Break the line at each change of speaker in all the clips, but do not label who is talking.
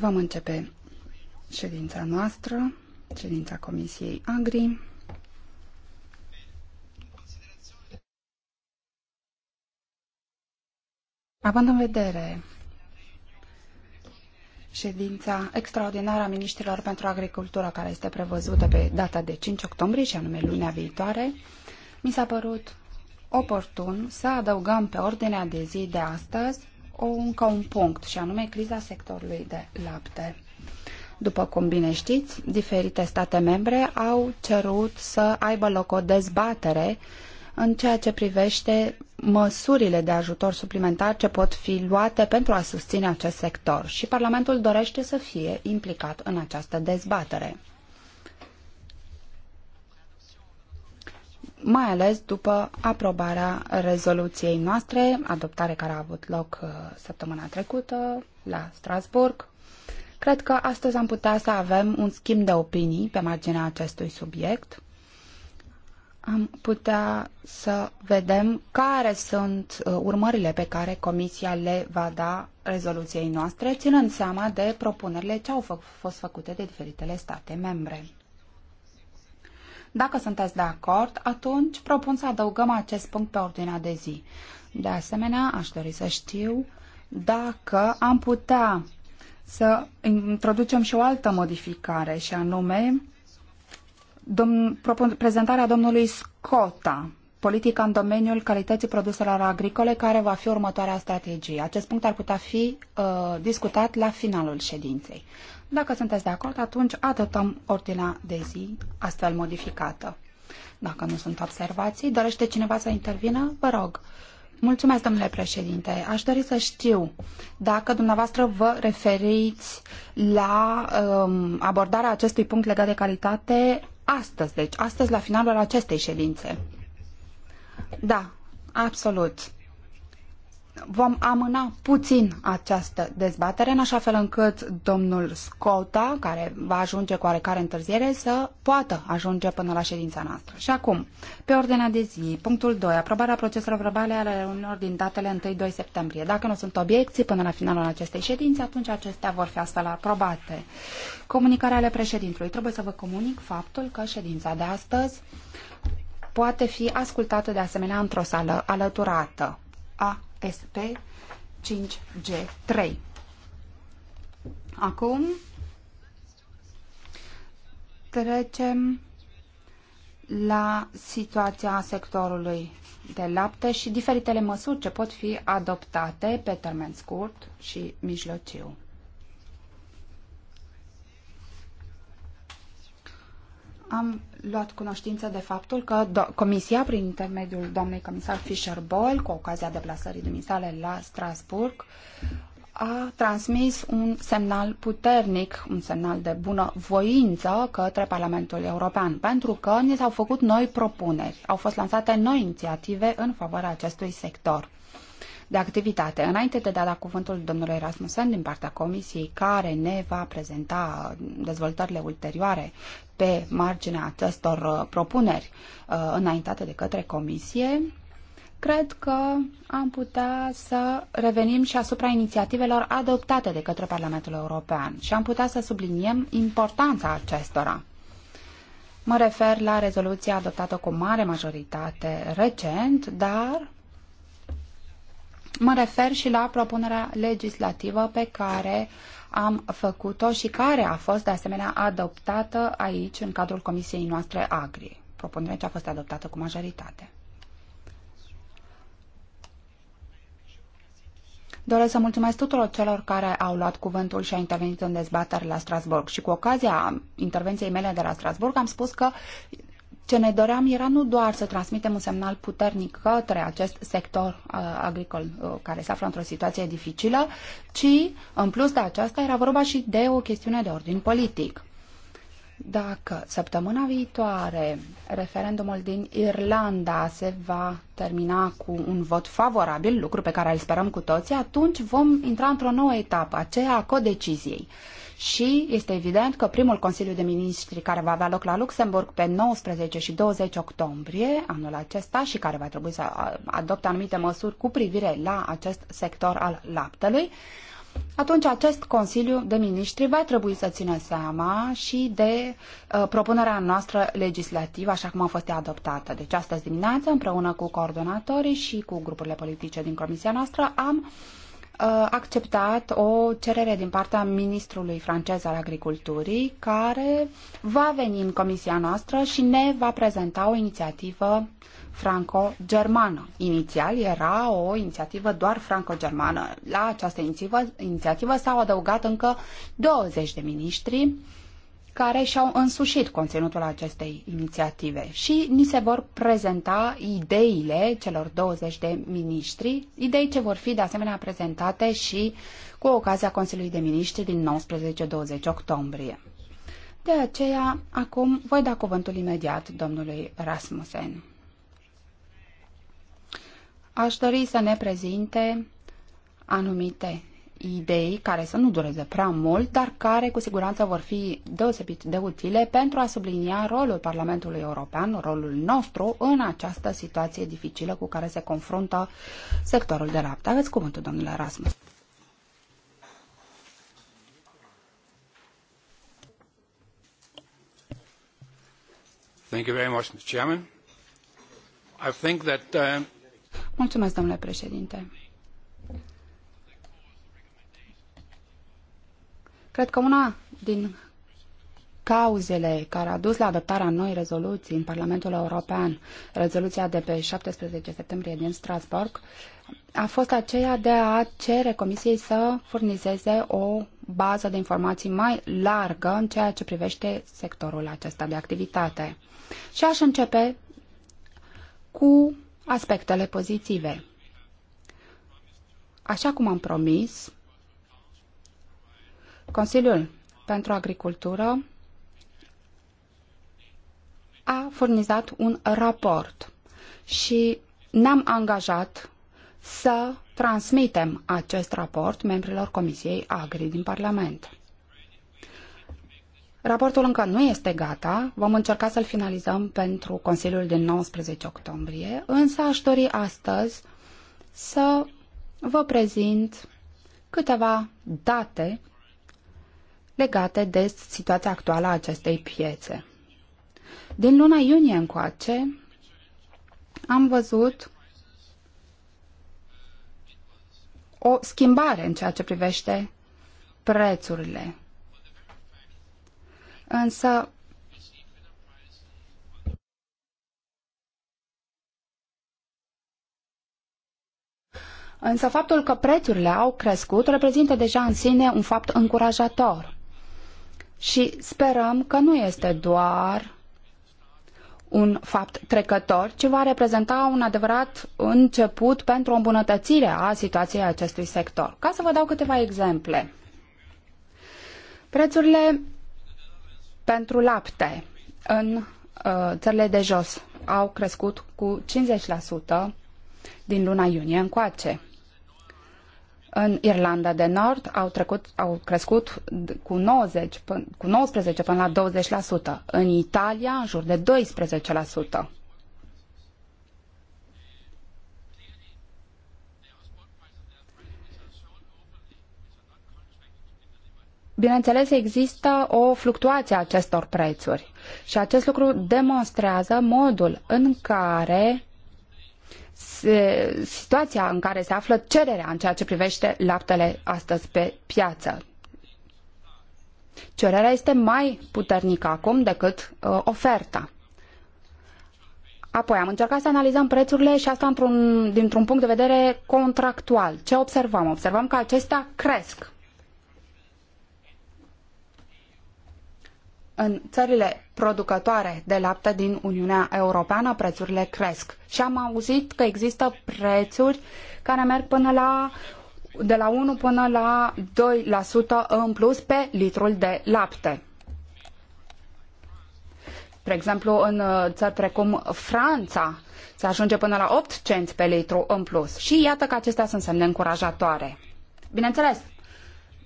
Vom începe ședința noastră, ședința Comisiei Agri. Având în vedere ședința extraordinară a Ministrilor pentru Agricultură, care este prevăzută pe data de 5 octombrie, și anume lunea viitoare, mi s-a părut oportun să adăugăm pe ordinea de zi de astăzi o, încă un punct, și anume criza sectorului de lapte. După cum bine știți, diferite state membre au cerut să aibă loc o dezbatere în ceea ce privește măsurile de ajutor suplimentar ce pot fi luate pentru a susține acest sector și Parlamentul dorește să fie implicat în această dezbatere. mai ales după aprobarea rezoluției noastre, adoptare care a avut loc uh, săptămâna trecută la Strasburg. Cred că astăzi am putea să avem un schimb de opinii pe marginea acestui subiect. Am putea să vedem care sunt uh, urmările pe care Comisia le va da rezoluției noastre, ținând seama de propunerile ce au fost făcute de diferitele state membre. Dacă sunteți de acord, atunci propun să adăugăm acest punct pe ordinea de zi. De asemenea, aș dori să știu dacă am putea să introducem și o altă modificare, și anume domn, prezentarea domnului Scota, politica în domeniul calității produselor agricole, care va fi următoarea strategie. Acest punct ar putea fi uh, discutat la finalul ședinței. Dacă sunteți de acord, atunci adoptăm ordinea de zi astfel modificată. Dacă nu sunt observații, dorește cineva să intervină? Vă rog. Mulțumesc, domnule președinte. Aș dori să știu dacă dumneavoastră vă referiți la um, abordarea acestui punct legat de calitate astăzi, deci astăzi la finalul acestei ședințe. Da, absolut vom amâna puțin această dezbatere, în așa fel încât domnul Scota, care va ajunge cu oarecare întârziere, să poată ajunge până la ședința noastră. Și acum, pe ordinea de zi, punctul 2, aprobarea proceselor verbale ale reuniunilor din datele 1-2 septembrie. Dacă nu sunt obiecții până la finalul acestei ședințe, atunci acestea vor fi astfel aprobate. Comunicarea ale președintelui. Trebuie să vă comunic faptul că ședința de astăzi poate fi ascultată de asemenea într-o sală alăturată a sp 5 g 3 Acum trecem la situația sectorului de lapte și diferitele măsuri ce pot fi adoptate pe termen scurt și mijlociu. am luat cunoștință de faptul că Comisia, prin intermediul doamnei comisar fischer Boll, cu ocazia deplasării dumisale la Strasburg, a transmis un semnal puternic, un semnal de bună voință către Parlamentul European, pentru că ni s-au făcut noi propuneri, au fost lansate noi inițiative în favoarea acestui sector de activitate. Înainte de a da cuvântul domnului Rasmussen din partea comisiei care ne va prezenta dezvoltările ulterioare pe marginea acestor uh, propuneri uh, înaintate de către comisie, cred că am putea să revenim și asupra inițiativelor adoptate de către Parlamentul European și am putea să subliniem importanța acestora. Mă refer la rezoluția adoptată cu mare majoritate recent, dar Mă refer și la propunerea legislativă pe care am făcut-o și care a fost de asemenea adoptată aici în cadrul Comisiei noastre Agri. Propunerea ce a fost adoptată cu majoritate. Doresc să mulțumesc tuturor celor care au luat cuvântul și au intervenit în dezbatere la Strasburg. Și cu ocazia intervenției mele de la Strasburg am spus că ce ne doream era nu doar să transmitem un semnal puternic către acest sector uh, agricol uh, care se află într-o situație dificilă, ci, în plus de aceasta, era vorba și de o chestiune de ordin politic. Dacă săptămâna viitoare referendumul din Irlanda se va termina cu un vot favorabil, lucru pe care îl sperăm cu toții, atunci vom intra într-o nouă etapă, aceea a codeciziei și este evident că primul Consiliu de Ministri care va avea loc la Luxemburg pe 19 și 20 octombrie anul acesta și care va trebui să adopte anumite măsuri cu privire la acest sector al laptelui, atunci acest Consiliu de Ministri va trebui să țină seama și de uh, propunerea noastră legislativă, așa cum a fost adoptată. Deci astăzi dimineață, împreună cu coordonatorii și cu grupurile politice din comisia noastră, am uh, acceptat o cerere din partea ministrului francez al agriculturii, care va veni în comisia noastră și ne va prezenta o inițiativă franco-germană. Inițial era o inițiativă doar franco-germană. La această inițiativă, inițiativă s-au adăugat încă 20 de miniștri uh, care și-au însușit conținutul acestei inițiative și ni se vor prezenta ideile celor 20 de miniștri, idei ce vor fi de asemenea prezentate și cu ocazia Consiliului de Miniștri din 19-20 octombrie. De aceea, acum voi da cuvântul imediat domnului Rasmussen. Aș dori să ne prezinte anumite idei care să nu dureze prea mult, dar care cu siguranță vor fi deosebit de utile pentru a sublinia rolul Parlamentului European, rolul nostru în această situație dificilă cu care se confruntă sectorul de lapte. Aveți cuvântul, domnule Erasmus.
Thank you very much, Mr. Chairman. I think that, uh...
Mulțumesc, domnule președinte. Cred că una din cauzele care a dus la adoptarea noi rezoluții în Parlamentul European, rezoluția de pe 17 septembrie din Strasbourg, a fost aceea de a cere Comisiei să furnizeze o bază de informații mai largă în ceea ce privește sectorul acesta de activitate. Și aș începe cu aspectele pozitive. Așa cum am promis, Consiliul pentru Agricultură a furnizat un raport și ne-am angajat să transmitem acest raport membrilor Comisiei Agri din Parlament. Raportul încă nu este gata, vom încerca să-l finalizăm pentru Consiliul din 19 octombrie, însă aș dori astăzi să vă prezint câteva date legate de situația actuală a acestei piețe. Din luna iunie încoace am văzut o schimbare în ceea ce privește prețurile. Însă Însă faptul că prețurile au crescut reprezintă deja în sine un fapt încurajator și sperăm că nu este doar un fapt trecător, ci va reprezenta un adevărat început pentru o îmbunătățire a situației acestui sector. Ca să vă dau câteva exemple. Prețurile pentru lapte în uh, țările de jos au crescut cu 50% din luna iunie încoace. În Irlanda de Nord au, trecut, au crescut cu, 90, cu 19 până la 20%, în Italia în jur de 12%. Bineînțeles, există o fluctuație a acestor prețuri și acest lucru demonstrează modul în care se, situația în care se află cererea în ceea ce privește laptele astăzi pe piață. Cererea este mai puternică acum decât uh, oferta. Apoi am încercat să analizăm prețurile și asta într-un, dintr-un punct de vedere contractual. Ce observăm? Observăm că acestea cresc în țările producătoare de lapte din Uniunea Europeană prețurile cresc și am auzit că există prețuri care merg până la de la 1 până la 2% în plus pe litrul de lapte. Spre exemplu, în uh, țări precum Franța se ajunge până la 8 cenți pe litru în plus. Și iată că acestea sunt semne încurajatoare. Bineînțeles,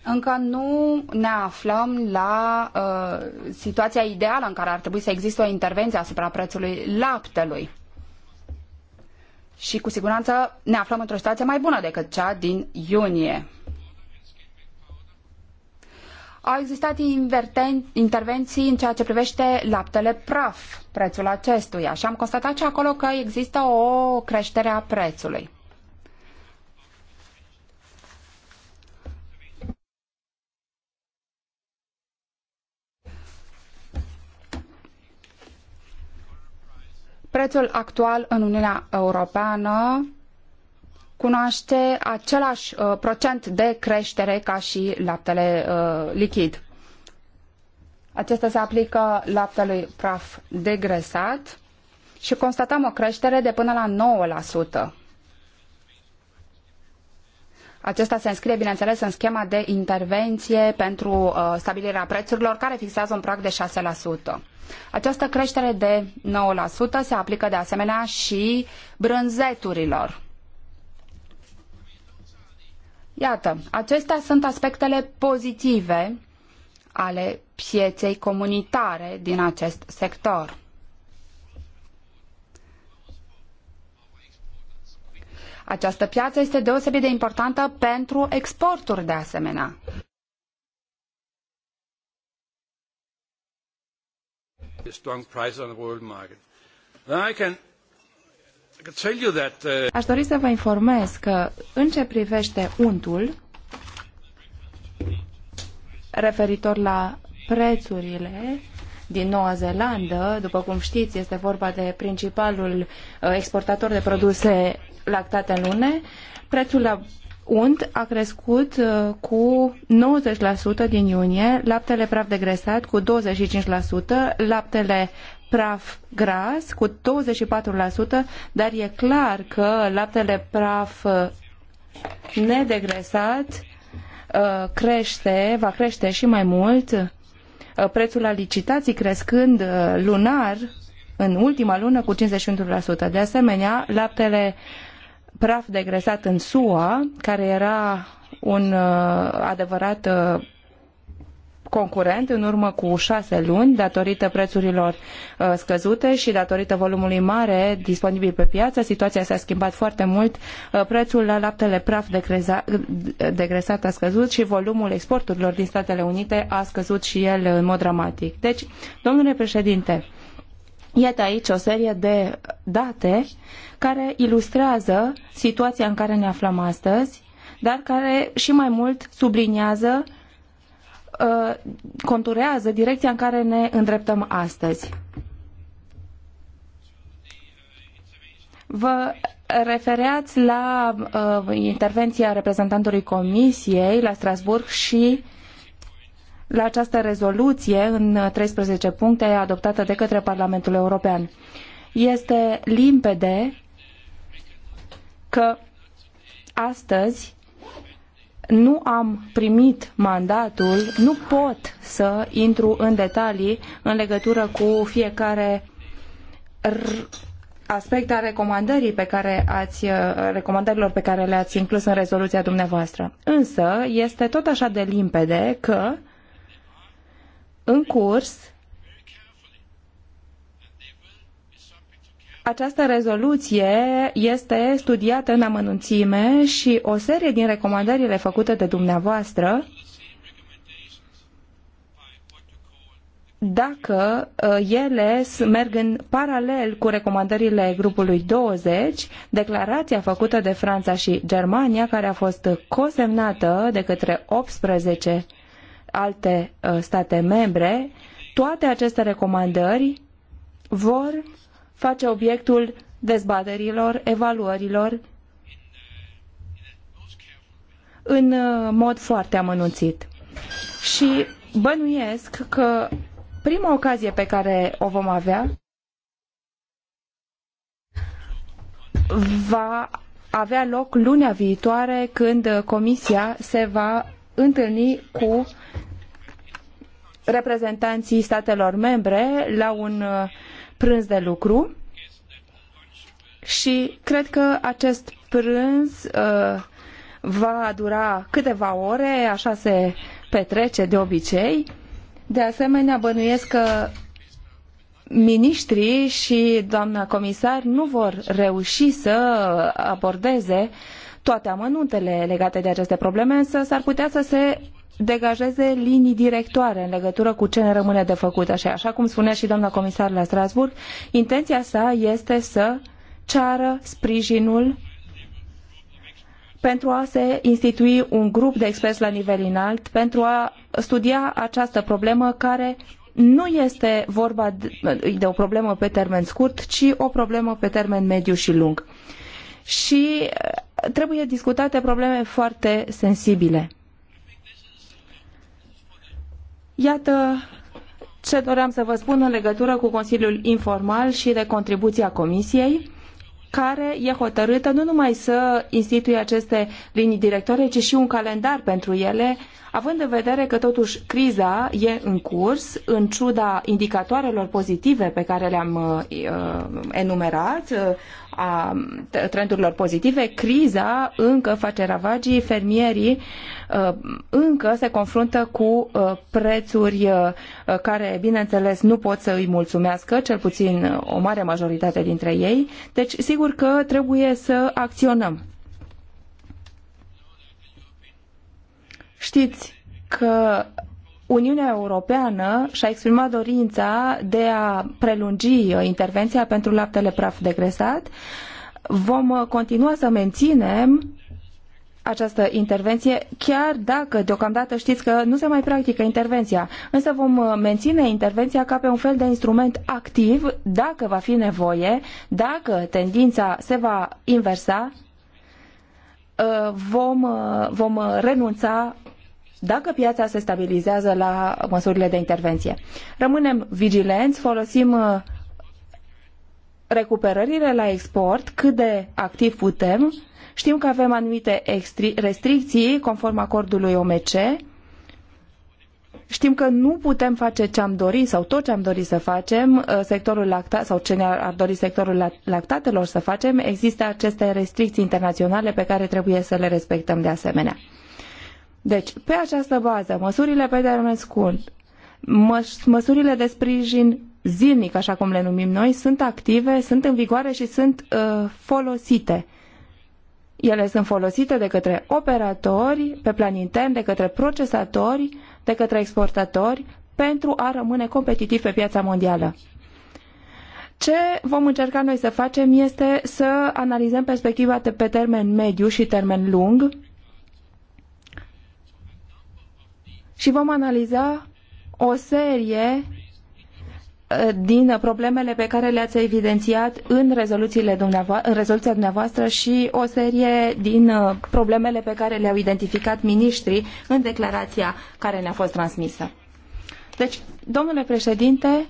încă nu ne aflăm la uh, situația ideală în care ar trebui să existe o intervenție asupra prețului laptelui. Și cu siguranță ne aflăm într-o situație mai bună decât cea din iunie. Au existat intervenții în ceea ce privește laptele praf, prețul acestuia, și am constatat și acolo că există o creștere a prețului. Prețul actual în Uniunea Europeană cunoaște același uh, procent de creștere ca și laptele uh, lichid. Acesta se aplică laptelui praf degresat și constatăm o creștere de până la 9%. Acesta se înscrie, bineînțeles, în schema de intervenție pentru uh, stabilirea prețurilor, care fixează un prag de 6%. Această creștere de 9% se aplică de asemenea și brânzeturilor. Iată, acestea sunt aspectele pozitive ale pieței comunitare din acest sector. Această piață este deosebit de importantă pentru exporturi de asemenea.
Uh, Aș dori să
vă informez că în ce privește untul, referitor la prețurile din Noua Zeelandă. După cum știți, este vorba de principalul uh, exportator de produse lactate în lune. Prețul la unt a crescut uh, cu 90% din iunie, laptele praf degresat cu 25%, laptele praf gras cu 24%, dar e clar că laptele praf uh, nedegresat crește, va crește și mai mult Uh, prețul la licitații crescând uh, lunar în ultima lună cu 51%. De asemenea, laptele praf degresat în SUA, care era un uh, adevărat concurent în urmă cu șase luni, datorită prețurilor uh, scăzute și datorită volumului mare disponibil pe piață. Situația s-a schimbat foarte mult. Uh, prețul la laptele praf degresat a scăzut și volumul exporturilor din Statele Unite a scăzut și el în mod dramatic. Deci, domnule președinte, Iată aici o serie de date care ilustrează situația în care ne aflăm astăzi, dar care și mai mult subliniază Uh, conturează direcția în care ne îndreptăm astăzi. Vă refereați la uh, intervenția reprezentantului Comisiei la Strasbourg și la această rezoluție în 13 puncte adoptată de către Parlamentul European. Este limpede că astăzi nu am primit mandatul, nu pot să intru în detalii în legătură cu fiecare aspect al recomandării pe care ați, uh, recomandărilor pe care le-ați inclus în rezoluția dumneavoastră. Însă, este tot așa de limpede că în curs Această rezoluție este studiată în amănunțime și o serie din recomandările făcute de dumneavoastră dacă uh, ele merg în paralel cu recomandările grupului 20, declarația făcută de Franța și Germania, care a fost cosemnată de către 18 alte uh, state membre, toate aceste recomandări vor face obiectul dezbaterilor, evaluărilor în uh, mod foarte amănunțit. Și bănuiesc că prima ocazie pe care o vom avea va avea loc lunea viitoare când Comisia se va întâlni cu reprezentanții statelor membre la un uh, prânz de lucru și cred că acest prânz uh, va dura câteva ore, așa se petrece de obicei. De asemenea, bănuiesc că ministrii și doamna comisar nu vor reuși să abordeze toate amănuntele legate de aceste probleme, însă s-ar putea să se degajeze linii directoare în legătură cu ce ne rămâne de făcut. Așa, așa cum spunea și doamna comisar la Strasburg, intenția sa este să ceară sprijinul pentru a se institui un grup de experți la nivel înalt, pentru a studia această problemă care nu este vorba de o problemă pe termen scurt, ci o problemă pe termen mediu și lung. Și eh, trebuie discutate probleme foarte sensibile. Iată ce doream să vă spun în legătură cu Consiliul Informal și de contribuția Comisiei care e hotărâtă nu numai să instituie aceste linii directoare, ci și un calendar pentru ele Având în vedere că totuși criza e în curs, în ciuda indicatoarelor pozitive pe care le-am uh, uh, enumerat, uh, a trendurilor pozitive, criza încă face ravagii, fermierii încă se confruntă cu prețuri care, bineînțeles, nu pot să îi mulțumească, cel puțin o mare majoritate dintre ei. Deci, sigur că trebuie să acționăm. Știți că Uniunea Europeană și-a exprimat dorința de a prelungi uh, intervenția pentru laptele praf degresat. Vom uh, continua să menținem această intervenție, chiar dacă deocamdată știți că nu se mai practică intervenția. Însă vom uh, menține intervenția ca pe un fel de instrument activ, dacă va fi nevoie, dacă tendința se va inversa, vom, vom renunța dacă piața se stabilizează la măsurile de intervenție. Rămânem vigilenți, folosim uh, recuperările la export cât de activ putem. Știm că avem anumite restricții conform acordului OMC. Știm că nu putem face ce am dori sau tot ce am dori să facem, uh, sectorul lacta sau ce ne-ar dori sectorul lactatelor să facem. Există aceste restricții internaționale pe care trebuie să le respectăm de asemenea. Deci, pe această bază, măsurile pe termen scurt, măs- măsurile de sprijin zilnic, așa cum le numim noi, sunt active, sunt în vigoare și sunt uh, folosite. Ele sunt folosite de către operatori pe plan intern, de către procesatori, de către exportatori pentru a rămâne competitiv pe piața mondială. Ce vom încerca noi să facem este să analizăm perspectiva pe termen mediu și termen lung și vom analiza o serie ă, din problemele pe care le-ați evidențiat în, rezoluțiile dumneavoastră, în rezoluția dumneavoastră și o serie din ă, problemele pe care le-au identificat miniștrii în declarația care ne-a fost transmisă. Deci, domnule președinte,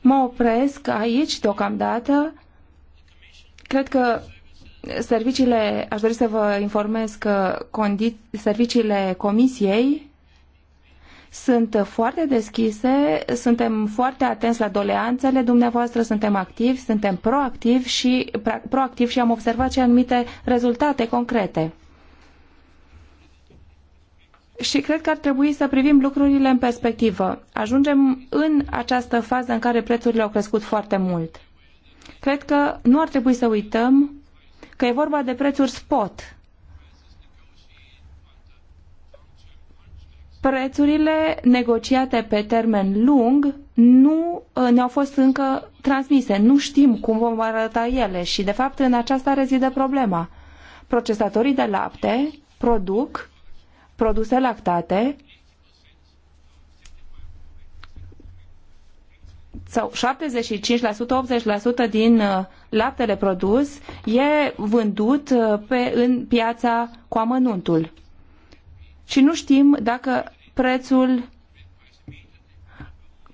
mă opresc aici deocamdată. Cred că serviciile, aș dori să vă informez că serviciile comisiei sunt foarte deschise, suntem foarte atenți la doleanțele dumneavoastră, suntem activi, suntem proactivi și, proactiv și am observat și anumite rezultate concrete. Și cred că ar trebui să privim lucrurile în perspectivă. Ajungem în această fază în care prețurile au crescut foarte mult. Cred că nu ar trebui să uităm că e vorba de prețuri spot prețurile negociate pe termen lung nu uh, ne-au fost încă transmise. Nu știm cum vom arăta ele și, de fapt, în aceasta rezidă problema. Procesatorii de lapte produc produse lactate sau 75%-80% din uh, laptele produs e vândut uh, pe, în piața cu amănuntul. Și nu știm dacă prețul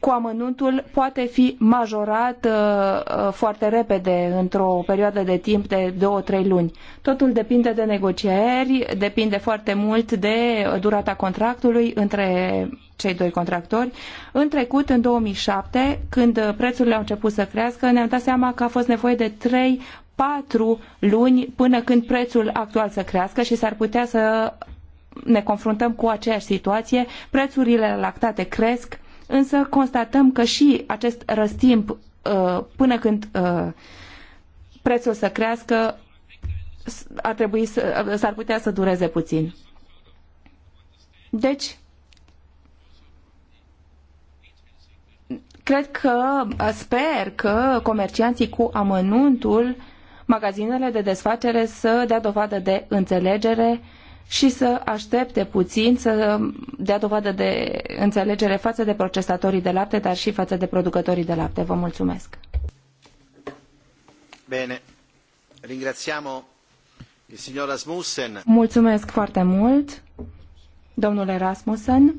cu amănuntul poate fi majorat uh, uh, foarte repede, într-o perioadă de timp de 2-3 luni. Totul depinde de negocieri, depinde foarte mult de durata contractului între cei doi contractori. În trecut, în 2007, când prețurile au început să crească, ne-am dat seama că a fost nevoie de 3 patru luni până când prețul actual să crească și s-ar putea să ne confruntăm cu aceeași situație, prețurile la lactate cresc, însă constatăm că și acest răstimp uh, până când uh, prețul să crească ar trebui să, uh, s-ar putea să dureze puțin. Deci, cred că, sper că comercianții cu amănuntul, magazinele de desfacere să dea dovadă de înțelegere uh, și să aștepte puțin să dea dovadă de înțelegere față de procesatorii de lapte, dar și față de producătorii de lapte. Vă mulțumesc!
Bine, ringrațiamo signor Rasmussen.
Mulțumesc foarte mult, domnule Rasmussen.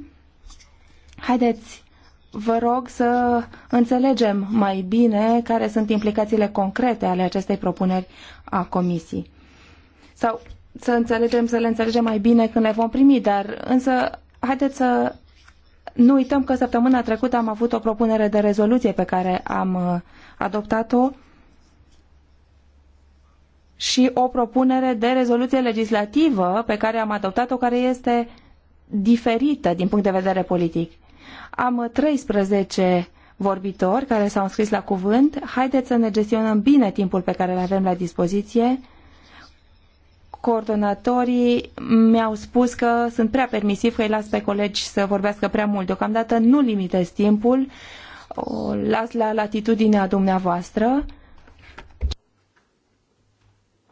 Haideți, vă rog să înțelegem mai bine care sunt implicațiile concrete ale acestei propuneri a Comisiei. Sau să înțelegem, să le înțelegem mai bine când le vom primi, dar însă haideți să nu uităm că săptămâna trecută am avut o propunere de rezoluție pe care am uh, adoptat-o și o propunere de rezoluție legislativă pe care am adoptat-o, care este diferită din punct de vedere politic. Am 13 vorbitori care s-au înscris la cuvânt. Haideți să ne gestionăm bine timpul pe care îl avem la dispoziție coordonatorii mi-au spus că sunt prea permisiv, că îi las pe colegi să vorbească prea mult. Deocamdată nu limitez timpul, o las la latitudinea dumneavoastră.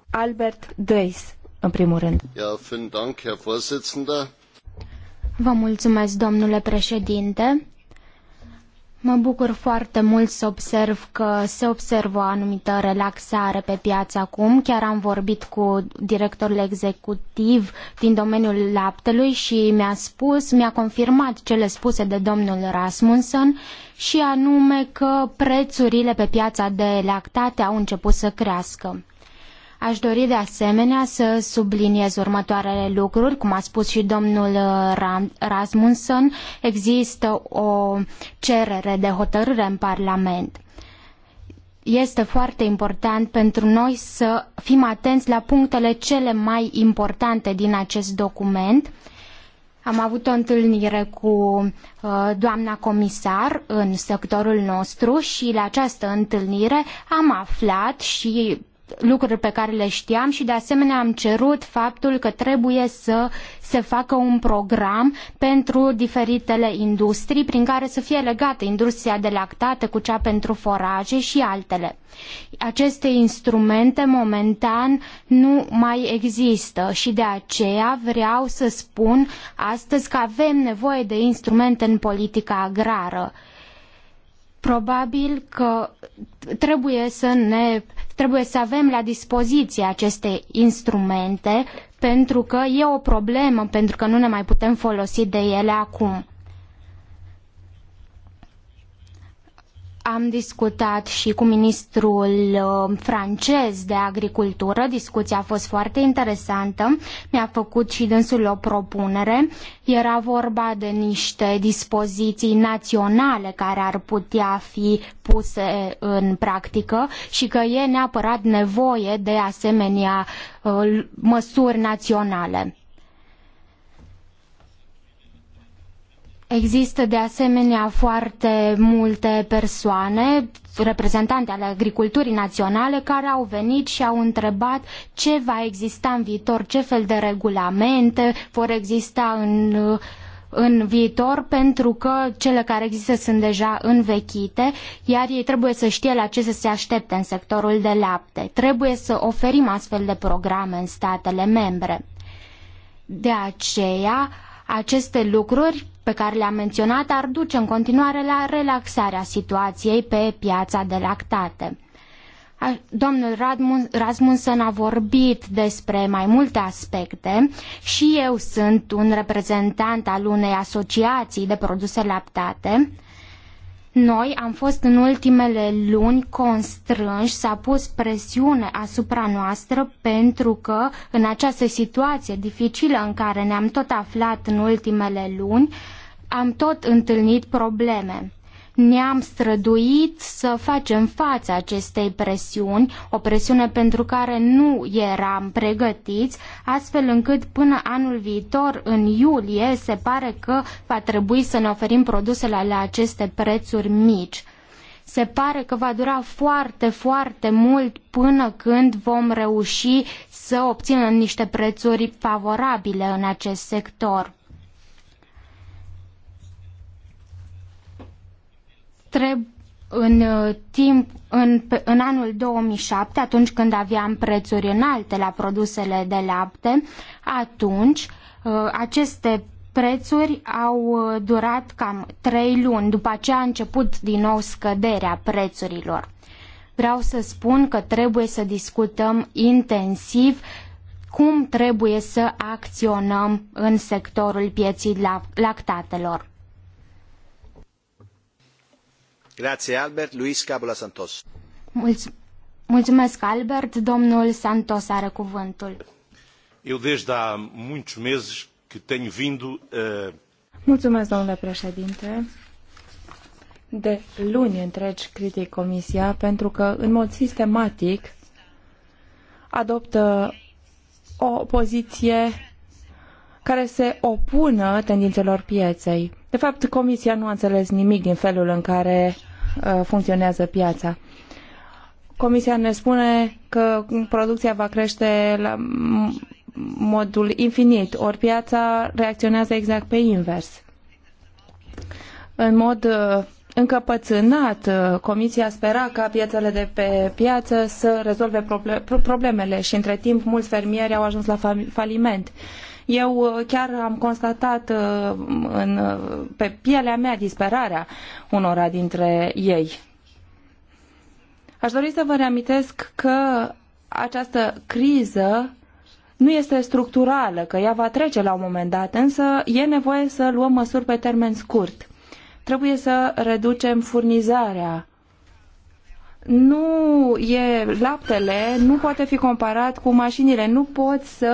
Albert Deis, în primul rând. Ja, Vă mulțumesc, domnule președinte. Mă bucur foarte mult să observ că se observă o anumită relaxare pe piață acum. Chiar am vorbit cu directorul executiv din domeniul laptelui și mi-a spus, mi-a confirmat cele spuse de domnul Rasmussen și anume că prețurile pe piața de lactate au început să crească. Aș dori de asemenea să subliniez următoarele lucruri, cum a spus și domnul uh, Rasmussen, există o cerere de hotărâre în Parlament este foarte important pentru noi să fim atenți la punctele cele mai importante din acest document. Am avut o întâlnire cu uh, doamna comisar în sectorul nostru și la această întâlnire am aflat și lucruri pe care le știam și de asemenea am cerut faptul că trebuie să se facă un program pentru diferitele industrii prin care să fie legată industria de lactate cu cea pentru foraje și altele. Aceste instrumente momentan nu mai există și de aceea vreau să spun astăzi că avem nevoie de instrumente în politica agrară probabil că trebuie să ne Trebuie să avem la dispoziție aceste instrumente pentru că e o problemă, pentru că nu ne mai putem folosi de ele acum. Am discutat și cu ministrul uh, francez de agricultură, discuția a fost foarte interesantă, mi-a făcut și dânsul o propunere. Era vorba de niște dispoziții naționale care ar putea fi puse în practică și că e neapărat nevoie de asemenea uh, măsuri naționale. Există de asemenea foarte multe persoane, reprezentante ale agriculturii naționale, care au venit și au întrebat ce va exista în viitor, ce fel de regulamente vor exista în, în viitor, pentru că cele care există sunt deja învechite, iar ei trebuie să știe la ce să se aștepte în sectorul de lapte. Trebuie să oferim astfel de programe în statele membre. De aceea, aceste lucruri pe care le-am menționat ar duce în continuare la relaxarea situației pe piața de lactate. Domnul Rasmussen a vorbit despre mai multe aspecte și eu sunt un reprezentant al unei asociații de produse lactate noi am fost în ultimele luni constrânși, s-a pus presiune asupra noastră pentru că în această situație dificilă în care ne-am tot aflat în ultimele luni, am tot întâlnit probleme ne-am străduit să facem față acestei presiuni, o presiune pentru care nu eram pregătiți, astfel încât până anul viitor, în iulie, se pare că va trebui să ne oferim produsele la aceste prețuri mici. Se pare că va dura foarte, foarte mult până când vom reuși să obținem niște prețuri favorabile în acest sector. Trebuie în uh, timp, în, în anul 2007, atunci când aveam prețuri înalte la produsele de lapte, atunci uh, aceste prețuri au uh, durat cam trei luni. După aceea a început din nou scăderea prețurilor. Vreau să spun că trebuie să discutăm intensiv cum trebuie să acționăm în sectorul pieții lactatelor. Mulțumesc. Albert. Domnul Santos are cuvântul.
Eu desde há muitos meses que tenho vindo a... Eh,
mulțumesc, domnule
președinte. De luni întregi critic Comisia pentru că, în mod sistematic, adoptă o poziție care se opună tendințelor pieței. De fapt, Comisia nu a înțeles nimic din felul în care uh, funcționează piața. Comisia ne spune că producția va crește la modul infinit, ori piața reacționează exact pe invers. În mod uh, încăpățânat, uh, Comisia spera ca piețele de pe piață să rezolve problemele și între timp mulți fermieri au ajuns la faliment. Eu uh, chiar am constatat uh, în, uh, pe pielea mea disperarea unora dintre ei. Aș dori să vă reamintesc că această criză nu este structurală, că ea va trece la un moment dat, însă e nevoie să luăm măsuri pe termen scurt. Trebuie să reducem furnizarea nu e laptele, nu poate fi comparat cu mașinile, nu poți să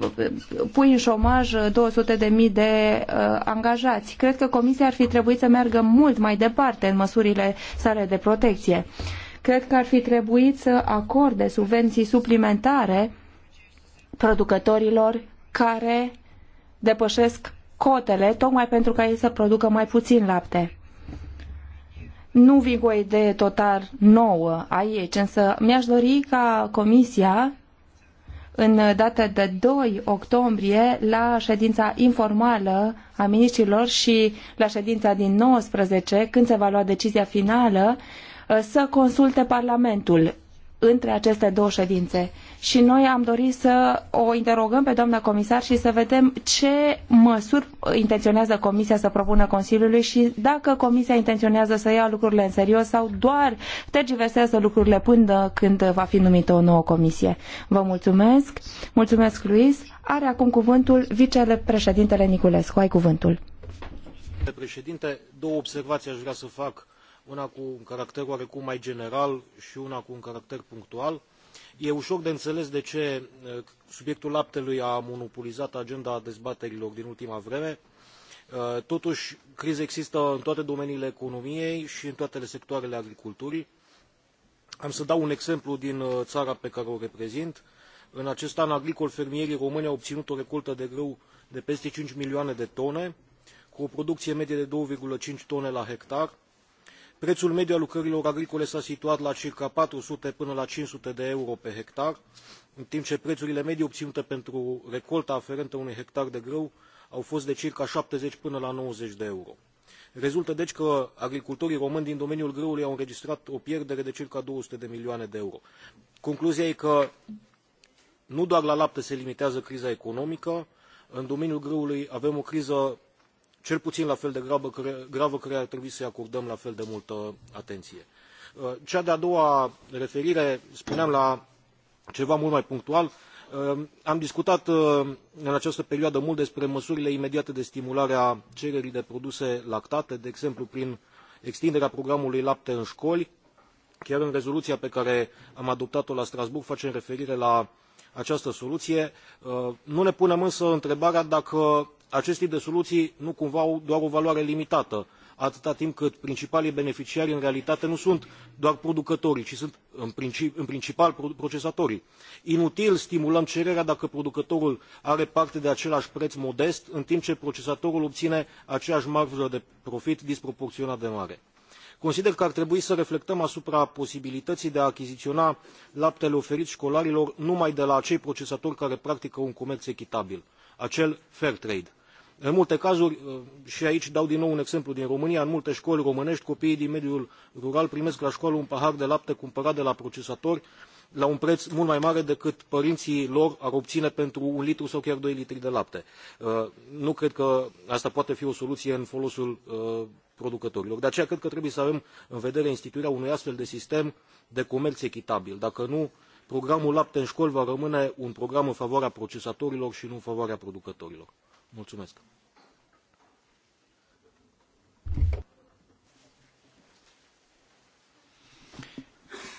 uh, pui în șomaj 200 de mii de uh, angajați. Cred că comisia ar fi trebuit să meargă mult mai departe în măsurile sale de protecție. Cred că ar fi trebuit să acorde subvenții suplimentare producătorilor care depășesc cotele, tocmai pentru ca ei să producă mai puțin lapte nu vin cu o idee total nouă aici, însă mi-aș dori ca Comisia în data de 2 octombrie la ședința informală a ministrilor și la ședința din 19, când se va lua decizia finală, să consulte Parlamentul între aceste două ședințe. Și noi am dorit să o interogăm pe doamna comisar și să vedem ce măsuri intenționează Comisia să propună Consiliului și dacă Comisia intenționează să ia lucrurile în serios sau doar tergiversează lucrurile până când va fi numită o nouă Comisie. Vă mulțumesc. Mulțumesc, Luis. Are acum cuvântul vicepreședintele Niculescu. Ai cuvântul.
Președinte, două observații aș vrea să fac una cu un caracter oarecum mai general și una cu un caracter punctual. E ușor de înțeles de ce uh, subiectul laptelui a monopolizat agenda dezbaterilor din ultima vreme. Uh, totuși, criza există în toate domeniile economiei și în toate sectoarele agriculturii. Am să dau un exemplu din uh, țara pe care o reprezint. În acest an agricol, fermierii români au obținut o recoltă de grâu de peste 5 milioane de tone, cu o producție medie de 2,5 tone la hectar, prețul mediu al lucrărilor agricole s a situat la circa patru sute până la cinci sute de euro pe hectar în timp ce prețurile medii obținute pentru recolta aferentă unui hectar de grâu au fost de circa șaptezeci până la nouăzeci de euro. rezultă deci că agricultorii români din domeniul grâului au înregistrat o pierdere de circa două sute de milioane de euro. concluzia e că nu doar la lapte se limitează criza economică în domeniul grâului avem o criză cel puțin la fel de gravă, gravă care ar trebui să-i acordăm la fel de multă atenție. Uh, cea de-a doua referire, spuneam la ceva mult mai punctual, uh, am discutat uh, în această perioadă mult despre măsurile imediate de stimulare a cererii de produse lactate, de exemplu prin extinderea programului lapte în școli. Chiar în rezoluția pe care am adoptat-o la Strasbourg facem referire la această soluție. Nu ne punem însă întrebarea dacă acest tip de soluții nu cumva au doar o valoare limitată, atâta timp cât principalii beneficiari în realitate nu sunt doar producătorii, ci sunt în, princip, în principal procesatorii. Inutil stimulăm cererea dacă producătorul are parte de același preț modest, în timp ce procesatorul obține aceeași marjă de profit disproporționat de mare. Consider că ar trebui să reflectăm asupra posibilității de a achiziționa laptele oferit școlarilor numai de la acei procesatori care practică un comerț echitabil acel fair trade. În multe cazuri, uh, și aici dau din nou un exemplu din România, în multe școli românești, copiii din mediul rural primesc la școală un pahar de lapte cumpărat de la procesatori la un preț mult mai mare decât părinții lor ar obține pentru un litru sau chiar doi litri de lapte. Uh, nu cred că asta poate fi o soluție în folosul uh, producătorilor. De aceea cred că trebuie să avem în vedere instituirea unui astfel de sistem de comerț echitabil. Dacă nu, programul lapte în școli va rămâne un program în favoarea procesatorilor și nu în favoarea producătorilor. Mulțumesc!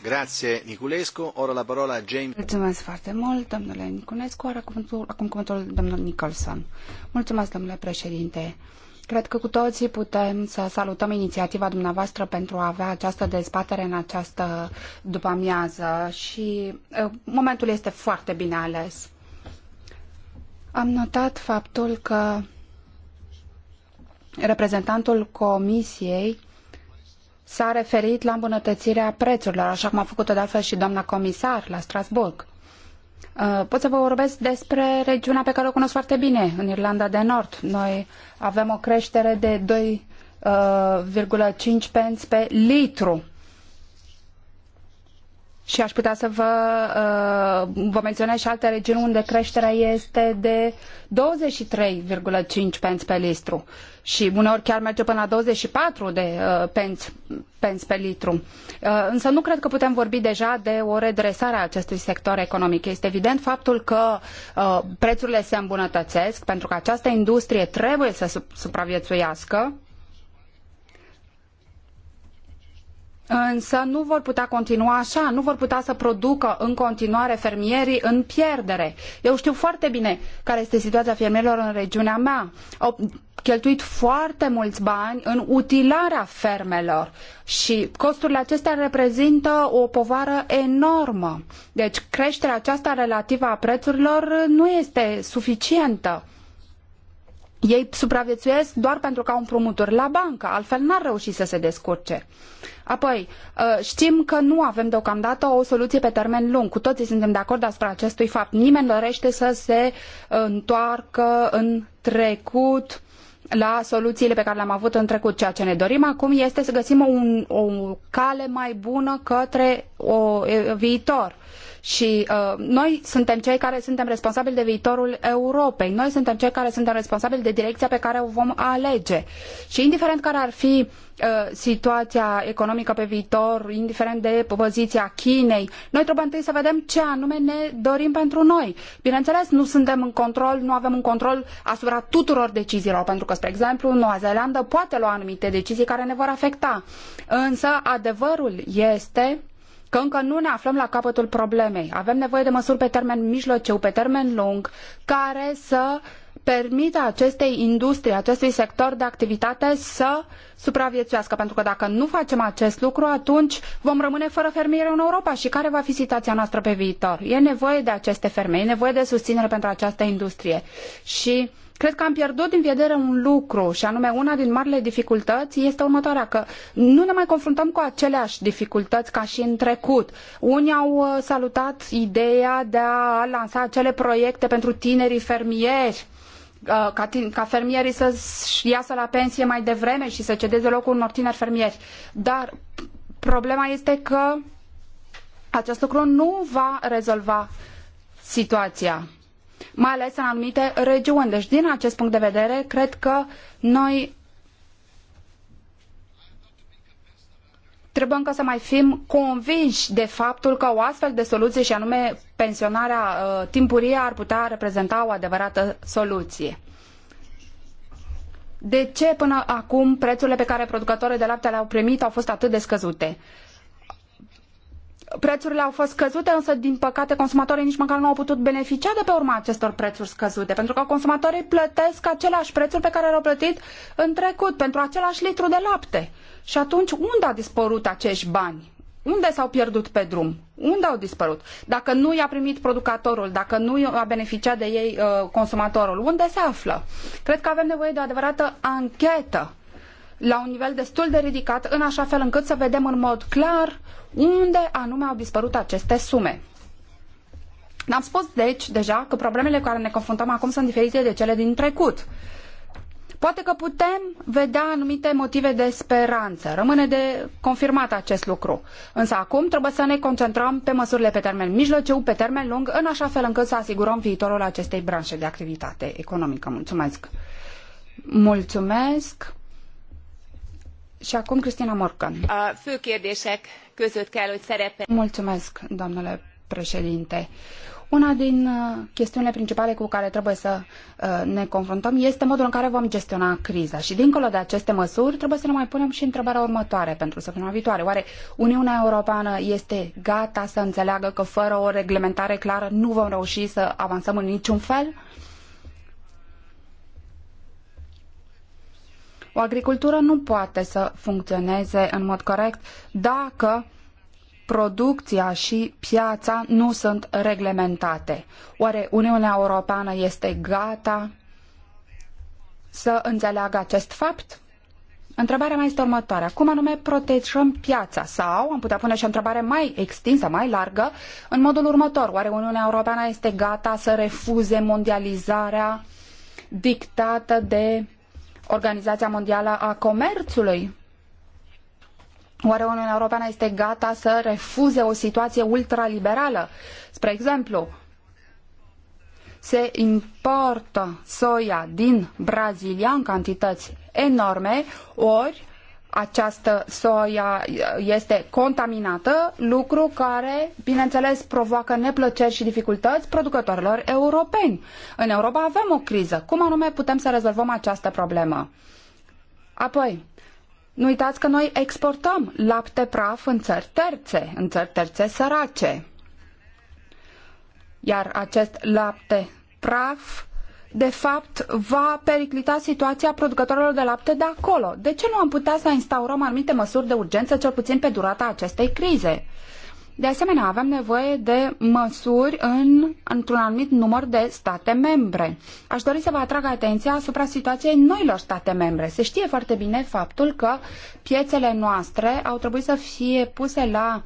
Grazie, Niculescu. Ora la parola James.
Mulțumesc foarte mult, domnule Niculescu. cuvântul, acum cuvântul domnul Nicholson. Mulțumesc, domnule președinte. Uh, Cred că cu toții putem să salutăm inițiativa dumneavoastră pentru a avea această dezbatere în această după-amiază și momentul este foarte bine ales. Am notat faptul că reprezentantul Comisiei s-a referit la îmbunătățirea prețurilor, așa cum a făcut-o de altfel și doamna comisar la Strasbourg. Uh, pot să vă vorbesc despre regiunea pe care o cunosc foarte bine, în Irlanda de Nord. Noi avem o creștere de 2,5 uh, pence pe litru. Și aș putea să vă, uh, vă menționez și alte regiuni unde creșterea este de 23,5 pence pe litru și uneori chiar merge până la 24 de uh, pence, pence pe litru. Uh, însă nu cred că putem vorbi deja de o redresare a acestui sector economic. Este evident faptul că uh, prețurile se îmbunătățesc pentru că această industrie trebuie să supraviețuiască Însă nu vor putea continua așa, nu vor putea să producă în continuare fermierii în pierdere. Eu știu foarte bine care este situația fermierilor în regiunea mea cheltuit foarte mulți bani în utilarea fermelor și costurile acestea reprezintă o povară enormă. Deci creșterea aceasta relativă a prețurilor nu este suficientă. Ei supraviețuiesc doar pentru că au împrumuturi la bancă, altfel n-ar reuși să se descurce. Apoi, uh, știm că nu avem deocamdată o soluție pe termen lung. Cu toții suntem de acord asupra acestui fapt. Nimeni dorește să se întoarcă în trecut la soluțiile pe care le-am avut în trecut. Ceea ce ne dorim acum este să găsim un, o cale mai bună către o, viitor. Uh, și uh, noi suntem cei care suntem responsabili de viitorul Europei. Noi suntem cei care suntem responsabili de direcția pe care o vom alege. Și indiferent care ar fi uh, situația economică pe viitor, indiferent de poziția Chinei, noi trebuie întâi să vedem ce anume ne dorim pentru noi. Bineînțeles, nu suntem în control, nu avem un control asupra tuturor deciziilor, pentru că, spre exemplu, Noua Zeelandă poate lua anumite decizii care ne vor afecta. Însă, adevărul este că încă nu ne aflăm la capătul problemei. Avem nevoie de măsuri pe termen mijlociu, pe termen lung, care să permită acestei industrii, acestui sector de activitate să supraviețuiască. Pentru că dacă nu facem acest lucru, atunci vom rămâne fără fermieri în Europa. Și care va fi situația noastră pe viitor? E nevoie de aceste ferme, e nevoie de susținere pentru această industrie. Și Cred că am pierdut din vedere un lucru și anume una din marile dificultăți este următoarea, că nu ne mai confruntăm cu aceleași dificultăți ca și în trecut. Unii au uh, salutat ideea de a lansa acele proiecte pentru tinerii fermieri, uh, ca, ca fermierii să iasă la pensie mai devreme și să cedeze locul unor tineri fermieri. Dar problema este că acest lucru nu va rezolva situația mai ales în anumite regiuni. Deci, din acest punct de vedere, cred că noi trebuie încă să mai fim convinși de faptul că o astfel de soluție, și anume pensionarea uh, timpurie, ar putea reprezenta o adevărată soluție. De ce până acum prețurile pe care producătorii de lapte le-au primit au fost atât de scăzute? prețurile au fost scăzute, însă, din păcate, consumatorii nici măcar nu au putut beneficia de pe urma acestor prețuri scăzute, pentru că consumatorii plătesc același prețuri pe care l-au plătit în trecut pentru același litru de lapte. Și atunci, unde au dispărut acești bani? Unde s-au pierdut pe drum? Unde au dispărut? Dacă nu i-a primit producătorul, dacă nu a beneficiat de ei uh, consumatorul, unde se află? Cred că avem nevoie de o adevărată anchetă la un nivel destul de ridicat, în așa fel încât să vedem în mod clar unde anume au dispărut aceste sume. Am spus, deci, deja că problemele cu care ne confruntăm acum sunt diferite de cele din trecut. Poate că putem vedea anumite motive de speranță. Rămâne de confirmat acest lucru. Însă acum trebuie să ne concentrăm pe măsurile pe termen mijlociu, pe termen lung, în așa fel încât să asigurăm viitorul acestei branșe de activitate economică. Mulțumesc! Mulțumesc! Și acum Cristina
A fő kérdések között kell, hogy
szerepe. Mulțumesc, domnule președinte. Una din uh, chestiunile principale cu care trebuie să uh, ne confruntăm este modul în care vom gestiona criza. Și dincolo de aceste măsuri, trebuie să ne mai punem și întrebarea următoare pentru săptămâna viitoare. Oare Uniunea Europeană este gata să înțeleagă că fără o reglementare clară nu vom reuși să avansăm în niciun fel? O agricultură nu poate să funcționeze în mod corect dacă producția și piața nu sunt reglementate. Oare Uniunea Europeană este gata să înțeleagă acest fapt? Întrebarea mai este următoarea. Cum anume protejăm piața? Sau, am putea pune și o întrebare mai extinsă, mai largă, în modul următor. Oare Uniunea Europeană este gata să refuze mondializarea dictată de Organizația Mondială a Comerțului. Oare Uniunea Europeană este gata să refuze o situație ultraliberală? Spre exemplu, se importă soia din Brazilia în cantități enorme, ori această soia este contaminată, lucru care, bineînțeles, provoacă neplăceri și dificultăți producătorilor europeni. În Europa avem o criză. Cum anume putem să rezolvăm această problemă? Apoi, nu uitați că noi exportăm lapte praf în țări terțe, în țări terțe sărace. Iar acest lapte praf de fapt, va periclita situația producătorilor de lapte de acolo. De ce nu am putea să instaurăm anumite măsuri de urgență, cel puțin pe durata acestei crize? De asemenea, avem nevoie de măsuri în, într-un anumit număr de state membre. Aș dori să vă atrag atenția asupra situației noilor state membre. Se știe foarte bine faptul că piețele noastre au trebuit să fie puse la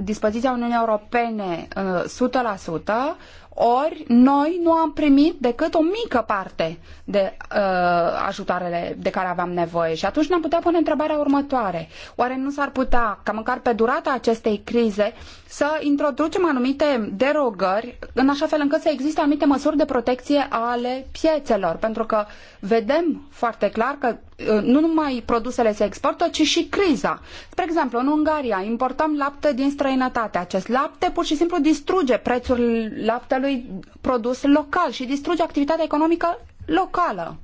dispoziția Uniunii Europene 100%, uh, ori noi nu am primit decât o mică parte de uh, ajutoarele de care aveam nevoie. Și atunci ne-am putea pune întrebarea următoare. Oare nu s-ar putea, ca măcar pe durata acestei crize, să introducem anumite derogări în așa fel încât să existe anumite măsuri de protecție ale piețelor? Pentru că vedem foarte clar că uh, nu numai produsele se exportă, ci și criza. Spre exemplu, în Ungaria importăm lapte din străinătate. Acest lapte pur și simplu distruge prețul laptelui acelui produs local și distruge activitatea economică locală.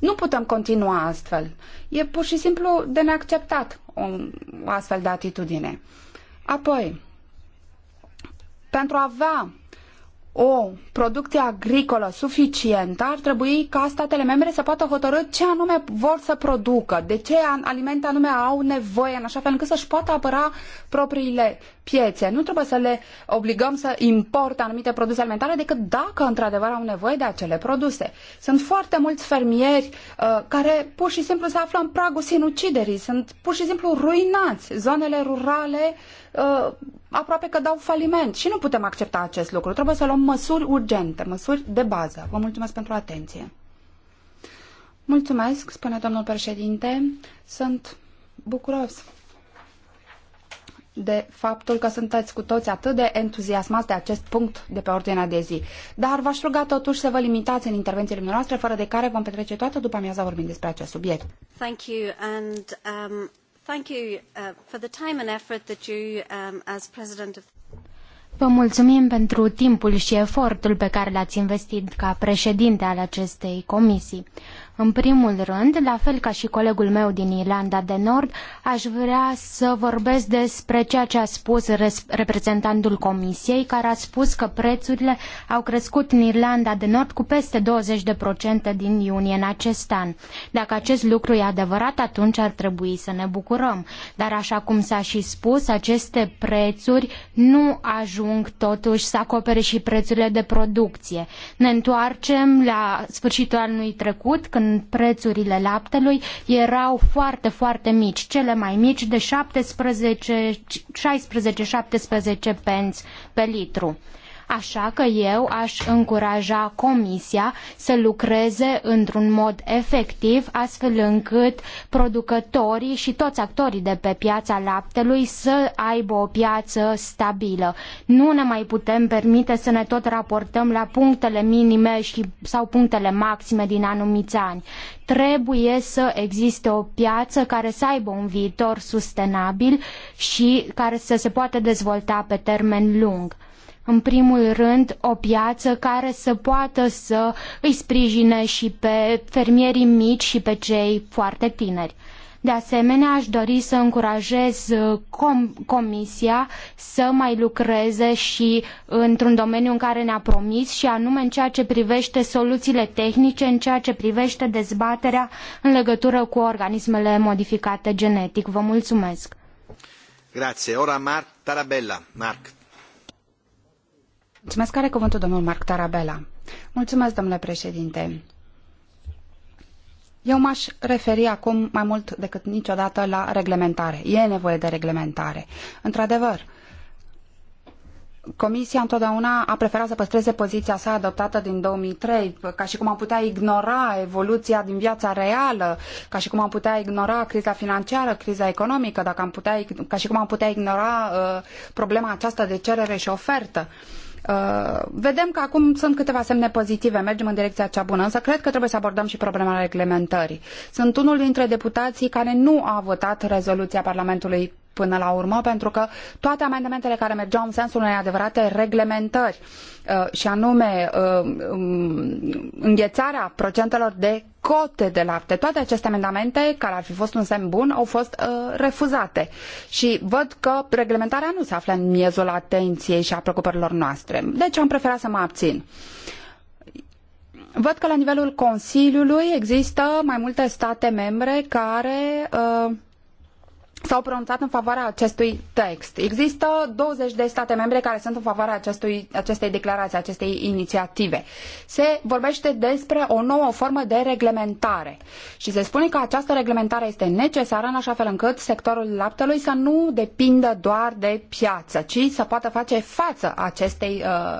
Nu putem continua astfel. E pur și simplu de neacceptat o astfel de atitudine. Apoi, pentru a avea o producție agricolă suficientă, ar trebui ca statele membre să poată hotărâ ce anume vor să producă, de ce alimente anume au nevoie, în așa fel încât să-și poată apăra propriile piețe. Nu trebuie să le obligăm să importe anumite produse alimentare decât dacă într-adevăr au nevoie de acele produse. Sunt foarte mulți fermieri uh, care pur și simplu se află în pragul sinuciderii, sunt pur și simplu ruinați. Zonele rurale uh, aproape că dau faliment și nu putem accepta acest lucru. Trebuie să luăm măsuri urgente, măsuri de bază. Vă mulțumesc pentru atenție. Mulțumesc, spune domnul președinte. Sunt bucuros de faptul că sunteți cu toți atât de entuziasmați de acest punct de pe ordinea de zi. Dar v-aș ruga totuși să vă limitați în intervențiile noastre, fără de care vom petrece toată după amiaza vorbind despre acest subiect.
Thank you and, um, Thank you uh, for the time and effort that you um, as president of
Vă mulțumim pentru timpul și efortul pe care l-ați investit ca președinte al acestei comisii. În primul rând, la fel ca și colegul meu din Irlanda de Nord, aș vrea să vorbesc despre ceea ce a spus reprezentantul Comisiei, care a spus că prețurile au crescut în Irlanda de Nord cu peste 20% din iunie în acest an. Dacă acest lucru e adevărat, atunci ar trebui să ne bucurăm. Dar așa cum s-a și spus, aceste prețuri nu ajung totuși să acopere și prețurile de producție. Ne întoarcem la sfârșitul anului trecut, când când prețurile laptelui erau foarte, foarte mici, cele mai mici de 17, 16-17 penți pe litru. Așa că eu aș încuraja Comisia să lucreze într-un mod efectiv, astfel încât producătorii și toți actorii de pe piața laptelui să aibă o piață stabilă. Nu ne mai putem permite să ne tot raportăm la punctele minime și, sau punctele maxime din anumiți ani. Trebuie să existe o piață care să aibă un viitor sustenabil și care să se poată dezvolta pe termen lung în primul rând, o piață care să poată să îi sprijine și pe fermierii mici și pe cei foarte tineri. De asemenea, aș dori să încurajez uh, com- Comisia să mai lucreze și într-un domeniu în care ne-a promis și anume în ceea ce privește soluțiile tehnice, în ceea ce privește dezbaterea în legătură cu organismele modificate genetic. Vă mulțumesc!
Grazie. Ora Mark Tarabella. Mark.
Mulțumesc, are cuvântul domnul Marc Tarabella. Mulțumesc, domnule președinte. Eu m-aș referi acum mai mult decât niciodată la reglementare. E nevoie de reglementare. Într-adevăr, Comisia întotdeauna a preferat să păstreze poziția sa adoptată din 2003, ca și cum am putea ignora evoluția din viața reală, ca și cum am putea ignora criza financiară, criza economică, dacă am putea, ca și cum am putea ignora uh, problema aceasta de cerere și ofertă. Uh, Uh, vedem că acum sunt câteva semne pozitive, mergem în direcția cea bună, însă cred că trebuie să abordăm și problema reglementării. Sunt unul dintre deputații care nu a votat rezoluția Parlamentului până la urmă, pentru că toate amendamentele care mergeau în sensul unei adevărate reglementări, uh, și anume uh, um, înghețarea procentelor de cote de lapte, toate aceste amendamente, care ar fi fost un semn bun, au fost uh, refuzate. Și văd că reglementarea nu se află în miezul atenției și a preocupărilor noastre. Deci am preferat să mă abțin. Văd că la nivelul Consiliului există mai multe state membre care uh, s-au pronunțat în favoarea acestui text. Există 20 de state membre care sunt în favoarea acestui, acestei declarații, acestei inițiative. Se vorbește despre o nouă formă de reglementare și se spune că această reglementare este necesară în așa fel încât sectorul laptelui să nu depindă doar de piață, ci să poată face față acestei uh,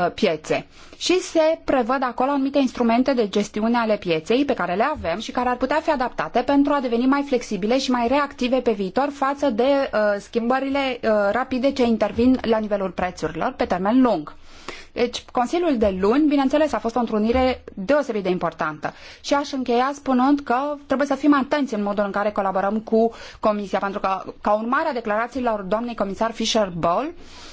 uh piețe și se prevăd acolo anumite instrumente de gestiune ale pieței pe care le avem și care ar putea fi adaptate pentru a deveni mai flexibile și mai reactive pe viitor față de uh, schimbările uh, rapide ce intervin la nivelul prețurilor pe termen lung. Deci, Consiliul de luni, bineînțeles, a fost o întrunire deosebit de importantă. Și aș încheia spunând că trebuie să fim atenți în modul în care colaborăm cu Comisia, pentru că, ca urmare a declarațiilor doamnei comisar Fisher-Bowl, uh,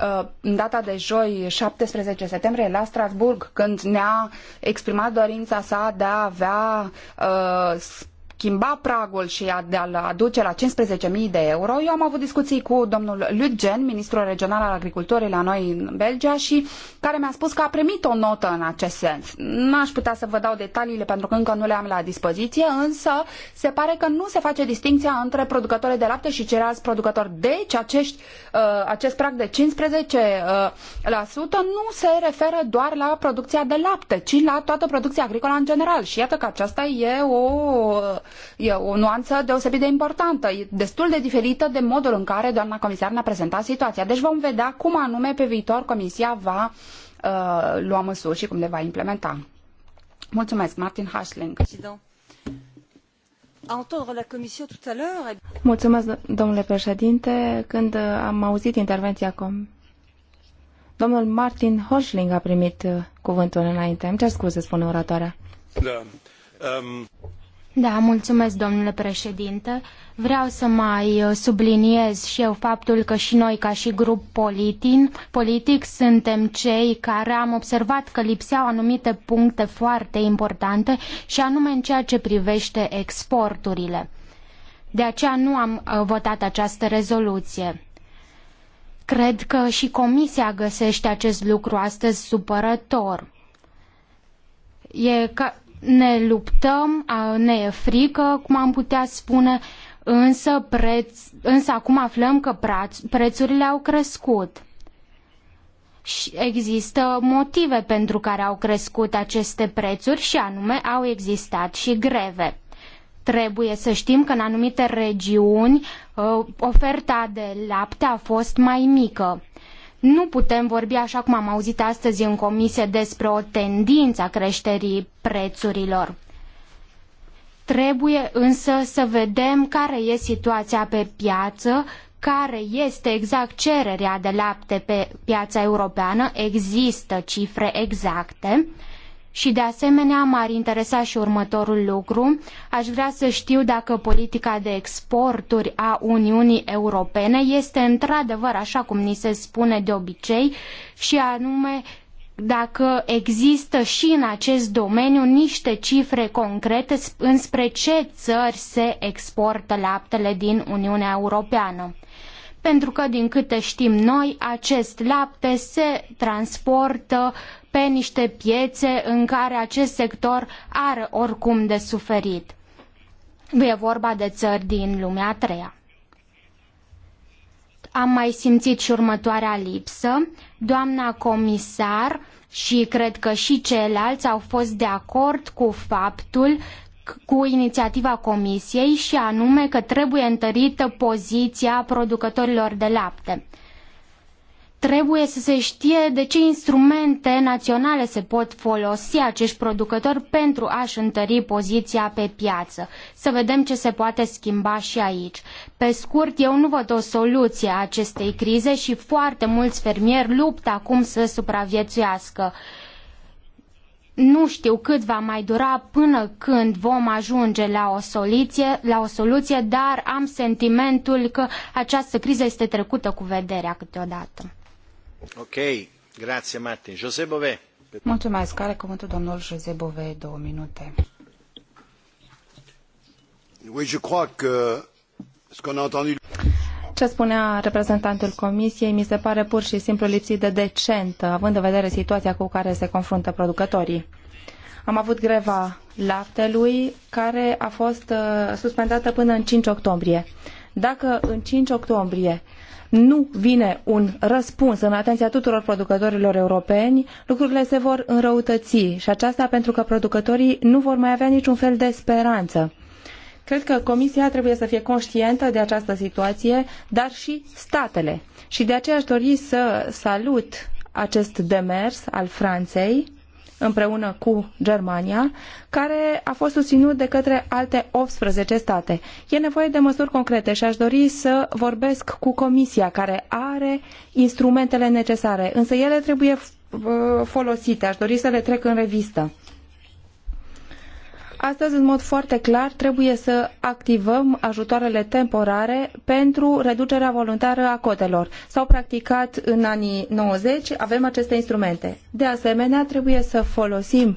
Uh, în data de joi, 17 septembrie, la Strasbourg, când ne-a exprimat dorința sa de a avea uh, schimba pragul și a, de a-l aduce la 15.000 de euro, eu am avut discuții cu domnul Ludgen, ministrul regional al agriculturii la noi în Belgia și care mi-a spus că a primit o notă în acest sens. N-aș putea să vă dau detaliile pentru că încă nu le am la dispoziție, însă se pare că nu se face distinția între producătorii de lapte și ceilalți producători. Deci acești, uh, acest prag de 15% uh, nu se referă doar la producția de lapte, ci la toată producția agricolă în general. Și iată că aceasta e o E o nuanță deosebit de importantă, e destul de diferită de modul în care doamna comisar ne-a prezentat situația. Deci vom vedea cum anume pe viitor Comisia va uh, lua măsuri și cum le va implementa. Mulțumesc, Martin Haschling.
Mulțumesc, domnule președinte. Când am auzit intervenția com Domnul Martin Hoșling a primit uh, cuvântul înainte.
Îmi cer scuze, spune oratoarea.
Da. Um...
Da, mulțumesc, domnule președinte. Vreau să mai uh, subliniez și eu faptul că și noi, ca și grup politin, politic, suntem cei care am observat că lipseau anumite puncte foarte importante și anume în ceea ce privește exporturile. De aceea nu am uh, votat această rezoluție. Cred că și Comisia găsește acest lucru astăzi supărător. E ca, ne luptăm, ne e frică, cum am putea spune, însă, preț, însă acum aflăm că preț, prețurile au crescut. Și există motive pentru care au crescut aceste prețuri și anume au existat și greve. Trebuie să știm că în anumite regiuni ă, oferta de lapte a fost mai mică nu putem vorbi, așa cum am auzit astăzi în comisie, despre o tendință a creșterii prețurilor. Trebuie însă să vedem care e situația pe piață, care este exact cererea de lapte pe piața europeană, există cifre exacte. Și de asemenea m-ar interesa și următorul lucru. Aș vrea să știu dacă politica de exporturi a Uniunii Europene este într-adevăr așa cum ni se spune de obicei și anume dacă există și în acest domeniu niște cifre concrete înspre ce țări se exportă laptele din Uniunea Europeană. Pentru că, din câte știm noi, acest lapte se transportă pe niște piețe în care acest sector are oricum de suferit. E vorba de țări din lumea a treia. Am mai simțit și următoarea lipsă. Doamna comisar și cred că și ceilalți au fost de acord cu faptul cu inițiativa comisiei și anume că trebuie întărită poziția producătorilor de lapte. Trebuie să se știe de ce instrumente naționale se pot folosi acești producători pentru a-și întări poziția pe piață. Să vedem ce se poate schimba și aici. Pe scurt, eu nu văd o soluție a acestei crize și foarte mulți fermieri luptă acum să supraviețuiască. Nu știu cât va mai dura până când vom ajunge la o, soluție, la o soluție, dar am sentimentul că această criză este trecută cu vederea
câteodată.
Ok, Mulțumesc.
Care cuvântul domnul José Bové, două minute.
Oui, je crois que ce qu'on a
ce spunea reprezentantul Comisiei
mi se pare pur și simplu lipsit de decent, având în vedere situația cu care se confruntă producătorii. Am avut greva laptelui, care a fost uh, suspendată până în 5 octombrie. Dacă în 5 octombrie nu vine un răspuns în atenția tuturor producătorilor europeni, lucrurile se vor înrăutăți și aceasta pentru că producătorii nu vor mai avea niciun fel de speranță. Cred că Comisia trebuie să fie conștientă de această situație, dar și statele. Și de aceea aș dori să salut acest demers al Franței, împreună cu Germania, care a fost susținut de către alte 18 state. E nevoie de măsuri concrete și aș dori să vorbesc cu Comisia, care are instrumentele necesare, însă ele trebuie uh, folosite. Aș dori să le trec în revistă. Astăzi, în mod foarte clar, trebuie să activăm ajutoarele temporare pentru reducerea voluntară a cotelor. S-au practicat în anii 90, avem aceste instrumente. De asemenea, trebuie să folosim uh,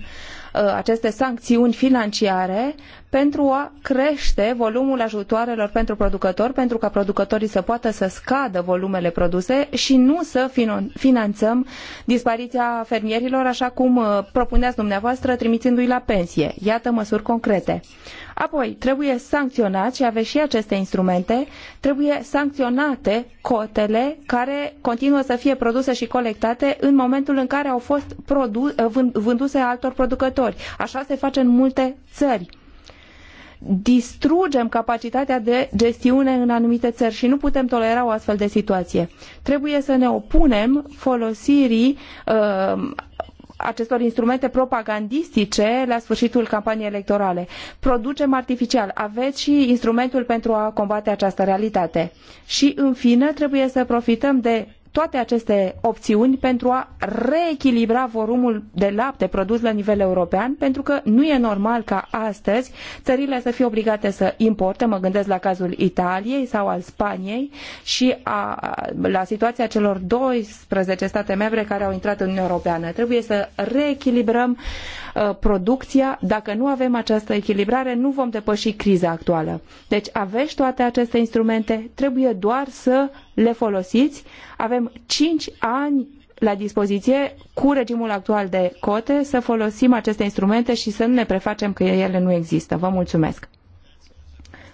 Uh, aceste sancțiuni financiare pentru a crește volumul ajutoarelor pentru producători, pentru ca producătorii să poată să scadă volumele produse și nu să finanțăm dispariția fermierilor, așa cum uh, propuneați dumneavoastră, trimițându-i la pensie. Iată măsuri concrete. Apoi, trebuie sancționat și aveți și aceste instrumente, trebuie sancționate cotele care continuă să fie produse și colectate în momentul în care au fost vânduse altor producători. Așa se face în multe țări distrugem capacitatea de gestiune în anumite țări și nu putem tolera o astfel de situație. Trebuie să ne opunem folosirii uh, acestor instrumente propagandistice la sfârșitul campaniei electorale. Producem artificial. Aveți și instrumentul pentru a combate această realitate. Și, în fine, trebuie să profităm de toate aceste opțiuni pentru a reechilibra volumul de lapte produs la nivel european, pentru că nu e normal ca astăzi țările să fie obligate să importe, mă gândesc la cazul Italiei sau al Spaniei și a, la situația celor 12 state membre care au intrat în Uniunea Europeană. Trebuie să reechilibrăm uh, Uh, producția, dacă nu avem această echilibrare, nu vom depăși criza actuală. Deci aveți toate aceste instrumente, trebuie doar să le folosiți. Avem cinci ani la dispoziție cu regimul actual de cote să folosim aceste instrumente și să nu ne prefacem că ele nu există. Vă mulțumesc!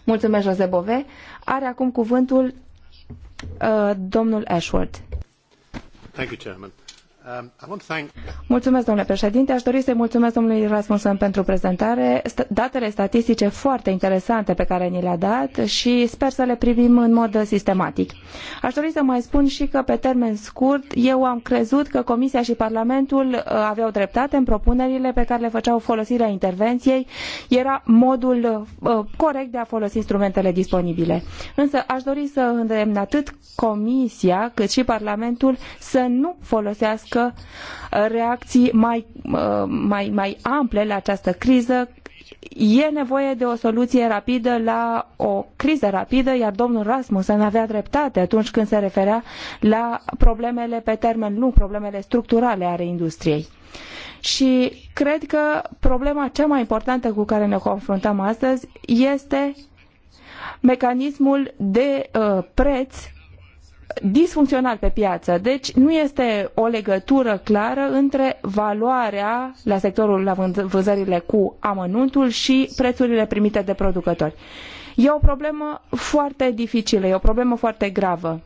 Mulțumesc, Jose Bove. Are acum cuvântul uh, domnul Ashworth.
Thank you, Chairman. Um,
mulțumesc, domnule președinte. Aș dori să-i mulțumesc domnului Rasmussen pentru prezentare. Datele statistice foarte interesante pe care ni le-a dat și sper să le privim în mod sistematic. Aș dori să mai spun și că, pe termen scurt, eu am crezut că Comisia și Parlamentul uh, aveau dreptate în propunerile pe care le făceau folosirea intervenției. Era modul uh, corect de a folosi instrumentele disponibile. Însă aș dori să îndemn atât Comisia cât și Parlamentul să nu folosească mică reacții mai, uh, mai, mai ample la această criză. E nevoie de o soluție rapidă la o criză rapidă, iar domnul Rasmussen avea dreptate atunci când se referea la problemele pe termen lung, problemele structurale ale industriei. Și cred că problema cea mai importantă cu care ne confruntăm astăzi este mecanismul de uh, preț disfuncțional pe piață. Deci nu este o legătură clară între valoarea la sectorul la vânzările cu amănuntul și prețurile primite de producători. E o problemă foarte dificilă, e o problemă foarte gravă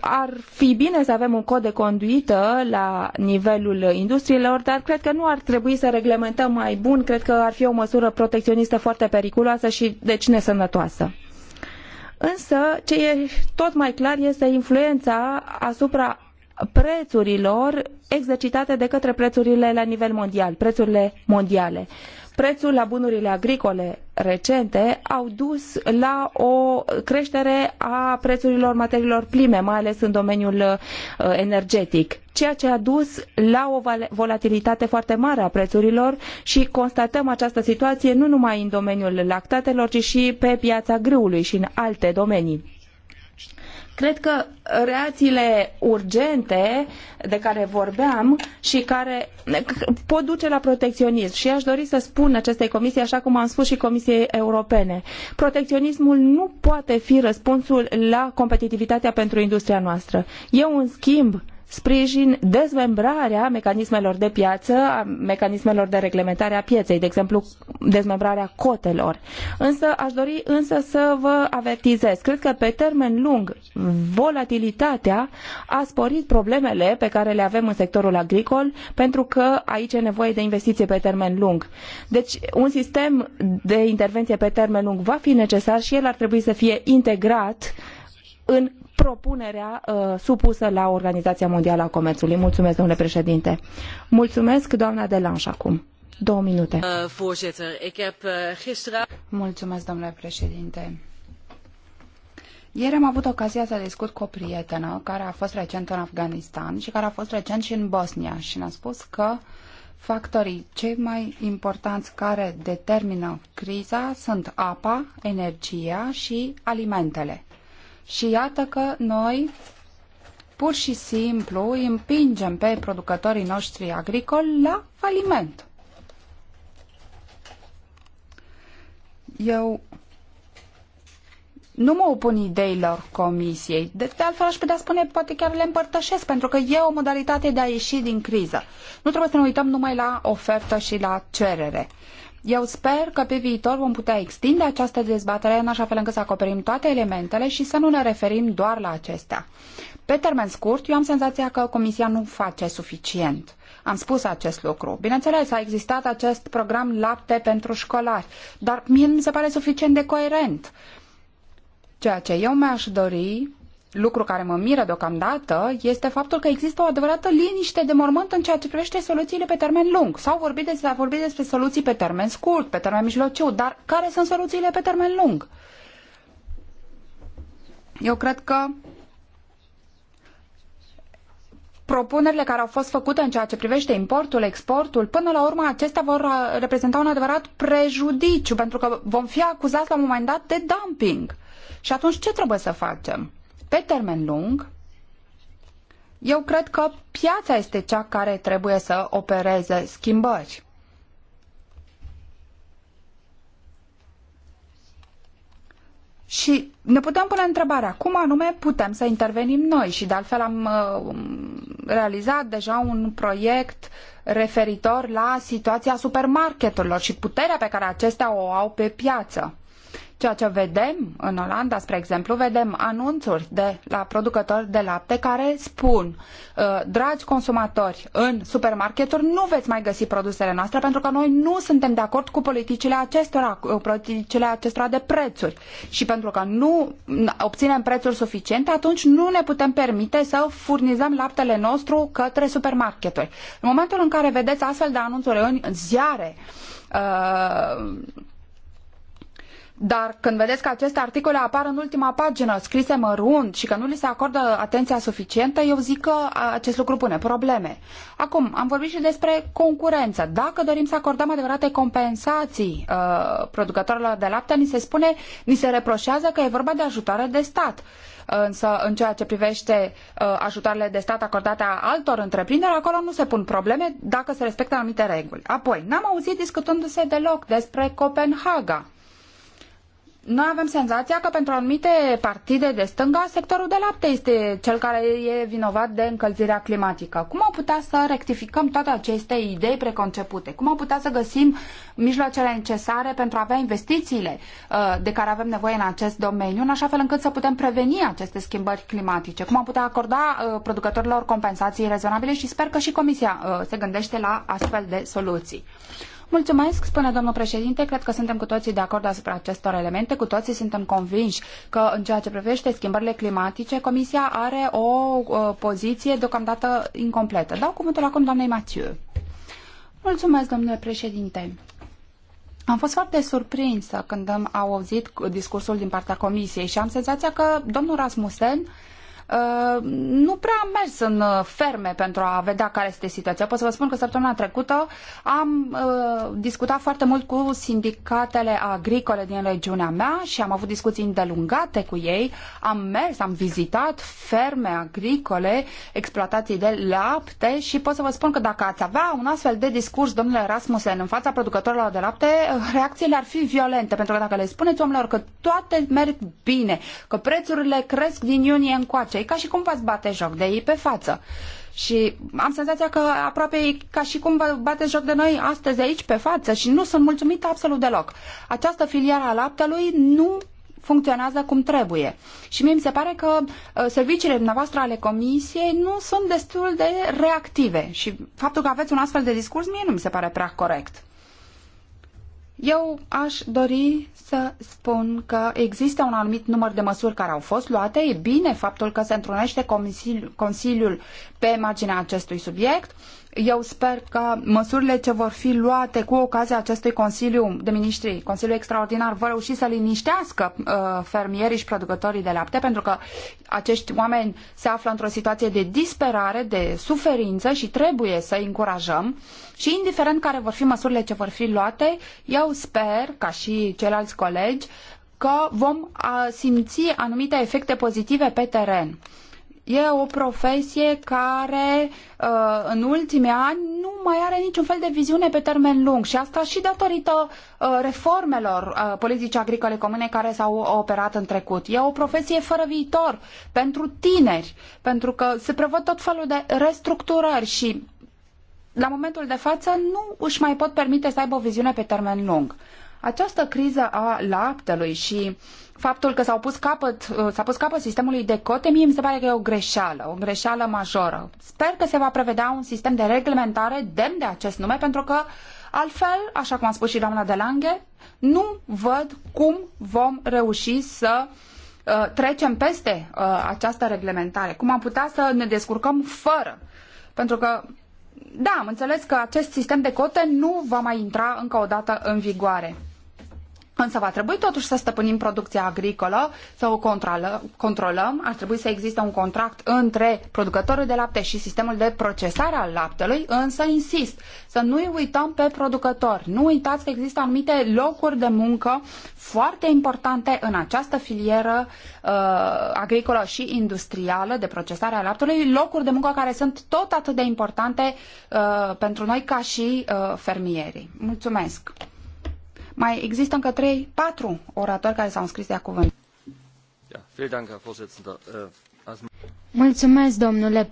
ar fi bine să avem un cod de conduită la nivelul industriilor, dar cred că nu ar trebui să reglementăm mai bun, cred că ar fi o măsură protecționistă foarte periculoasă și deci nesănătoasă. Însă, ce e tot mai clar este influența asupra prețurilor exercitate de către prețurile la nivel mondial, prețurile mondiale. Uh, prețul la bunurile agricole recente au dus la o creștere a prețurilor materiilor prime, mai ales în domeniul uh, energetic, ceea ce a dus la o volatilitate foarte mare a prețurilor și constatăm această situație nu numai în domeniul lactatelor, ci și pe piața grâului și în alte domenii. Cred că reacțiile urgente de care vorbeam și care pot duce la protecționism și aș dori să spun acestei comisii, așa cum am spus și Comisiei Europene, protecționismul nu poate fi răspunsul la competitivitatea pentru industria noastră. E un schimb, sprijin dezmembrarea mecanismelor de piață, a mecanismelor de reglementare a pieței, de exemplu dezmembrarea cotelor. Însă aș dori însă să vă avertizez. Cred că pe termen lung volatilitatea a sporit problemele pe care le avem în sectorul agricol pentru că aici e nevoie de investiții pe termen lung. Deci un sistem de intervenție pe termen lung va fi necesar și el ar trebui să fie integrat în propunerea uh, supusă la Organizația Mondială a Comerțului. Mulțumesc, domnule președinte. Mulțumesc, doamna Delanș, acum. Două minute.
Uh,
uh, Mulțumesc, domnule președinte. Ieri am avut ocazia să discut cu o prietenă care a fost recent în Afganistan și care a fost recent și în Bosnia și ne-a spus că factorii cei mai importanți care determină criza sunt apa, energia și alimentele. Și iată că noi pur și simplu îi împingem pe producătorii noștri agricoli la faliment. Eu nu mă opun ideilor comisiei. De, de altfel aș putea spune, poate chiar le împărtășesc, pentru că e o modalitate de a ieși din criză. Nu trebuie să ne uităm numai la ofertă și la cerere. Eu sper că pe viitor vom putea extinde această dezbatere în așa fel încât să acoperim toate elementele și să nu ne referim doar la acestea. Pe termen scurt, eu am senzația că Comisia nu face suficient. Am spus acest lucru. Bineînțeles, a existat acest program lapte pentru școlari, dar mie mi se pare suficient de coerent. Ceea ce eu mi-aș dori lucru care mă miră deocamdată este faptul că există o adevărată liniște de mormânt în ceea ce privește soluțiile pe termen lung. S-au vorbit, de, s-a vorbit despre soluții pe termen scurt, pe termen mijlociu, dar care sunt soluțiile pe termen lung? Eu cred că propunerile care au fost făcute în ceea ce privește importul, exportul, până la urmă acestea vor uh, reprezenta un adevărat prejudiciu, pentru că vom fi acuzați la un moment dat de dumping. Și atunci ce trebuie să facem? Pe termen lung, eu cred că piața este cea care trebuie să opereze schimbări. Și ne putem pune întrebarea, cum anume putem să intervenim noi? Și de altfel am uh, realizat deja un proiect referitor la situația supermarketurilor și puterea pe care acestea o au pe piață. Ceea ce vedem în Olanda, spre exemplu, vedem anunțuri de la producători de lapte care spun ă, dragi consumatori, în supermarketuri nu veți mai găsi produsele noastre pentru că noi nu suntem de acord cu politicile acestora, cu politicile acestora de prețuri și pentru că nu obținem prețuri suficiente, atunci nu ne putem permite să furnizăm laptele nostru către supermarketuri. În momentul în care vedeți astfel de anunțuri în ziare, uh, dar când vedeți că aceste articole apar în ultima pagină, scrise mărunt și că nu li se acordă atenția suficientă, eu zic că acest lucru pune probleme. Acum, am vorbit și despre concurență. Dacă dorim să acordăm adevărate compensații uh, producătorilor de lapte, ni se spune, ni se reproșează că e vorba de ajutoare de stat. Însă, în ceea ce privește uh, ajutoarele de stat acordate altor întreprinderi, acolo nu se pun probleme dacă se respectă anumite reguli. Apoi, n-am auzit discutându-se deloc despre Copenhaga noi avem senzația că pentru anumite partide de stânga, sectorul de lapte este cel care e vinovat de încălzirea climatică. Cum am putea să rectificăm toate aceste idei preconcepute? Cum am putea să găsim mijloacele necesare pentru a avea investițiile uh, de care avem nevoie în acest domeniu, în așa fel încât să putem preveni aceste schimbări climatice? Cum am putea acorda uh, producătorilor compensații rezonabile și sper că și Comisia uh, se gândește la astfel de soluții. Mulțumesc, spune domnul președinte. Cred că suntem cu toții de acord asupra acestor elemente. Cu toții suntem convinși că în ceea ce privește schimbările climatice, Comisia are o uh, poziție deocamdată incompletă. Dau cuvântul acum doamnei Mathieu. Mulțumesc, domnule președinte. Am fost foarte surprinsă când am auzit discursul din partea Comisiei și am senzația că domnul Rasmussen Uh, nu prea am mers în uh, ferme pentru a vedea care este situația. Pot să vă spun că săptămâna trecută am uh, discutat foarte mult cu sindicatele agricole din regiunea mea și am avut discuții îndelungate cu ei. Am mers, am vizitat ferme agricole, exploatații de lapte și pot să vă spun că dacă ați avea un astfel de discurs, domnule Rasmussen, în fața producătorilor de lapte, reacțiile ar fi violente, pentru că dacă le spuneți oamenilor că toate merg bine, că prețurile cresc din iunie încoace, ei, ca și cum v-ați bate joc de ei pe față. Și am senzația că aproape e ca și cum vă bateți joc de noi astăzi aici pe față și nu sunt mulțumită absolut deloc. Această filiară a laptelui nu funcționează cum trebuie. Și mie mi se pare că uh, serviciile dumneavoastră ale comisiei nu sunt destul de reactive și faptul că aveți un astfel de discurs mie nu mi se pare prea corect. Eu aș dori să spun că există un anumit număr de măsuri care au fost luate. E bine faptul că se întrunește Consiliul pe marginea acestui subiect. Eu sper că măsurile ce vor fi luate cu ocazia acestui Consiliu de Ministri, Consiliul Extraordinar, vor reuși să liniștească uh, fermierii și producătorii de lapte, pentru că acești oameni se află într-o situație de disperare, de suferință și trebuie să i încurajăm. Și indiferent care vor fi măsurile ce vor fi luate, eu sper, ca și ceilalți colegi, că vom simți anumite efecte pozitive pe teren. E o profesie care în ultimii ani nu mai are niciun fel de viziune pe termen lung și asta și datorită reformelor politice agricole comune care s-au operat în trecut. E o profesie fără viitor pentru tineri, pentru că se prevăd tot felul de restructurări și la momentul de față, nu își mai pot permite să aibă o viziune pe termen lung. Această criză a laptelui și faptul că s-a pus capăt, uh, s-a pus capăt sistemului de cote, mie mi se pare că e o greșeală, o greșeală majoră. Sper că se va prevedea un sistem de reglementare demn de acest nume, pentru că altfel, așa cum a spus și doamna de Lange, nu văd cum vom reuși să uh, trecem peste uh, această reglementare, cum am putea să ne descurcăm fără. Pentru că da, am înțeles că acest sistem de cote nu va mai intra încă o dată în vigoare. Însă va trebui totuși să stăpânim producția agricolă, să o controlăm, ar trebui să existe un contract între producătorul de lapte și sistemul de procesare al laptelui, însă insist, să nu uităm pe producători. Nu uitați că există anumite locuri de muncă foarte importante în această filieră uh, agricolă și industrială de procesare a laptelui, locuri de muncă care sunt tot atât de importante uh, pentru noi ca și uh, fermierii. Mulțumesc! Mai există încă trei, patru oratori care s-au înscris de cuvânt.
Äh,
Mulțumesc, domnule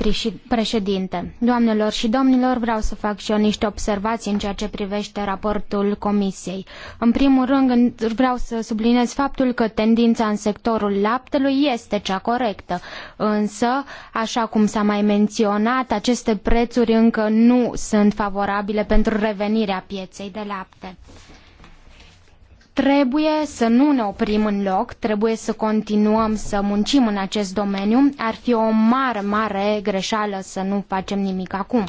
președinte. Doamnelor și domnilor, vreau să fac și eu niște observații în ceea ce privește raportul Comisiei. În primul rând, vreau să subliniez faptul că tendința în sectorul laptelui este cea corectă, însă, așa cum s-a mai menționat, aceste prețuri încă nu sunt favorabile pentru revenirea pieței de lapte. Trebuie să nu ne oprim în loc, trebuie să continuăm să muncim în acest domeniu. Ar fi o mare, mare greșeală să nu facem nimic acum.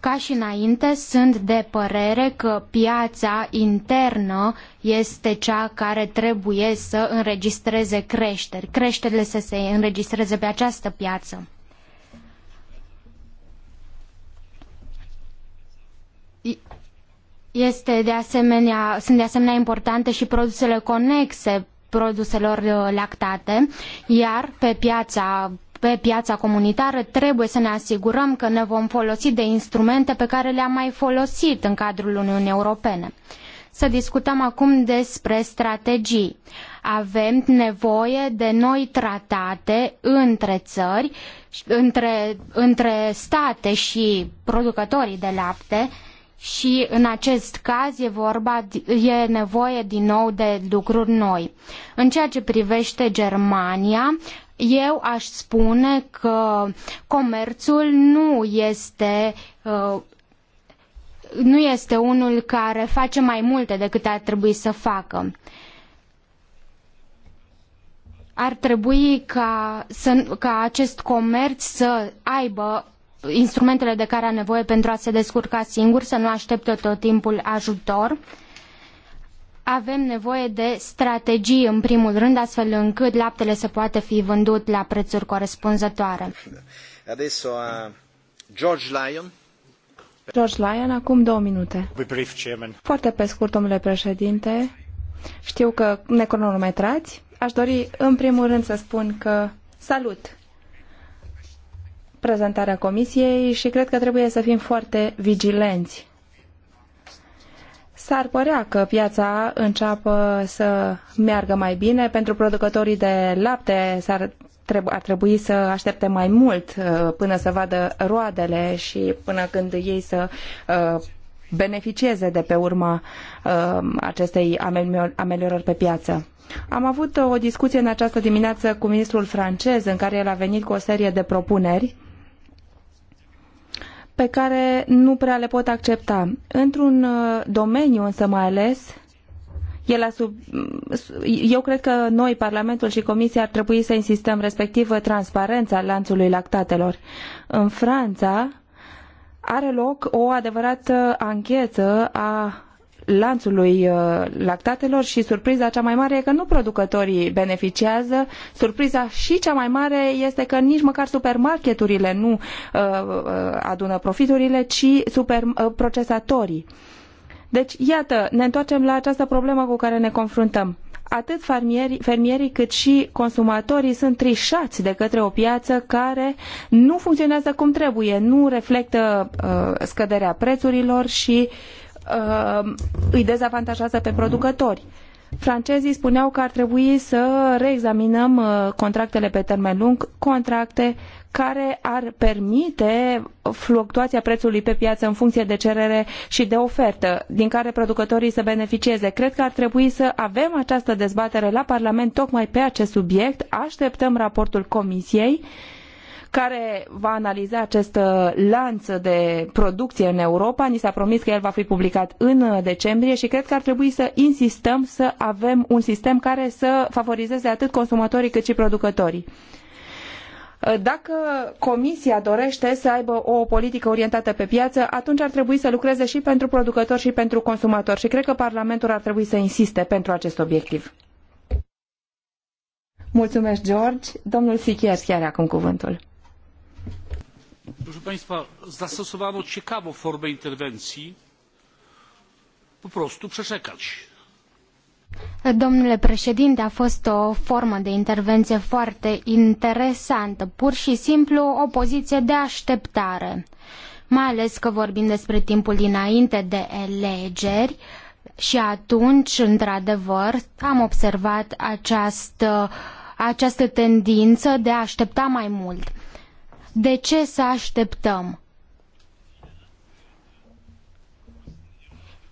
Ca și înainte, sunt de părere că piața internă este cea care trebuie să înregistreze creșteri, creșterile să se înregistreze pe această piață. Este de asemenea, sunt de asemenea importante și produsele conexe produselor uh, lactate, iar pe piața pe piața comunitară trebuie să ne asigurăm că ne vom folosi de instrumente pe care le-am mai folosit în cadrul Uniunii Europene. Să discutăm acum despre strategii. Avem nevoie de noi tratate între țări, între, între state și producătorii de lapte, și în acest caz e, vorba, e nevoie din nou de lucruri noi. În ceea ce privește Germania, eu aș spune că comerțul nu este uh, nu este unul care face mai multe decât ar trebui să facă. Ar trebui ca, să, ca acest comerț să aibă instrumentele de care are nevoie pentru a se descurca singur, să nu aștepte tot timpul ajutor. Avem nevoie de strategii, în primul rând, astfel încât laptele să poată fi vândut la prețuri corespunzătoare.
Adesso, uh, George Lyon.
George Lyon, acum două minute. Foarte pe scurt, domnule președinte, știu că ne cronometrați. Aș dori, în primul rând, să spun că salut prezentarea comisiei și cred că trebuie să fim foarte vigilenți. S-ar părea că piața înceapă să meargă mai bine. Pentru producătorii de lapte s-ar ar trebui să aștepte mai mult uh, până să vadă roadele și până când ei să uh, beneficieze de pe urma uh, acestei ameliorări pe piață. Am avut o discuție în această dimineață cu ministrul francez în care el a venit cu o serie de propuneri pe care nu prea le pot accepta. Într-un uh, domeniu însă mai ales, el sub... Mm, eu cred că noi, Parlamentul și Comisia, ar trebui să insistăm respectiv transparența lanțului lactatelor. În Franța are loc o adevărată anchetă a lanțului uh, lactatelor și surpriza cea mai mare e că nu producătorii beneficiază. Surpriza și cea mai mare este că nici măcar supermarketurile nu uh, uh, adună profiturile, ci super, procesatorii. Deci, iată, ne întoarcem la această problemă cu care ne confruntăm atât fermierii, fermierii cât și consumatorii sunt trișați de către o piață care nu funcționează cum trebuie, nu reflectă uh, scăderea prețurilor și uh, îi dezavantajează pe producători. Francezii spuneau că ar trebui să reexaminăm uh, contractele pe termen lung, contracte care ar permite fluctuația prețului pe piață în funcție de cerere și de ofertă, din care producătorii să beneficieze. Cred că ar trebui să avem această dezbatere la Parlament tocmai pe acest subiect. Așteptăm raportul Comisiei uh, care va analiza acest uh, lanț de producție în Europa. Ni s-a promis că el va fi publicat în uh, decembrie și cred că ar trebui să insistăm să avem un sistem care să favorizeze atât consumatorii cât și producătorii. Uh, dacă Comisia dorește să aibă o politică orientată pe piață, atunci ar trebui să lucreze și pentru producători și pentru consumatori și cred că Parlamentul ar trebui să insiste pentru acest obiectiv. Mulțumesc, George. Domnul Sichierski are acum cuvântul
proszę państwa zastosowano ciekawą formę interwencji po prostu przeczekać.
Domnule președinte, a fost o formă de intervenție foarte interesantă, pur și simplu o poziție de așteptare. Mai ales că vorbim despre timpul dinainte de elegeri și atunci, într-adevăr, am observat această, această tendință de a aștepta mai mult. De ce să așteptăm?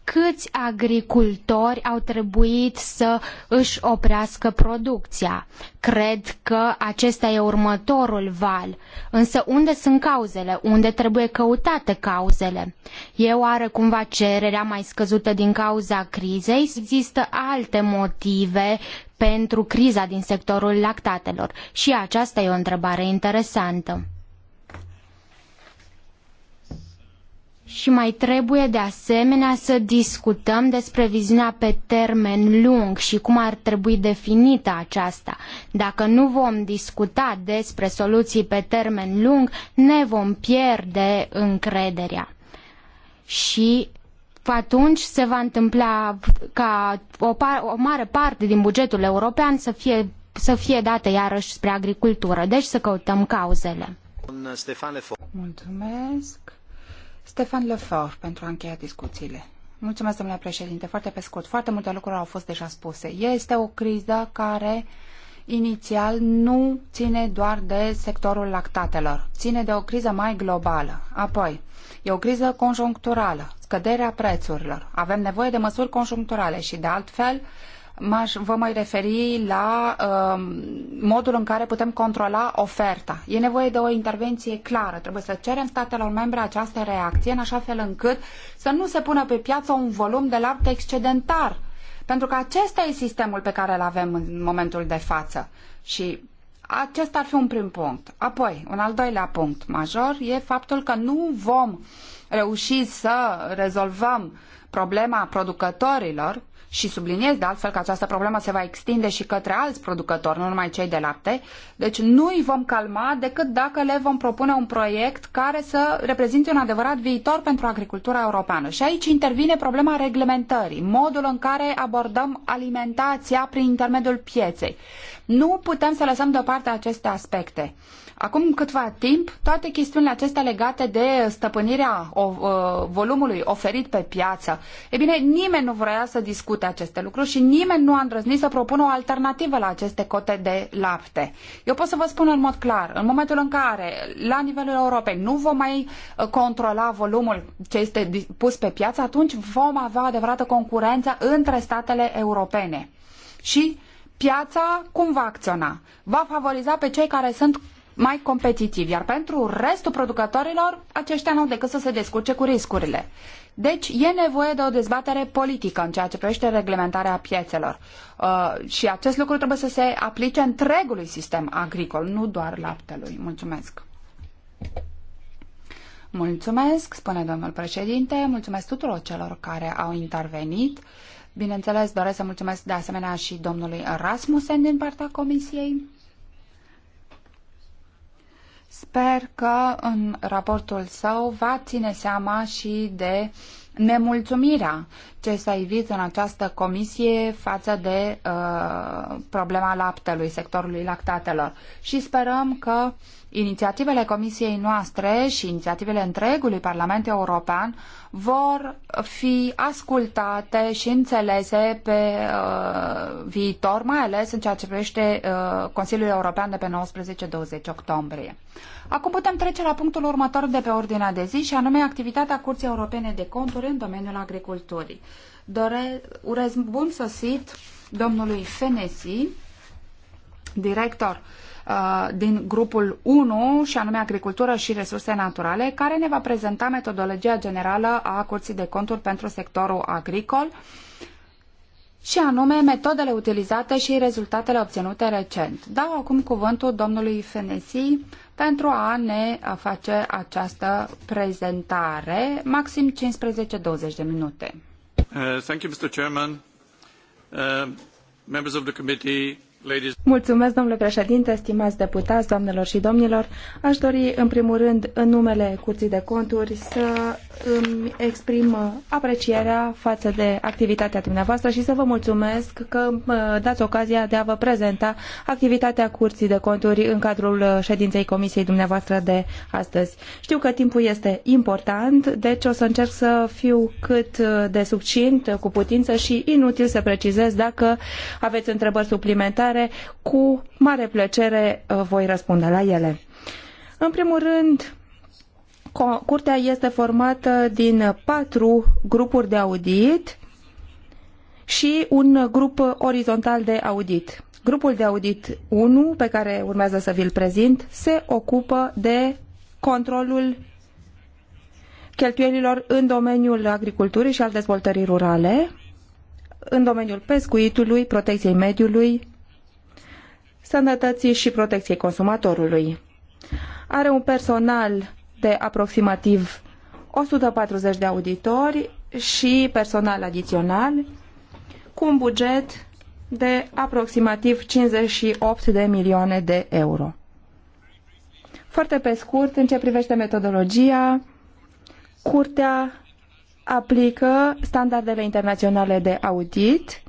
Câți agricultori au trebuit să își oprească producția? Cred că acesta e următorul val. Însă unde sunt cauzele? Unde trebuie căutate cauzele? E oare cumva cererea mai scăzută din cauza crizei? Există alte motive pentru criza din sectorul lactatelor? Și aceasta e o întrebare interesantă. Și mai trebuie de asemenea să discutăm despre viziunea pe termen lung și cum ar trebui definită aceasta. Dacă nu vom discuta despre soluții pe termen lung, ne vom pierde încrederea. Și atunci se va întâmpla ca o, par, o mare parte din bugetul european să fie, să fie dată iarăși spre
agricultură. Deci să căutăm cauzele.
Mulțumesc.
Stefan Lefort pentru a încheia discuțiile. Mulțumesc, domnule președinte. Foarte pe scurt. Foarte multe lucruri au fost deja spuse. Este o criză care inițial nu ține doar de sectorul lactatelor, ține de o criză mai globală. Apoi, e o criză conjuncturală, scăderea prețurilor. Avem nevoie de măsuri conjuncturale și, de altfel, vă mai referi la uh, modul în care putem controla oferta. E nevoie de o intervenție clară. Trebuie să cerem statelor membre această reacție în așa fel încât să nu se pună pe piață un volum de lapte excedentar. Pentru că acesta e sistemul pe care îl avem în momentul de față. Și acesta ar fi un prim punct. Apoi, un al doilea punct major e faptul că nu vom reuși să rezolvăm problema producătorilor și subliniez de altfel că această problemă se va extinde și către alți producători, nu numai cei de lapte. Deci nu îi vom calma decât dacă le vom propune un proiect care să reprezinte un adevărat viitor pentru agricultura europeană. Și aici intervine problema reglementării, modul în care abordăm alimentația prin intermediul pieței. Nu putem să lăsăm deoparte aceste aspecte. Acum câtva timp, toate chestiunile acestea legate de stăpânirea volumului oferit pe piață, e bine, nimeni nu vrea să discute aceste lucruri și nimeni nu a îndrăznit să propună o alternativă la aceste cote de lapte. Eu pot să vă spun în mod clar, în momentul în care, la nivelul Europei, nu vom mai uh, controla volumul ce este pus pe piață, atunci vom avea adevărată concurență între statele europene. Și piața cum va acționa? Va favoriza pe cei care sunt mai competitivi, iar pentru restul producătorilor, aceștia nu au decât să se descurce cu riscurile. Deci e nevoie de o dezbatere politică în ceea ce privește reglementarea piețelor. Uh, și acest lucru trebuie să se aplice întregului sistem agricol, nu doar laptelui. Mulțumesc! Mulțumesc, spune domnul președinte, mulțumesc tuturor celor care au intervenit. Bineînțeles, doresc să mulțumesc de asemenea și domnului Rasmussen din partea comisiei. Sper că în raportul său va ține seama și de nemulțumirea ce s-a evit în această comisie față de uh, problema laptelui, sectorului lactatelor. Și sperăm că inițiativele Comisiei noastre și inițiativele întregului Parlament European vor fi ascultate și înțelese pe uh, viitor, mai ales în ceea ce privește uh, Consiliul European de pe 19-20 octombrie. Acum putem trece la punctul următor de pe ordinea de zi și anume activitatea Curții Europene de Conturi în domeniul agriculturii. Dore, urez bun sosit domnului Fenesi, director uh, Uh, din grupul 1, și anume agricultură și resurse naturale, care ne va prezenta metodologia generală a Curții de Conturi pentru sectorul agricol, și anume metodele utilizate și rezultatele obținute recent. Dau acum cuvântul domnului Fenesi pentru a ne face această prezentare, maxim 15-20 de minute.
Uh, thank you, Mr. Chairman. Uh, members of the committee,
Mulțumesc, domnule președinte, stimați
deputați, doamnelor și domnilor. Aș dori, în primul rând, în numele Curții de Conturi, să îmi exprim uh, aprecierea față de activitatea dumneavoastră și să vă mulțumesc că uh, dați ocazia de a vă prezenta activitatea Curții de Conturi în cadrul uh, ședinței Comisiei dumneavoastră de astăzi. Știu că timpul este important, deci o să încerc să fiu cât de succint, cu putință și inutil să precizez dacă aveți întrebări suplimentare care cu mare plăcere uh, voi răspunde la ele. În primul rând, curtea este formată din patru grupuri de audit și un grup orizontal de audit. Grupul de audit 1, pe care urmează să vi-l prezint, se ocupă de controlul cheltuielilor în domeniul agriculturii și al dezvoltării rurale, în domeniul pescuitului, protecției mediului, sănătății și protecției consumatorului. Are un personal de aproximativ 140 de auditori și personal adițional cu un buget de aproximativ 58 de milioane de euro. Foarte pe scurt, în ce privește metodologia, Curtea aplică standardele internaționale de audit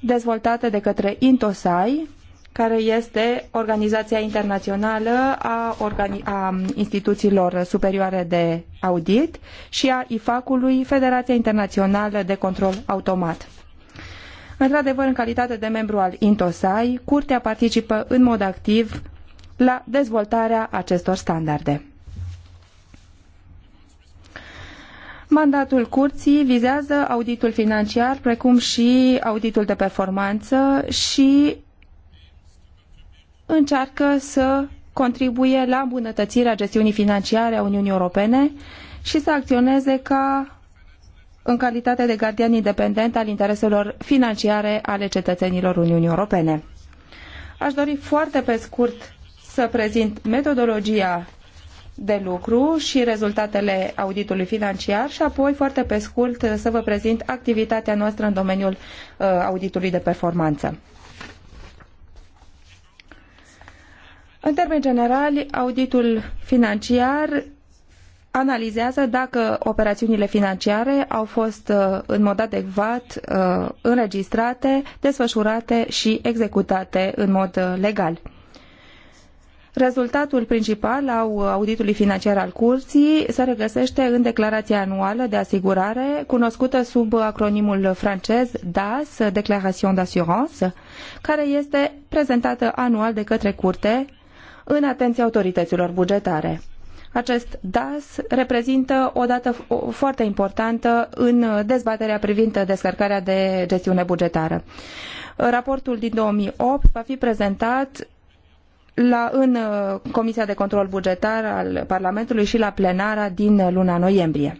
dezvoltate de către Intosai, care este Organizația Internațională a, organi- a Instituțiilor Superioare de Audit și a IFAC-ului, Federația Internațională de Control Automat. Într-adevăr, în calitate de membru al INTOSAI, Curtea participă în mod activ la dezvoltarea acestor standarde. Mandatul curții vizează auditul financiar, precum și auditul de performanță și încearcă să contribuie la îmbunătățirea gestiunii financiare a Uniunii Europene și să acționeze ca în calitate de gardian independent al intereselor financiare ale cetățenilor Uniunii Europene. Aș dori foarte pe scurt să prezint metodologia de lucru și rezultatele auditului financiar și apoi foarte pe scurt să vă prezint activitatea noastră în domeniul uh, auditului de performanță. În termeni generali, auditul financiar analizează dacă operațiunile financiare au fost uh, în mod adecvat uh, înregistrate, desfășurate și executate în mod uh, legal. Rezultatul principal al auditului financiar al curții se regăsește în declarația anuală de asigurare, cunoscută sub acronimul francez DAS, Declaration d'assurance, care este prezentată anual de către curte în atenția autorităților bugetare. Acest DAS reprezintă o dată foarte importantă în dezbaterea privind descărcarea de gestiune bugetară. Raportul din 2008 va fi prezentat la, în uh, Comisia de Control Bugetar al Parlamentului și la plenara din luna noiembrie.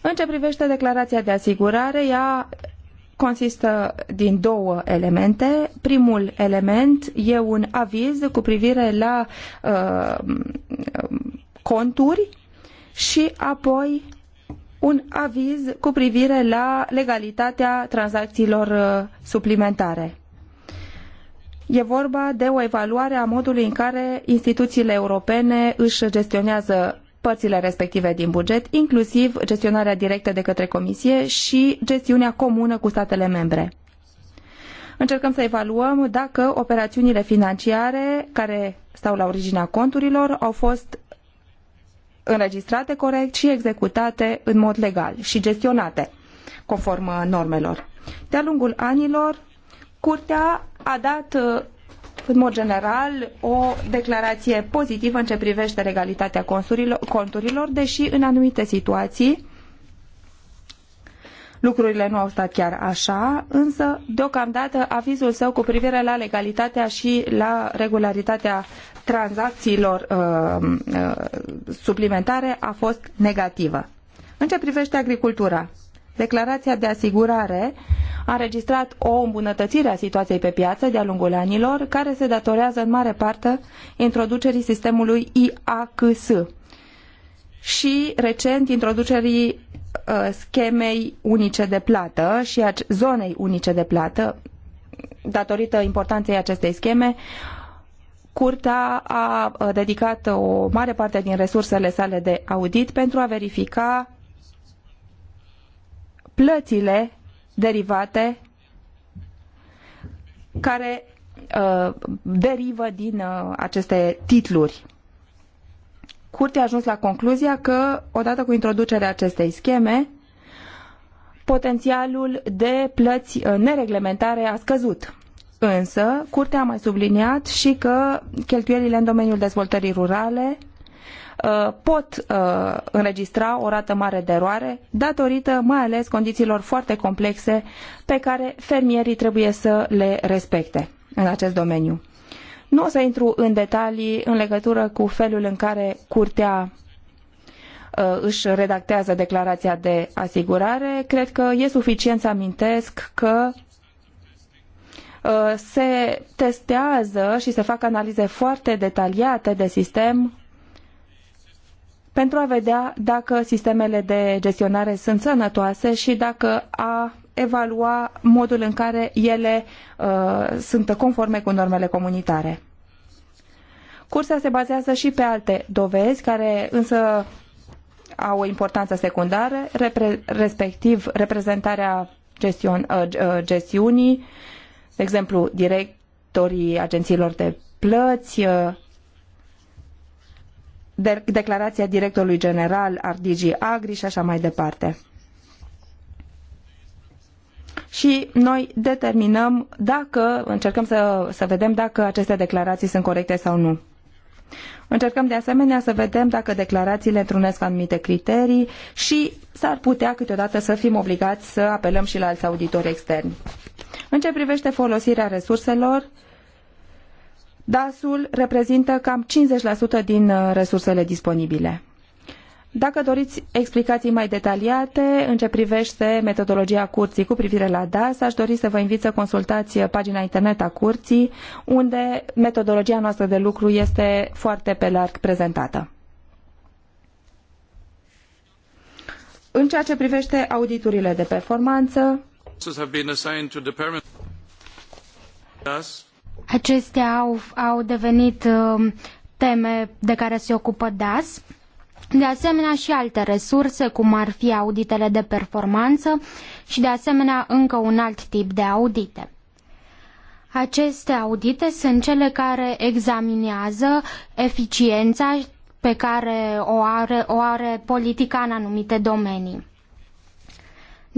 În ce privește declarația de asigurare, ea consistă din două elemente. Primul element e un aviz cu privire la uh, conturi și apoi un aviz cu privire la legalitatea tranzacțiilor uh, suplimentare. E vorba de o evaluare a modului în care instituțiile europene își gestionează părțile respective din buget, inclusiv gestionarea directă de către Comisie și gestiunea comună cu statele membre. Încercăm să evaluăm dacă operațiunile financiare care stau la originea conturilor au fost înregistrate corect și executate în mod legal și gestionate conform normelor. De-a lungul anilor, Curtea a dat în mod general, o declarație pozitivă în ce privește legalitatea conturilor, deși în anumite situații lucrurile nu au stat chiar așa, însă deocamdată avizul său cu privire la legalitatea și la regularitatea tranzacțiilor uh, uh, suplimentare a fost negativă. În ce privește agricultura, Declarația de asigurare a înregistrat o îmbunătățire a situației pe piață de-a lungul anilor, care se datorează în mare parte introducerii sistemului IACS și recent introducerii uh, schemei unice de plată și a zonei unice de plată. Datorită importanței acestei scheme, Curtea a uh, dedicat o mare parte din resursele sale de audit pentru a verifica plățile derivate care uh, derivă din uh, aceste titluri. Curtea a ajuns la concluzia că, odată cu introducerea acestei scheme, potențialul de plăți uh, nereglementare a scăzut. Însă, Curtea a mai subliniat și că cheltuielile în domeniul dezvoltării rurale Uh, pot uh, înregistra o rată mare de eroare, datorită mai ales condițiilor foarte complexe pe care fermierii trebuie să le respecte în acest domeniu. Nu o să intru în detalii în legătură cu felul în care curtea uh, își redactează declarația de asigurare. Cred că e suficient să amintesc că se testează și se fac analize foarte detaliate de sistem pentru a vedea dacă sistemele de gestionare sunt sănătoase și dacă a evalua modul în care ele uh, sunt conforme cu normele comunitare. Cursa se bazează și pe alte dovezi, care însă au o importanță secundară, repre respectiv reprezentarea gestion, uh, uh gestiunii, de exemplu, directorii agențiilor de plăți, uh, de declarația directorului general al DG Agri și așa mai departe. Și noi determinăm dacă, încercăm să, să vedem dacă aceste declarații sunt corecte sau nu. Încercăm de asemenea să vedem dacă declarațiile întrunesc anumite criterii și s-ar putea câteodată să fim obligați să apelăm și la alți auditori externi. În ce privește folosirea resurselor, DAS-ul reprezintă cam 50% din uh, resursele disponibile. Dacă doriți explicații mai detaliate în ce privește metodologia curții cu privire la DAS, aș dori să vă invit să consultați uh, pagina internet a curții, unde metodologia noastră de lucru este foarte pe larg prezentată. În ceea ce privește auditurile de performanță,
Acestea au, au devenit um, teme de care se ocupă DAS. De asemenea și alte resurse, cum ar fi auditele de performanță și de asemenea încă un alt tip de audite. Aceste audite sunt cele care examinează eficiența pe care o are, o are politica în anumite domenii.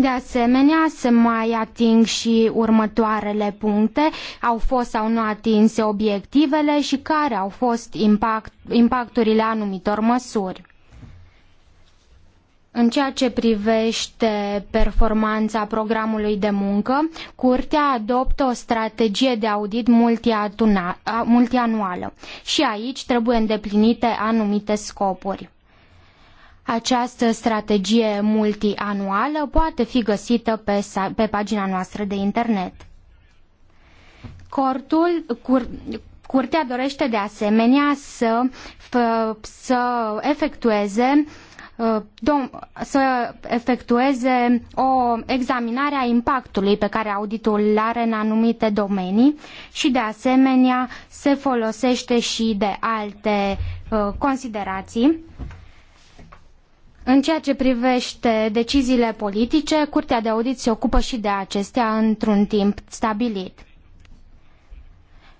De asemenea, să mai ating și următoarele puncte, au fost sau nu atinse obiectivele și care au fost impact, impacturile anumitor măsuri. În ceea ce privește performanța programului de muncă, Curtea adoptă o strategie de audit multianuală și aici trebuie îndeplinite anumite scopuri. Această strategie multianuală poate fi găsită pe, pe pagina noastră de internet. Cortul, cur, curtea dorește de asemenea să, să efectueze uh, să efectueze o examinare a impactului pe care auditul îl are în anumite domenii și de asemenea se folosește și de alte uh, considerații în ceea ce privește deciziile politice, Curtea de Audit se ocupă și de acestea într-un timp stabilit.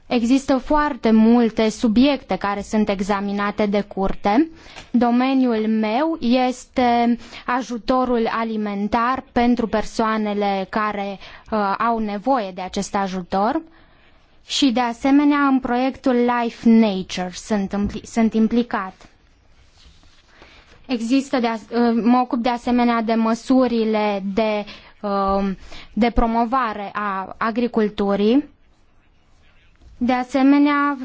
Există foarte multe subiecte care sunt examinate de curte. Domeniul meu este ajutorul alimentar pentru persoanele care uh, au nevoie de acest ajutor și de asemenea în proiectul Life Nature sunt, impl- sunt implicat. Există de, uh, mă ocup de asemenea de măsurile de, um, de promovare a agriculturii. De asemenea,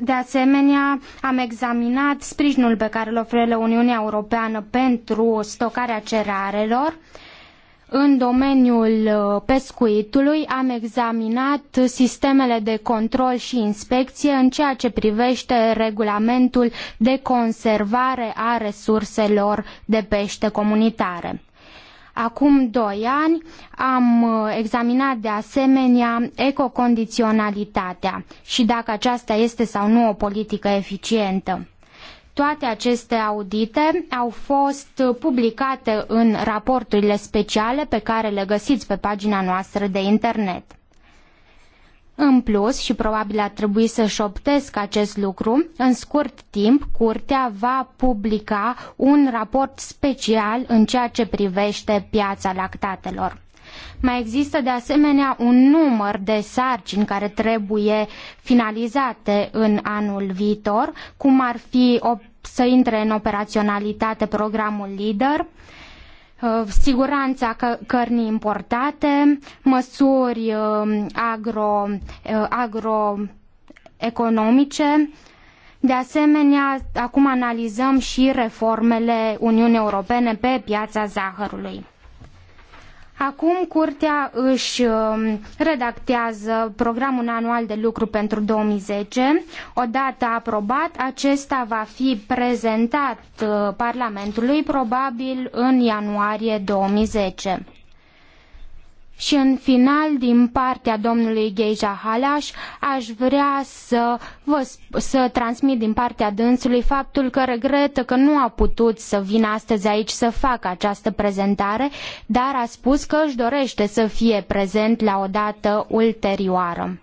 de asemenea, am examinat sprijinul pe care îl oferă Uniunea Europeană pentru stocarea cerarelor. Uh, în domeniul uh, pescuitului am examinat sistemele de control și inspecție în ceea ce privește regulamentul de conservare a resurselor de pește comunitare. Acum doi ani am uh, examinat de asemenea ecocondiționalitatea și dacă aceasta este sau nu o politică eficientă. Toate aceste audite au fost publicate în raporturile speciale pe care le găsiți pe pagina noastră de internet. În plus, și probabil ar trebui să șoptesc acest lucru, în scurt timp, Curtea va publica un raport special în ceea ce privește piața lactatelor. Mai există de asemenea un număr de sarcini care trebuie finalizate în anul viitor, cum ar fi să intre în operaționalitate programul lider, uh, siguranța cărnii importate, măsuri uh, agro, uh, agroeconomice. De asemenea, acum analizăm și reformele Uniunii Europene pe piața zahărului. Acum curtea își um, redactează programul anual de lucru pentru 2010. Odată aprobat, acesta va fi prezentat uh, Parlamentului probabil în ianuarie 2010. Și în final, din partea domnului Gheja Halaș, aș vrea să, vă, să transmit din partea dânsului faptul că regretă că nu a putut să vină astăzi aici să facă această prezentare, dar a spus că își dorește să fie prezent la o dată ulterioară.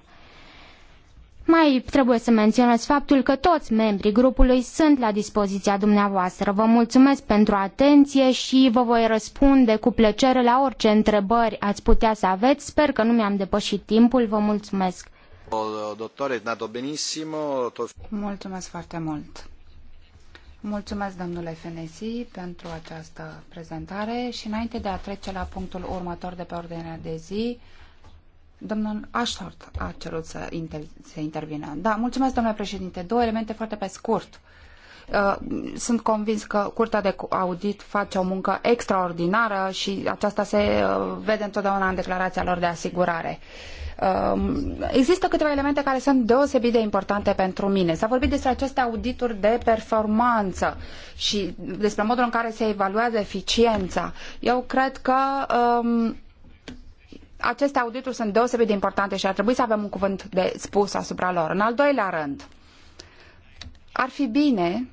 Mai trebuie să menționez faptul că toți membrii grupului sunt la dispoziția dumneavoastră. Vă mulțumesc pentru atenție și vă voi răspunde cu plăcere la orice întrebări ați putea să aveți. Sper că nu mi-am depășit timpul. Vă mulțumesc.
Doctore, nato benissimo.
Mulțumesc foarte mult. Mulțumesc, domnule Fenesi, pentru această prezentare și înainte de a trece la punctul următor de pe ordinea de zi, Domnul Ashford a cerut să, inter- să intervină. Da, mulțumesc, domnule președinte. Două elemente foarte pe scurt. Uh, sunt convins că Curtea de Audit face o muncă extraordinară și aceasta se uh, vede întotdeauna în declarația lor de asigurare. Um, există câteva elemente care sunt deosebit de importante pentru mine. S-a vorbit despre aceste audituri de performanță și despre modul în care se evaluează eficiența. Eu cred că um, aceste audituri sunt deosebit de importante și ar trebui să avem un cuvânt de spus asupra lor. În al doilea rând, ar fi bine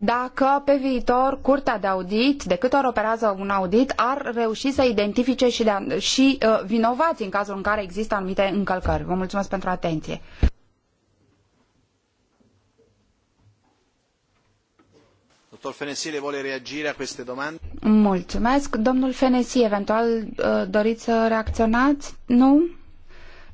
dacă pe viitor Curtea de Audit, de câte ori operează un audit, ar reuși să identifice și, de, și uh, vinovații în cazul în care există anumite încălcări. Vă mulțumesc pentru atenție.
Dottor Fenesie, vuole reagire a queste domande?
Mulțumesc. Domnul Fenesie, eventual uh, doriți să reacționați? Nu?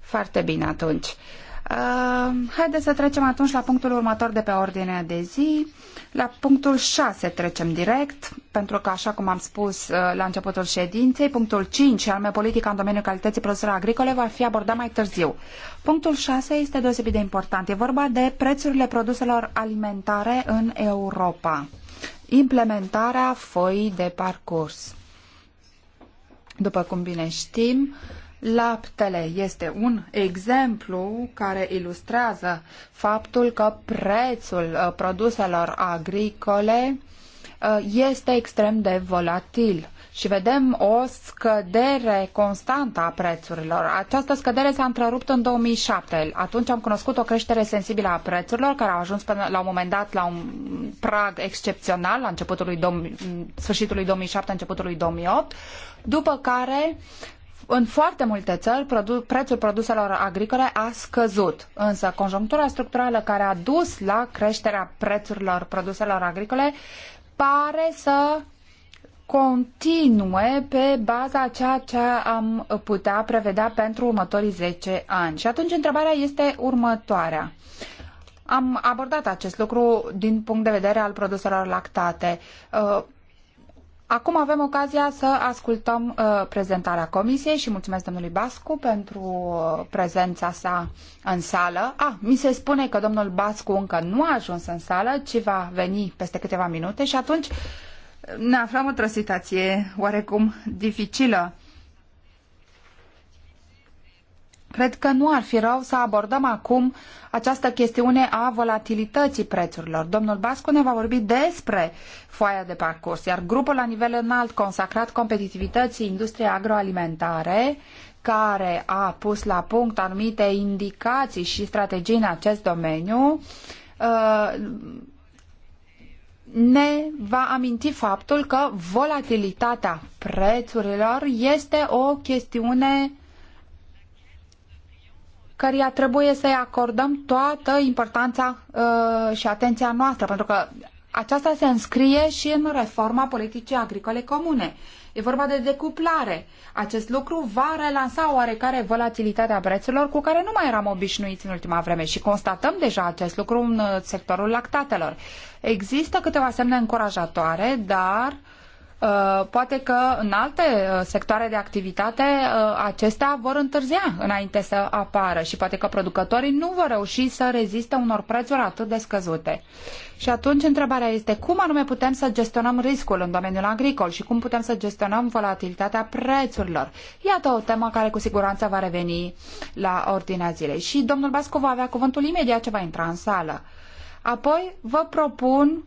Foarte bine atunci. Uh, haideți să trecem atunci la punctul următor de pe ordinea de zi. La punctul 6 trecem direct, pentru că, așa cum am spus uh, la începutul ședinței, punctul 5, anume politica în domeniul calității produselor agricole, va fi abordat mai târziu. Punctul 6 este deosebit de important. E vorba de prețurile produselor alimentare în Europa implementarea foii de parcurs. După cum bine știm, laptele este un exemplu care ilustrează faptul că prețul uh, produselor agricole uh, este extrem de volatil și vedem o scădere constantă a prețurilor. Această scădere s-a întrerupt în 2007. Atunci am cunoscut o creștere sensibilă a prețurilor, care au ajuns până la un moment dat la un prag excepțional, la începutul lui sfârșitul lui 2007, începutul lui 2008, după care în foarte multe țări prețul produselor agricole a scăzut, însă conjunctura structurală care a dus la creșterea prețurilor produselor agricole pare să continue pe baza ceea ce am putea prevedea pentru următorii 10 ani. Și atunci întrebarea este următoarea. Am abordat acest lucru din punct de vedere al produselor lactate. Uh, acum avem ocazia să ascultăm uh, prezentarea comisiei și mulțumesc domnului Bascu pentru uh, prezența sa în sală. Ah, mi se spune că domnul Bascu încă nu a ajuns în sală, ci va veni peste câteva minute și atunci ne aflăm într-o situație oarecum dificilă. Cred că nu ar fi rău să abordăm acum această chestiune a volatilității prețurilor. Domnul Bascu ne va vorbi despre foaia de parcurs, iar grupul la nivel înalt consacrat competitivității industriei agroalimentare, care a pus la punct anumite indicații și strategii în acest domeniu, uh, ne va aminti faptul că volatilitatea prețurilor este o chestiune căreia trebuie să-i acordăm toată importanța uh, și atenția noastră, pentru că aceasta se înscrie și în reforma politicii agricole comune. E vorba de decuplare. Acest lucru va relansa oarecare volatilitatea prețurilor cu care nu mai eram obișnuiți în ultima vreme și constatăm deja acest lucru în uh, sectorul lactatelor. Există câteva semne încurajatoare, dar uh, Uh, poate că în alte uh, sectoare de activitate uh, acestea vor întârzia înainte să apară și poate că producătorii nu vor reuși să reziste unor prețuri atât de scăzute. Și atunci întrebarea este cum anume putem să gestionăm riscul în domeniul agricol și cum putem să gestionăm volatilitatea prețurilor. Iată o temă care cu siguranță va reveni la ordinea zilei. Și domnul Bascu va avea cuvântul imediat ce va intra în sală. Apoi vă propun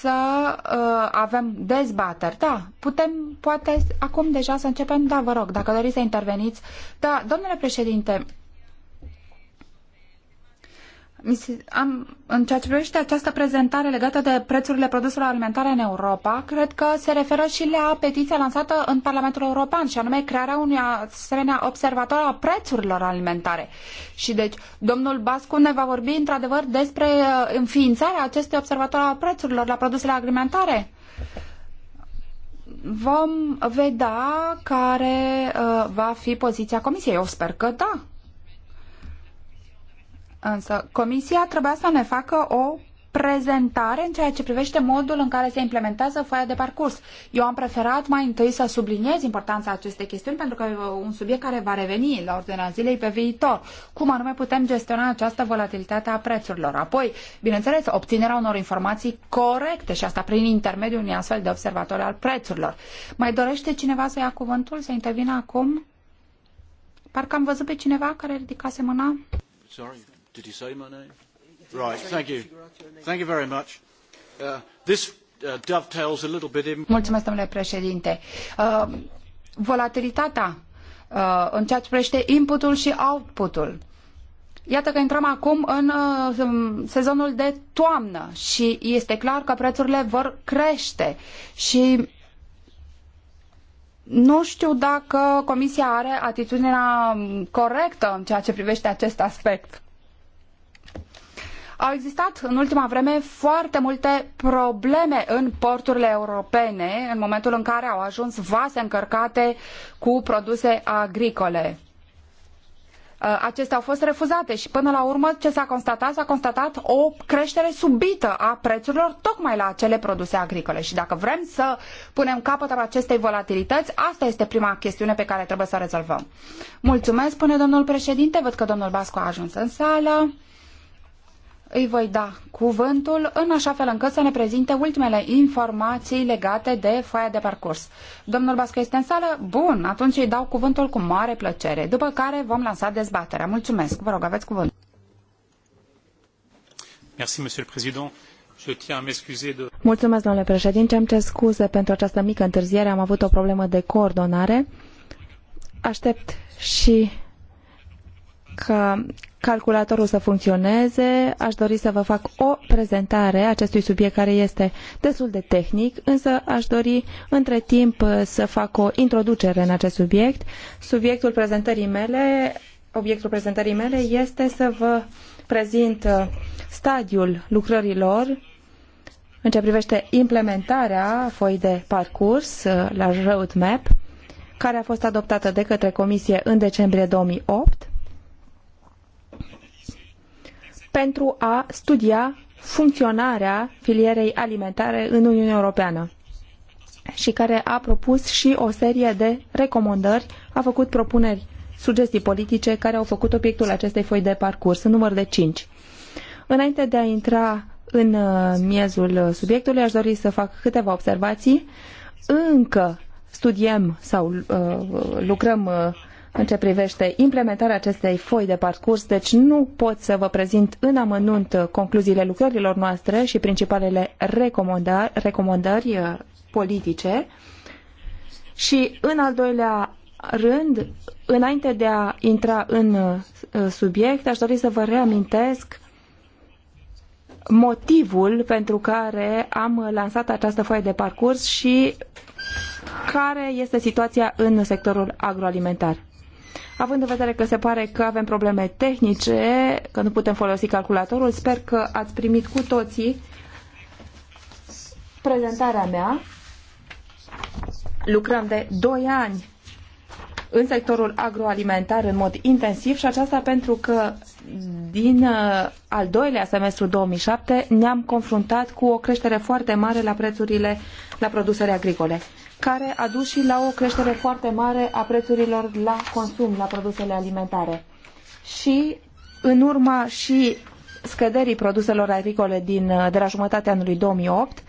să uh, avem dezbateri. Da, putem, poate, acum deja să începem. Da, vă rog, dacă doriți să interveniți. Da, domnule președinte, am, în ceea ce privește această prezentare legată de prețurile produselor alimentare în Europa, cred că se referă și la petiția lansată în Parlamentul European, și anume crearea unui asemenea observator a prețurilor alimentare. Și deci, domnul Bascu ne va vorbi într-adevăr despre uh, înființarea acestui observator a prețurilor la produsele alimentare vom vedea care uh, va fi poziția Comisiei. Eu sper că da. Însă Comisia trebuia să ne facă o prezentare în ceea ce privește modul în care se implementează foaia de parcurs. Eu am preferat mai întâi să subliniez importanța acestei chestiuni pentru că e un subiect care va reveni la ordinea zilei pe viitor. Cum anume putem gestiona această volatilitate a prețurilor? Apoi, bineînțeles, obținerea unor informații corecte și asta prin intermediul unui astfel de observator al prețurilor. Mai dorește cineva să ia cuvântul, să intervină acum? Parcă am văzut pe cineva care ridicase mâna.
Sorry. Did he say my name? Right, thank you. Thank you very much. Uh, this uh, dovetails a little bit in...
Mulțumesc, domnule președinte. Uh, volatilitatea uh, în ceea ce privește inputul și outputul. Iată că intrăm acum în uh, sezonul de toamnă și este clar că prețurile vor crește și nu știu dacă Comisia are atitudinea corectă în ceea ce privește acest aspect. Au existat în ultima vreme foarte multe probleme în porturile europene în momentul în care au ajuns vase încărcate cu produse agricole uh, acestea au fost refuzate și până la urmă ce s-a constatat? S-a constatat o creștere subită a prețurilor tocmai la acele produse agricole și dacă vrem să punem capăt al acestei volatilități, asta este prima chestiune pe care trebuie să o rezolvăm. Mulțumesc, spune domnul președinte, văd că domnul Bascu a ajuns în sală îi voi da cuvântul în așa fel încât să ne prezinte ultimele informații legate de foaia de parcurs. Domnul Bască este în sală? Bun, atunci îi dau cuvântul cu mare plăcere, după care vom lansa dezbaterea. Mulțumesc, vă rog, aveți cuvântul.
Merci, monsieur le président.
Mulțumesc, domnule președinte. Îmi cer scuze pentru această mică întârziere. Am avut o problemă de coordonare. Aștept și ca calculatorul să funcționeze, aș dori să vă fac o prezentare a acestui subiect care este destul de tehnic, însă aș dori între timp să fac o introducere în acest subiect. Subiectul prezentării mele, obiectul prezentării mele este să vă prezint uh, stadiul lucrărilor în ce privește implementarea foi de parcurs uh, la roadmap, care a fost adoptată de către Comisie în decembrie 2008 pentru a studia funcționarea filierei alimentare în Uniunea Europeană și care a propus și o serie de recomandări, a făcut propuneri, sugestii politice care au făcut obiectul acestei foi de parcurs, în număr de cinci. Înainte de a intra în uh, miezul subiectului, aș dori să fac câteva observații. Încă studiem sau uh, lucrăm uh, în ce privește implementarea acestei foi de parcurs, deci nu pot să vă prezint în amănunt concluziile lucrărilor noastre și principalele recomandări, recomandări uh, politice. Și în al doilea rând, înainte de a intra în uh, subiect, aș dori să vă reamintesc motivul pentru care am lansat această foaie de parcurs și care este situația în sectorul agroalimentar. Având în vedere că se pare că avem probleme tehnice, că nu putem folosi calculatorul, sper că ați primit cu toții prezentarea mea. Lucrăm de 2 ani în sectorul agroalimentar în mod intensiv și aceasta pentru că din uh, al doilea semestru 2007 ne-am confruntat cu o creștere foarte mare la prețurile la produsele agricole, care a dus și la o creștere foarte mare a prețurilor la consum, la produsele alimentare. Și în urma și scăderii produselor agricole din, uh, de la jumătatea anului 2008,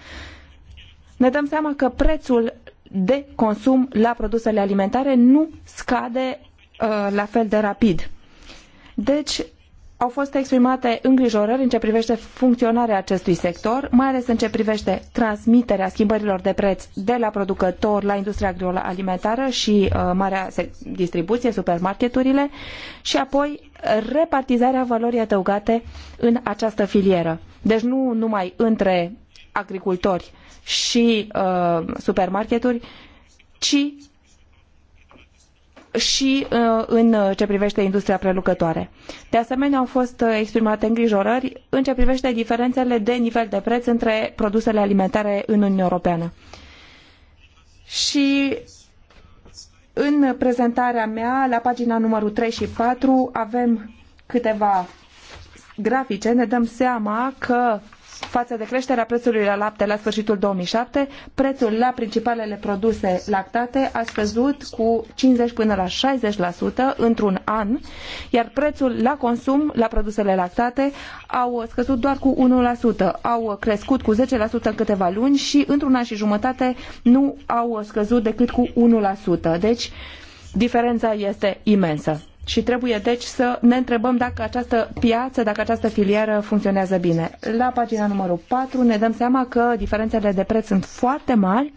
ne dăm seama că prețul de consum la produsele alimentare nu scade uh, la fel de rapid. Deci, au fost exprimate îngrijorări în ce privește funcționarea acestui sector, mai ales în ce privește transmiterea schimbărilor de preț de la producători la industria agroalimentară și uh, marea distribuție, supermarketurile, și apoi repartizarea valorii adăugate în această filieră. Deci nu numai între agricultori și uh, supermarketuri, ci și uh, în uh, ce privete industria prelucrătoare. De asemenea, au fost uh, exprimate îngrijorări în ce privete diferenele de nivel de preț între produsele alimentare în Uniunea Europeană. Și în prezentarea mea, la pagina numărul 3 și 4, avem câteva grafice. Ne dăm seama că față de creșterea prețului la lapte la sfârșitul 2007, prețul la principalele produse lactate a scăzut cu 50 până la 60% într-un an, iar prețul la consum la produsele lactate au scăzut doar cu 1%, au crescut cu 10% în câteva luni și într-un an și jumătate nu au scăzut decât cu 1%. Deci, diferența este imensă. Și trebuie deci să ne întrebăm dacă această piață, dacă această filieră funcționează bine. La pagina numărul 4 ne dăm seama că diferențele de preț sunt foarte mari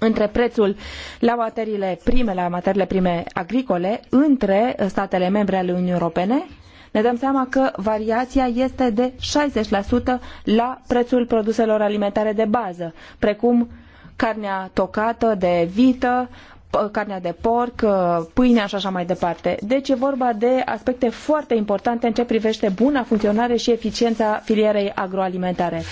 între prețul la materiile prime, la materiile prime agricole, între statele membre ale Uniunii Europene, ne dăm seama că variația este de 60% la prețul produselor alimentare de bază, precum carnea tocată de vită, carnea de porc, uh, pâinea și așa mai departe. Deci e vorba de aspecte foarte importante în ce privește buna funcționare și eficiența filierei agroalimentare.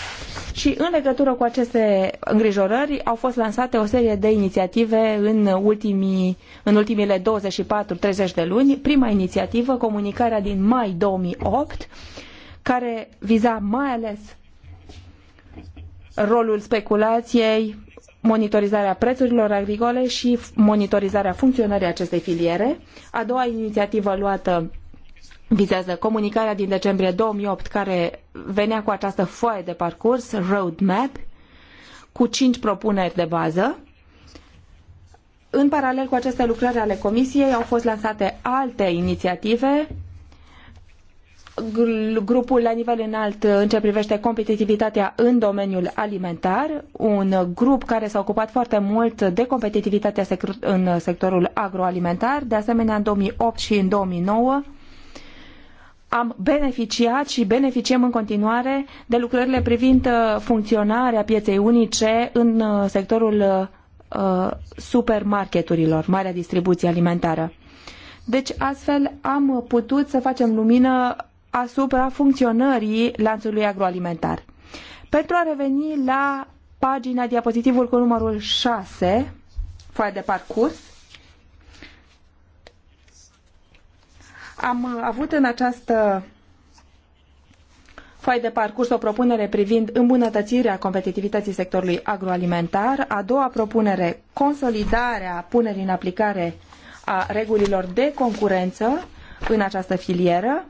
Și în legătură cu aceste îngrijorări au fost lansate o serie de inițiative în, ultimii, în ultimile 24-30 de luni. Prima inițiativă, comunicarea din mai 2008, care viza mai ales rolul speculației, monitorizarea prețurilor agricole și monitorizarea funcționării acestei filiere. A doua inițiativă luată vizează comunicarea din decembrie 2008 care venea cu această foaie de parcurs, roadmap, cu cinci propuneri de bază. În paralel cu aceste lucrări ale Comisiei au fost lansate alte inițiative grupul la nivel înalt uh, în ce privește competitivitatea în domeniul alimentar, un grup care s-a ocupat foarte mult de competitivitatea în sectorul agroalimentar. De asemenea, în 2008 și în 2009 am beneficiat și beneficiem în continuare de lucrările privind uh, funcționarea pieței unice în uh, sectorul supermarketurilor, marea distribuție alimentară. Deci astfel am putut să facem lumină asupra funcționării lanțului agroalimentar. Pentru a reveni la pagina diapozitivul cu numărul 6, foaia de parcurs, am avut în această foaie de parcurs o propunere privind îmbunătățirea competitivității sectorului agroalimentar, a doua propunere consolidarea punerii în aplicare a regulilor de concurență în această filieră,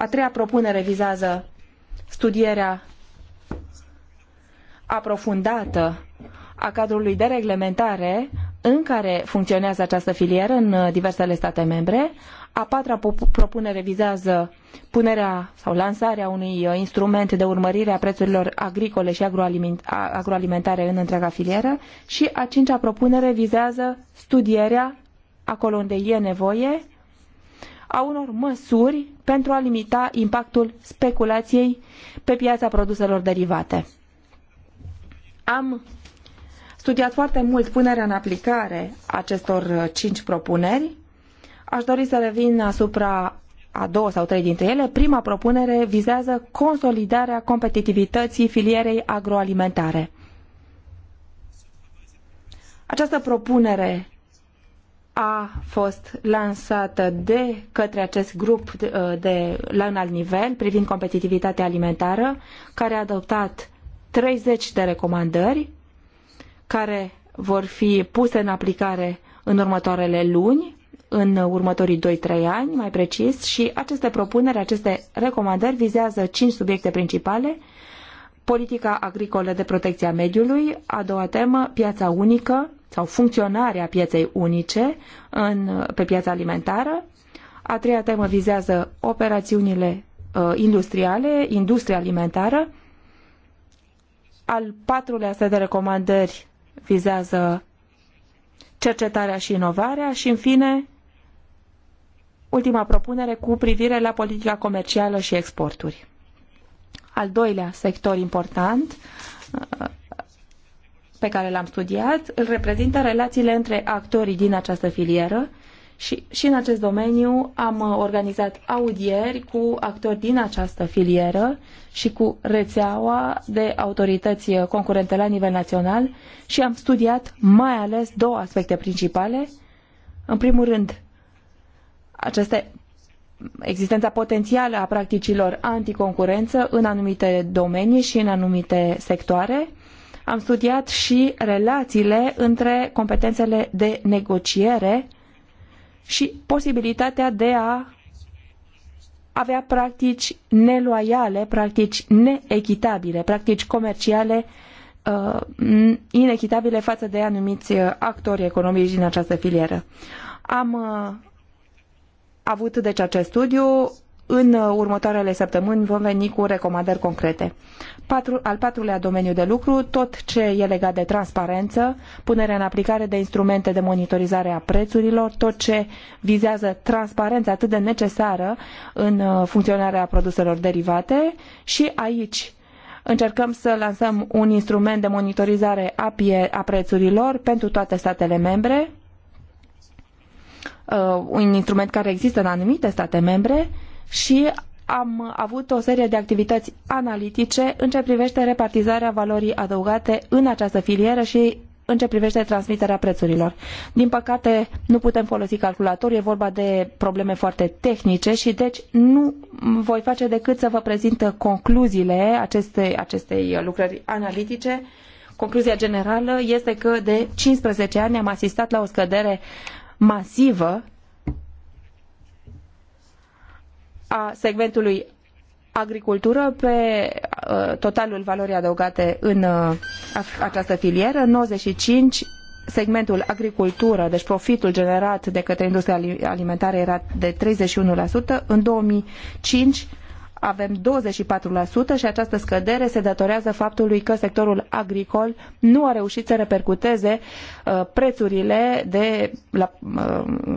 a treia propunere vizează studierea aprofundată a cadrului de reglementare în care funcționează această filieră în uh, diversele state membre. A patra propunere vizează punerea sau lansarea unui uh, instrument de urmărire a prețurilor agricole și agroalimentare în întreaga filieră și a cincea propunere vizează studierea acolo unde e nevoie a unor măsuri pentru a limita impactul speculației pe piața produselor derivate. Am studiat foarte mult punerea în aplicare acestor uh, cinci propuneri. Aș dori să revin asupra a două sau trei dintre ele. Prima propunere vizează consolidarea competitivității filierei agroalimentare. Această propunere a fost lansată de către acest grup de, uh, de la înalt nivel privind competitivitatea alimentară, care a adoptat 30 de recomandări care vor fi puse în aplicare în următoarele luni, în următorii 2-3 ani, mai precis, și aceste propuneri, aceste recomandări vizează 5 subiecte principale, politica agricolă de protecție a mediului, a doua temă, piața unică, sau funcționarea pieței unice în, pe piața alimentară. A treia temă vizează operațiunile uh, industriale, industria alimentară. Al patrulea set de recomandări vizează cercetarea și inovarea și, în fine, ultima propunere cu privire la politica comercială și exporturi. Al doilea sector important uh, pe care l-am studiat îl reprezintă relațiile între actorii din această filieră și, și în acest domeniu am uh, organizat audieri cu actori din această filieră și cu rețeaua de autorități uh, concurente la nivel național și am studiat mai ales două aspecte principale. În primul rând, aceste existența potențială a practicilor anticoncurență în anumite domenii și în anumite sectoare am studiat și relațiile între competențele de negociere și posibilitatea de a avea practici neloiale, practici neechitabile, practici comerciale uh, inechitabile față de anumiți actori economici din această filieră. Am uh, avut deci acest studiu, în uh, următoarele săptămâni vom veni cu recomandări concrete. Patru, al patrulea domeniu de lucru, tot ce e legat de transparență, punerea în aplicare de instrumente de monitorizare a prețurilor, tot ce vizează transparența atât de necesară în uh, funcționarea produselor derivate și aici încercăm să lansăm un instrument de monitorizare a, pie- a prețurilor pentru toate statele membre, uh, un instrument care există în anumite state membre, și am avut o serie de activități analitice în ce privește repartizarea valorii adăugate în această filieră și în ce privește transmiterea prețurilor. Din păcate, nu putem folosi calculator, e vorba de probleme foarte tehnice și deci nu voi face decât să vă prezint concluziile acestei, acestei lucrări analitice. Concluzia generală este că de 15 ani am asistat la o scădere masivă a segmentului agricultură pe uh, totalul valorii adăugate în uh, această filieră, 95 segmentul agricultură, deci profitul generat de către industria alimentară era de 31%, în 2005 avem 24% și această scădere se datorează faptului că sectorul agricol nu a reușit să repercuteze uh, prețurile de la,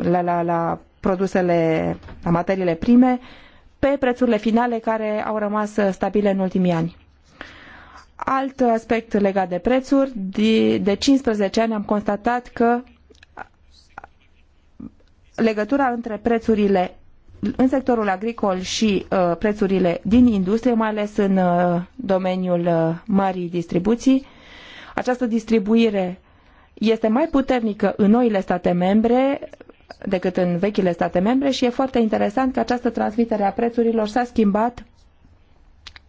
la, la, la produsele, la materiile prime, pe prețurile finale care au rămas stabile în ultimii ani. Alt aspect legat de prețuri, de, de 15 ani am constatat că legătura între prețurile în sectorul agricol și uh, prețurile din industrie, mai ales în uh, domeniul uh, marii distribuții. Această distribuire este mai puternică în noile state membre decât în vechile state membre și e foarte interesant că această transmitere a prețurilor s-a schimbat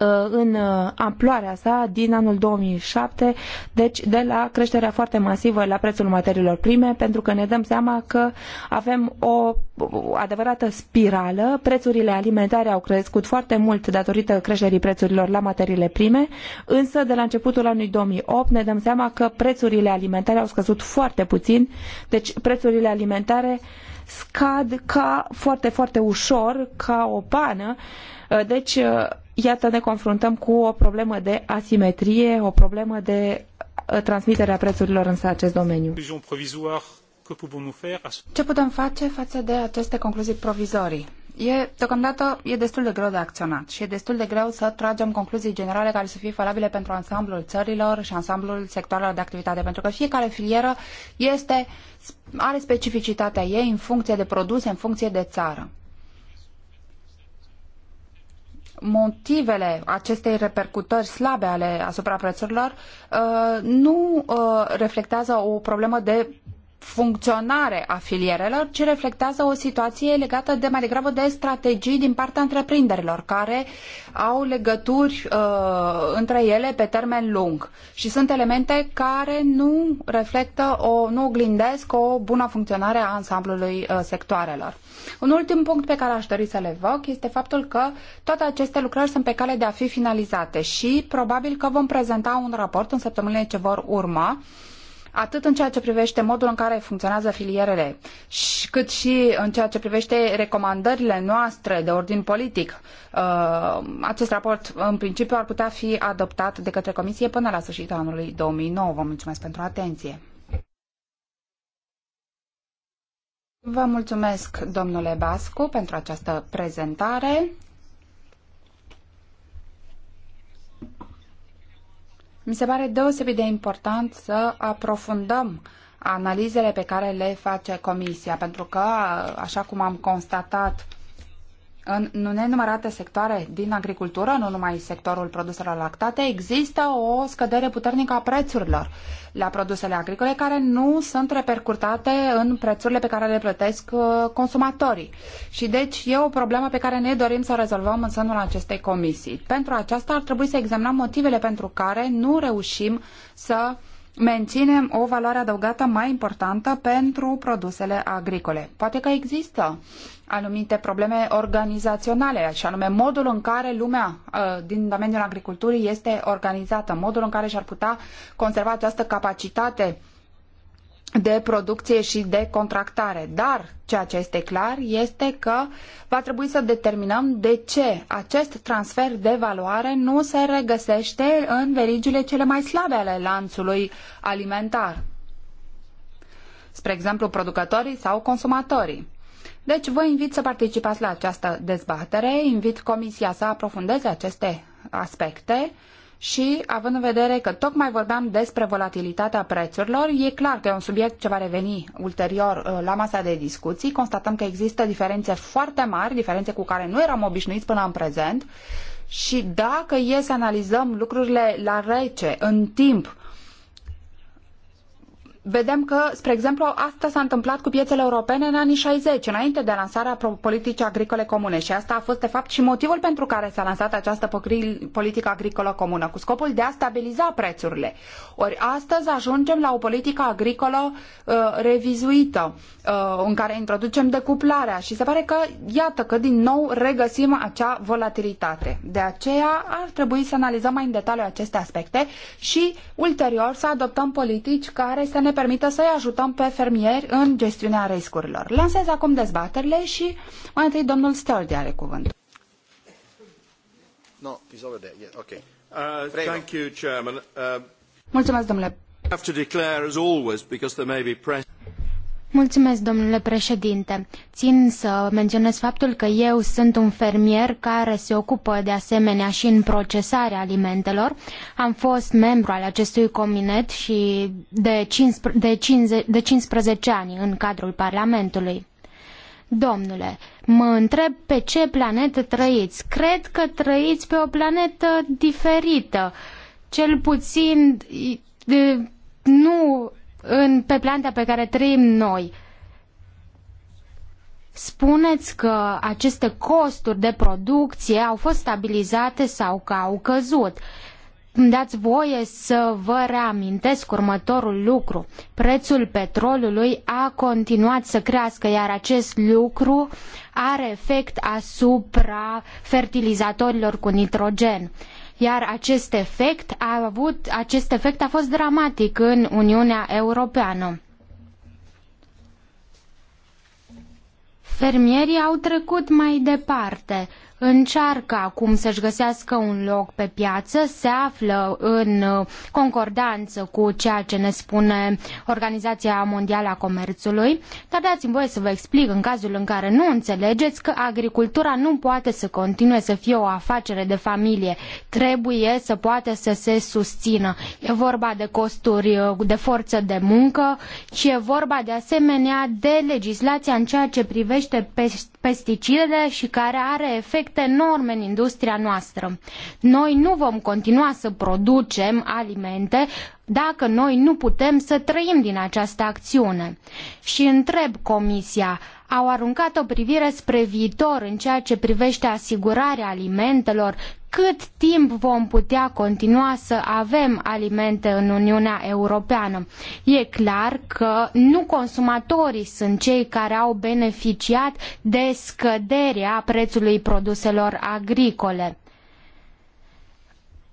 Uh, în uh, amploarea sa din anul 2007, deci de la creșterea foarte masivă la prețul materiilor prime, pentru că ne dăm seama că avem o adevărată spirală. Prețurile alimentare au crescut foarte mult datorită creșterii prețurilor la materiile prime, însă de la începutul anului 2008 ne dăm seama că prețurile alimentare au scăzut foarte puțin, deci prețurile alimentare scad ca foarte, foarte ușor, ca o pană, uh, Uh, deci, uh, iată, ne confruntăm cu o problemă de asimetrie, o problemă de uh, transmiterea prețurilor în acest domeniu.
Ce putem face față de aceste concluzii provizorii? E, deocamdată e destul de greu de acționat și e destul de greu să tragem concluzii generale care să fie valabile pentru ansamblul țărilor și ansamblul sectoarelor de activitate, pentru că fiecare filieră este, are specificitatea ei în funcție de produse, în funcție de țară motivele acestei repercutări slabe ale asupra prețurilor uh, nu uh, reflectează o problemă de funcționare a filierelor, ci reflectează o situație legată de mai degrabă de strategii din partea întreprinderilor, care au legături uh, între ele pe termen lung și sunt elemente care nu reflectă, o, nu oglindesc o bună funcționare a ansamblului uh, sectoarelor. Un ultim punct pe care aș dori să le evoc este faptul că toate aceste lucrări sunt pe cale de a fi finalizate și probabil că vom prezenta un raport în săptămânile ce vor urma atât în ceea ce privește modul în care funcționează filierele, cât și în ceea ce privește recomandările noastre de ordin politic. Uh, acest raport, în principiu, ar putea fi adoptat de către Comisie până la sfârșitul anului 2009. Vă mulțumesc pentru atenție. Vă mulțumesc, domnule Bascu, pentru această prezentare. Mi se pare deosebit de important să aprofundăm analizele pe care le face Comisia, pentru că, așa cum am constatat în nenumărate sectoare din agricultură, nu numai sectorul produselor lactate, există o scădere puternică a prețurilor la produsele agricole care nu sunt repercutate în prețurile pe care le plătesc uh, consumatorii. Și deci e o problemă pe care ne dorim să o rezolvăm în sânul acestei comisii. Pentru aceasta ar trebui să examinăm motivele pentru care nu reușim să menținem o valoare adăugată mai importantă pentru produsele agricole. Poate că există anumite probleme organizaționale, și anume modul în care lumea uh, din domeniul agriculturii este organizată, modul în care și-ar putea conserva această capacitate de producție și de contractare. Dar ceea ce este clar este că va trebui să determinăm de ce acest transfer de valoare nu se regăsește în verigile cele mai slabe ale lanțului alimentar. Spre exemplu, producătorii sau consumatorii. Deci vă invit să participați la această dezbatere, invit Comisia să aprofundeze aceste aspecte și, având în vedere că tocmai vorbeam despre volatilitatea prețurilor, e clar că e un subiect ce va reveni ulterior uh, la masa de discuții. Constatăm că există diferențe foarte mari, diferențe cu care nu eram obișnuiți până în prezent și dacă e să analizăm lucrurile la rece, în timp, vedem că, spre exemplu, asta s-a întâmplat cu piețele europene în anii 60, înainte de lansarea politicii agricole comune. Și asta a fost, de fapt, și motivul pentru care s-a lansat această politică agricolă comună, cu scopul de a stabiliza prețurile. Ori astăzi ajungem la o politică agricolă uh, revizuită, uh, în care introducem decuplarea și se pare că, iată că, din nou regăsim acea volatilitate. De aceea ar trebui să analizăm mai în detaliu aceste aspecte și, ulterior, să adoptăm politici care să ne ne permită să-i ajutăm pe fermieri în gestiunea riscurilor. Lansez acum dezbaterile și mai întâi domnul Stoldi are cuvânt.
No, he's over there. Yeah, okay. Uh, thank you, Chairman. Uh,
Mulțumesc, domnule
have to declare as always because there may be press
Mulțumesc, domnule președinte. Țin să menționez faptul că eu sunt un fermier care se ocupă de asemenea și în procesarea alimentelor. Am fost membru al acestui comitet și de 15, de, 50, de 15 ani în cadrul Parlamentului. Domnule, mă întreb pe ce planetă trăiți. Cred că trăiți pe o planetă diferită. Cel puțin nu în, pe planta pe care trăim noi. Spuneți că aceste costuri de producție au fost stabilizate sau că au căzut. Îmi dați voie să vă reamintesc următorul lucru. Prețul petrolului a continuat să crească, iar acest lucru are efect asupra fertilizatorilor cu nitrogen iar acest efect a avut, acest efect a fost dramatic în Uniunea Europeană. Fermierii au trecut mai departe încearcă acum să-și găsească un loc pe piață, se află în uh, concordanță cu ceea ce ne spune Organizația Mondială a Comerțului, dar dați-mi voie să vă explic în cazul în care nu înțelegeți că agricultura nu poate să continue să fie o afacere de familie, trebuie să poată să se susțină. E vorba de costuri uh, de forță de muncă și e vorba de asemenea de legislația în ceea ce privește pesticidele și care are efect efecte enorme în industria noastră. Noi nu vom continua să producem alimente dacă noi nu putem să trăim din această acțiune. Și întreb Comisia, au aruncat o privire spre viitor în ceea ce privește asigurarea alimentelor, cât timp vom putea continua să avem alimente în Uniunea Europeană. E clar că nu consumatorii sunt cei care au beneficiat de scăderea prețului produselor agricole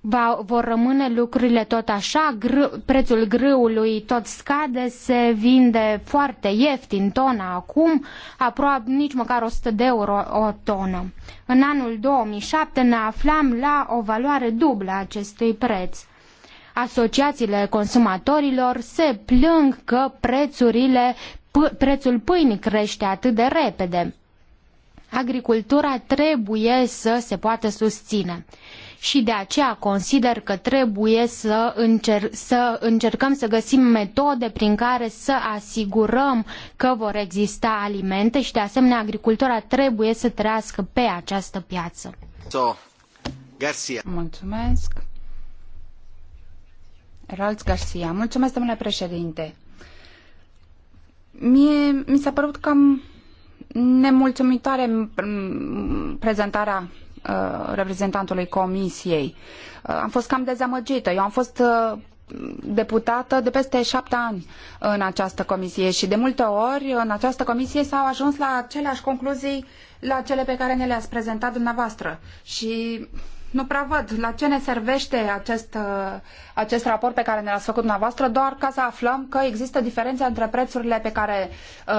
va, vor rămâne lucrurile tot așa, gr- prețul grâului tot scade, se vinde foarte ieftin tona acum, aproape nici măcar 100 de euro o tonă. În anul 2007 ne aflam la o valoare dublă a acestui preț. Asociațiile consumatorilor se plâng că prețurile, prețul pâinii crește atât de repede. Agricultura trebuie să se poată susține și de aceea consider că trebuie să, încer- să încercăm să găsim metode prin care să asigurăm că vor exista alimente și de asemenea agricultura trebuie să trăiască pe această
piață.
So, Garcia.
Mulțumesc. Ralz Garcia. Mulțumesc, domnule președinte. Mie mi s-a părut cam nemulțumitoare prezentarea Uh, reprezentantului Comisiei. Uh, am fost cam dezamăgită. Eu am fost uh, deputată de peste șapte ani în această comisie și de multe ori în această comisie s-au ajuns la aceleași concluzii la cele pe care ne le-ați prezentat dumneavoastră. Și nu prea văd la ce ne servește acest, uh, acest raport pe care ne l-ați făcut dumneavoastră, doar ca să aflăm că există diferența între prețurile pe care uh,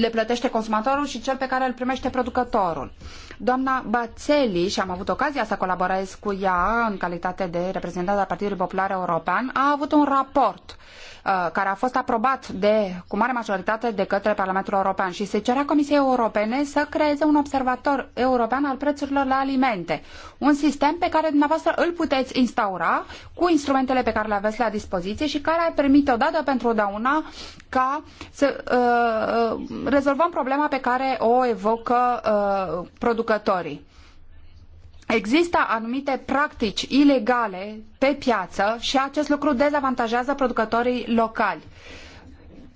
le plătește consumatorul și cel pe care îl primește producătorul. Doamna Bațeli, și am avut ocazia să colaborez cu ea în calitate de reprezentant al Partidului Popular European, a avut un raport uh, Uh, care a fost aprobat de, cu mare majoritate de către Parlamentul European și se cerea Comisiei Europene să creeze un observator european al prețurilor la alimente. Un sistem pe care dumneavoastră îl puteți instaura cu instrumentele pe care le aveți la dispoziție și care ar permite odată pentru una ca să uh, uh, rezolvăm problema pe care o evocă uh, producătorii. Există anumite practici ilegale pe piață și acest lucru dezavantajează producătorii locali.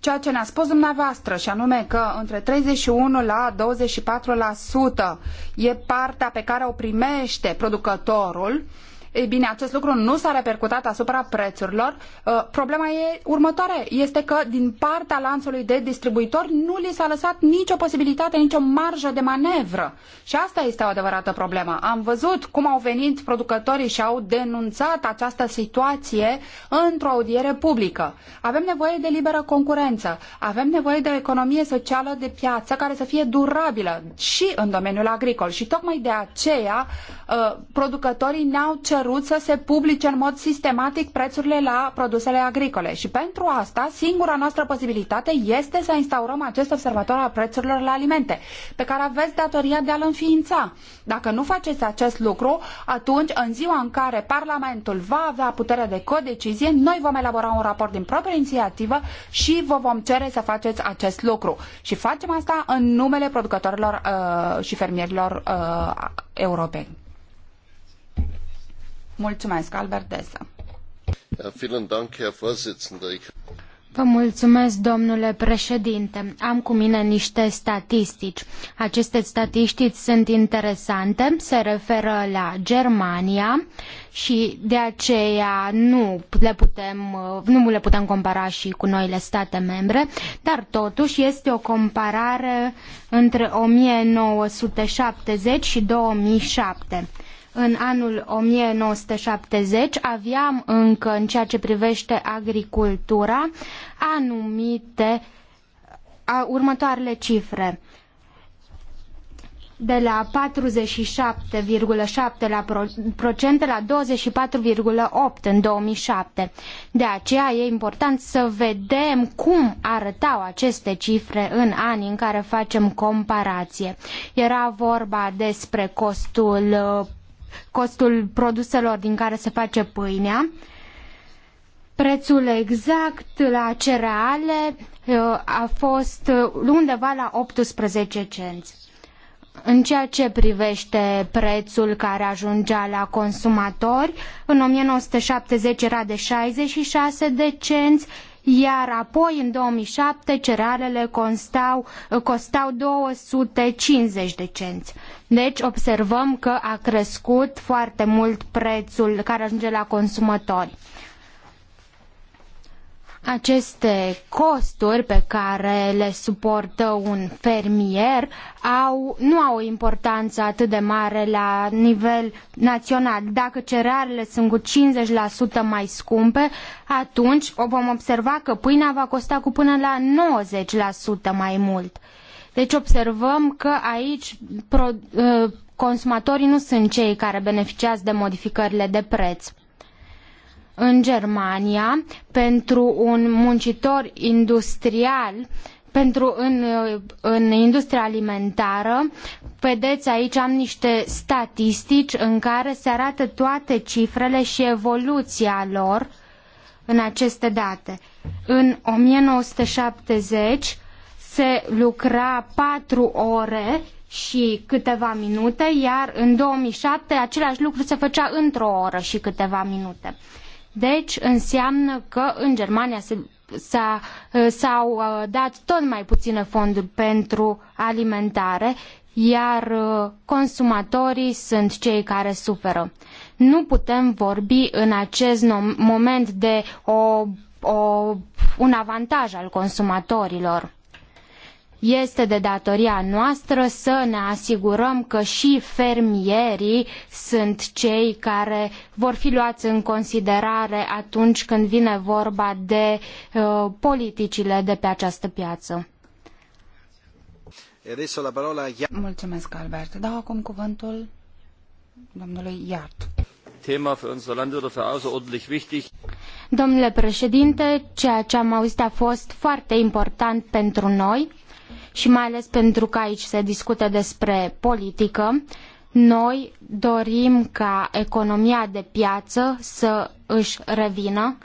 Ceea ce ne-a spus dumneavoastră, și anume că între 31 la 24% e partea pe care o primește producătorul, uh, ei bine, acest lucru nu s-a repercutat asupra prețurilor. Uh, problema e următoare, este că din partea lanțului de distribuitori nu li s-a lăsat nicio posibilitate, nicio marjă de manevră. Și asta este o adevărată problemă. Am văzut cum au venit producătorii și au denunțat această situație într-o audiere publică. Avem nevoie de liberă concurență, avem nevoie de o economie socială de piață care să fie durabilă și în domeniul agricol. Și tocmai de aceea uh, producătorii ne-au cerut cerut să se publice în mod sistematic prețurile la produsele agricole și pentru asta singura noastră posibilitate este să instaurăm acest observator al prețurilor la alimente, pe care aveți datoria de a-l înființa. Dacă nu faceți acest lucru, atunci în ziua în care Parlamentul va avea putere de codecizie, noi vom elabora un raport din proprie inițiativă și vă vom cere să faceți acest lucru. Și facem asta în numele producătorilor uh, și fermierilor uh, europeni. Mulțumesc, Albert Desa. Vă mulțumesc, domnule
președinte. Am cu mine niște statistici. Aceste statistici sunt interesante, se referă la Germania și de aceea nu le putem, nu le putem compara și cu noile state membre, dar totuși este o comparare între 1970 și 2007. În anul 1970 aveam încă, în ceea ce privește agricultura, anumite a, următoarele cifre de la 47,7% la, pro, procente la 24,8% în 2007. De aceea e important să vedem cum arătau aceste cifre în anii în care facem comparație. Era vorba despre costul uh, costul produselor din care se face pâinea, prețul exact la cereale uh, a fost uh, undeva la 18 cenți. În ceea ce privește prețul care ajungea la consumatori, în 1970 era de 66 de cenți, iar apoi în 2007 cerealele constau, costau 250 de cenți. Deci observăm că a crescut foarte mult prețul care ajunge la consumatori. Aceste costuri pe care le suportă un fermier au, nu au o importanță atât de mare la nivel național. Dacă cerealele sunt cu 50% mai scumpe, atunci vom observa că pâinea va costa cu până la 90% mai mult. Deci observăm că aici pro, uh, consumatorii nu sunt cei care beneficiază de modificările de preț în Germania pentru un muncitor industrial pentru în, în industria alimentară. Vedeți aici am niște statistici în care se arată toate cifrele și evoluția lor în aceste date. În 1970 se lucra patru ore și câteva minute, iar în 2007 același lucru se făcea într-o oră și câteva minute. Deci înseamnă că în Germania se s-a, s-au uh, dat tot mai puține fonduri pentru alimentare, iar uh, consumatorii sunt cei care suferă. Nu putem vorbi în acest moment de o, o, un avantaj al consumatorilor. Este de datoria noastră să ne asigurăm că și fermierii sunt cei care vor fi luați în considerare atunci când vine vorba de uh, politicile de pe această piață.
Mulțumesc, Albert. Dau acum cuvântul domnului Iart.
Thema für unsere Landwirte außerordentlich wichtig.
Domnule președinte, ceea ce am auzit a fost foarte important pentru noi și mai ales pentru că aici se discută despre politică, noi dorim ca economia de piață să își revină,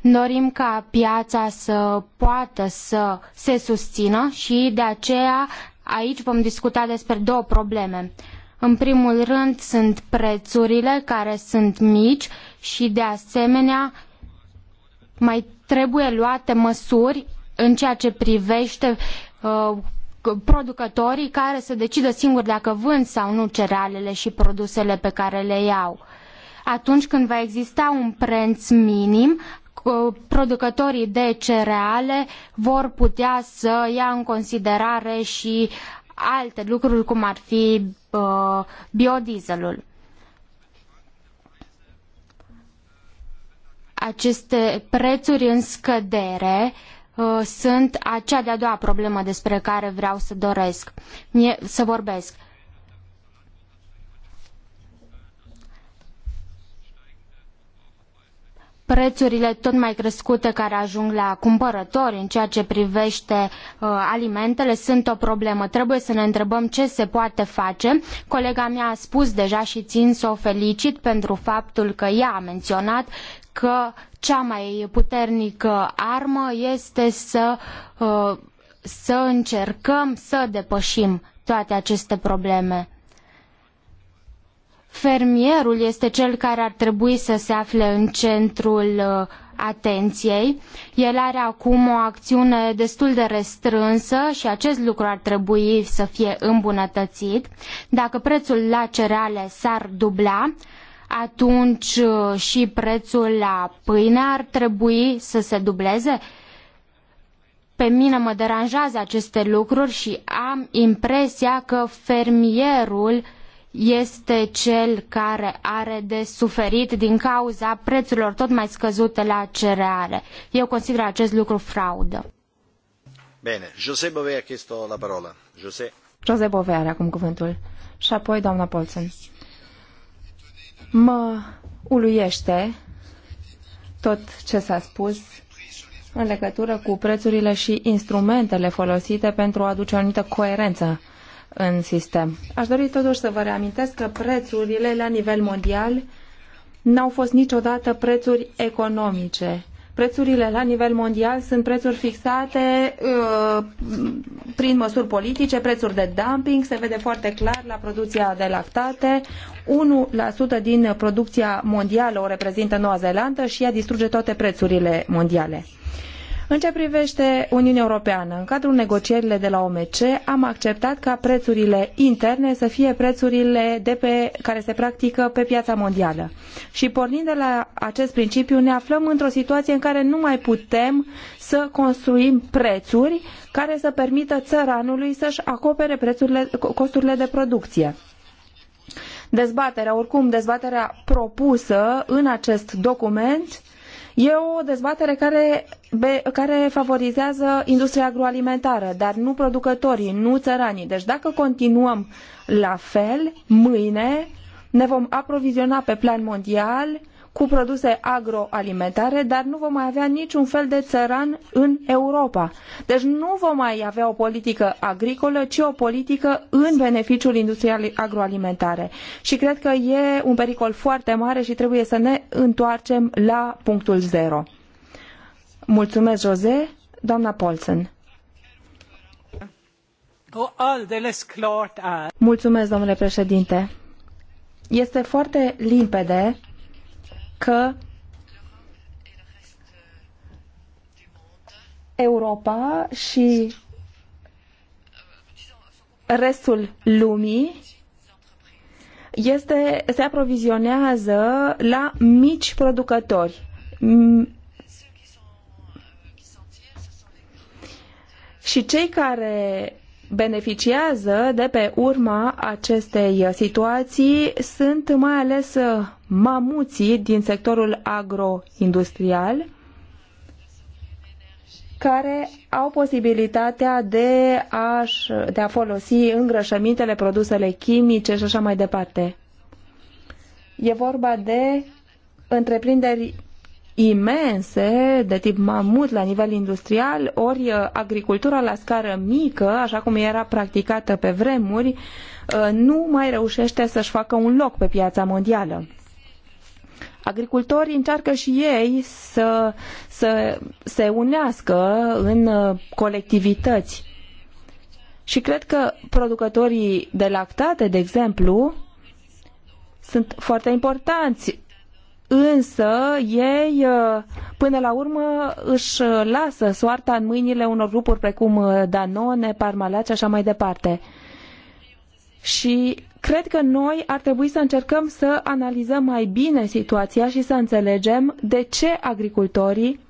dorim ca piața să poată să se susțină și de aceea aici vom discuta despre două probleme. În primul rând sunt prețurile care sunt mici și de asemenea mai trebuie luate măsuri în ceea ce privește Uh, producătorii care să decidă singuri dacă vând sau nu cerealele și produsele pe care le iau. Atunci când va exista un preț minim, uh, producătorii de cereale vor putea să ia în considerare și alte lucruri, cum ar fi uh, biodieselul. Aceste prețuri în scădere uh, Uh, sunt acea de-a doua problemă despre care vreau să doresc, să vorbesc. prețurile tot mai crescute care ajung la cumpărători în ceea ce privește uh, alimentele sunt o problemă. Trebuie să ne întrebăm ce se poate face. Colega mea a spus deja și țin să o felicit pentru faptul că ea a menționat că cea mai puternică armă este să, uh, să încercăm să depășim toate aceste probleme. Fermierul este cel care ar trebui să se afle în centrul uh, atenției. El are acum o acțiune destul de restrânsă și acest lucru ar trebui să fie îmbunătățit. Dacă prețul la cereale s-ar dubla, uh, atunci uh, și prețul la pâine ar trebui să se dubleze? Pe mine mă deranjează aceste lucruri și am impresia că fermierul este cel care are de suferit din cauza prețurilor tot mai scăzute la cereale. Eu consider acest lucru fraudă.
Bine, José Bové a chesto la parola. José.
José Bové are acum cuvântul. Și apoi doamna
Polsen. Mă uluiește tot ce s-a spus în legătură cu prețurile și instrumentele folosite pentru a aduce o anumită coerență în sistem. Aș dori totuși să vă reamintesc că prețurile la nivel mondial n-au fost niciodată prețuri economice, Prețurile la nivel mondial sunt prețuri fixate uh, prin măsuri politice, prețuri de dumping, se vede foarte clar la producția de lactate. 1% din producția mondială o reprezintă Noua Zeelandă și ea distruge toate prețurile mondiale. În ce privește Uniunea Europeană, în cadrul negocierilor de la OMC am acceptat ca prețurile interne să fie prețurile de pe, care se practică pe piața mondială. Și pornind de la acest principiu ne aflăm într-o situație în care nu mai putem să construim prețuri care să permită țăranului să-și acopere prețurile, costurile de producție dezbaterea, oricum dezbaterea propusă în acest document E o dezbatere care, care favorizează industria agroalimentară, dar nu producătorii, nu țăranii. Deci dacă continuăm la fel, mâine ne vom aproviziona pe plan mondial cu produse agroalimentare, dar nu vom mai avea niciun fel de țăran în Europa. Deci nu vom mai avea o politică agricolă, ci o politică în beneficiul industriei agroalimentare. Și cred că e un pericol foarte mare și trebuie să ne întoarcem la punctul zero. Mulțumesc, Jose. Doamna Paulsen. Mulțumesc, domnule președinte. Este foarte limpede că Europa și restul lumii este, se aprovizionează la mici producători. Și cei care beneficiază de pe urma acestei situații sunt mai ales uh, mamuții din sectorul agroindustrial care au posibilitatea de a, de a folosi îngrășămintele, produsele chimice și așa mai departe. E vorba de întreprinderi imense, de tip mamut la nivel industrial, ori uh, agricultura la scară mică, așa cum era practicată pe vremuri, uh, nu mai reușește să-și facă un loc pe piața mondială. Agricultorii încearcă și ei să, să se unească în uh, colectivități. Și cred că producătorii de lactate, de exemplu, sunt foarte importanți însă ei uh, până la urmă își uh, lasă soarta în mâinile unor grupuri precum uh, Danone, Parmalat și așa mai departe. Și cred că noi ar trebui să încercăm să analizăm mai bine situația și să înțelegem de ce agricultorii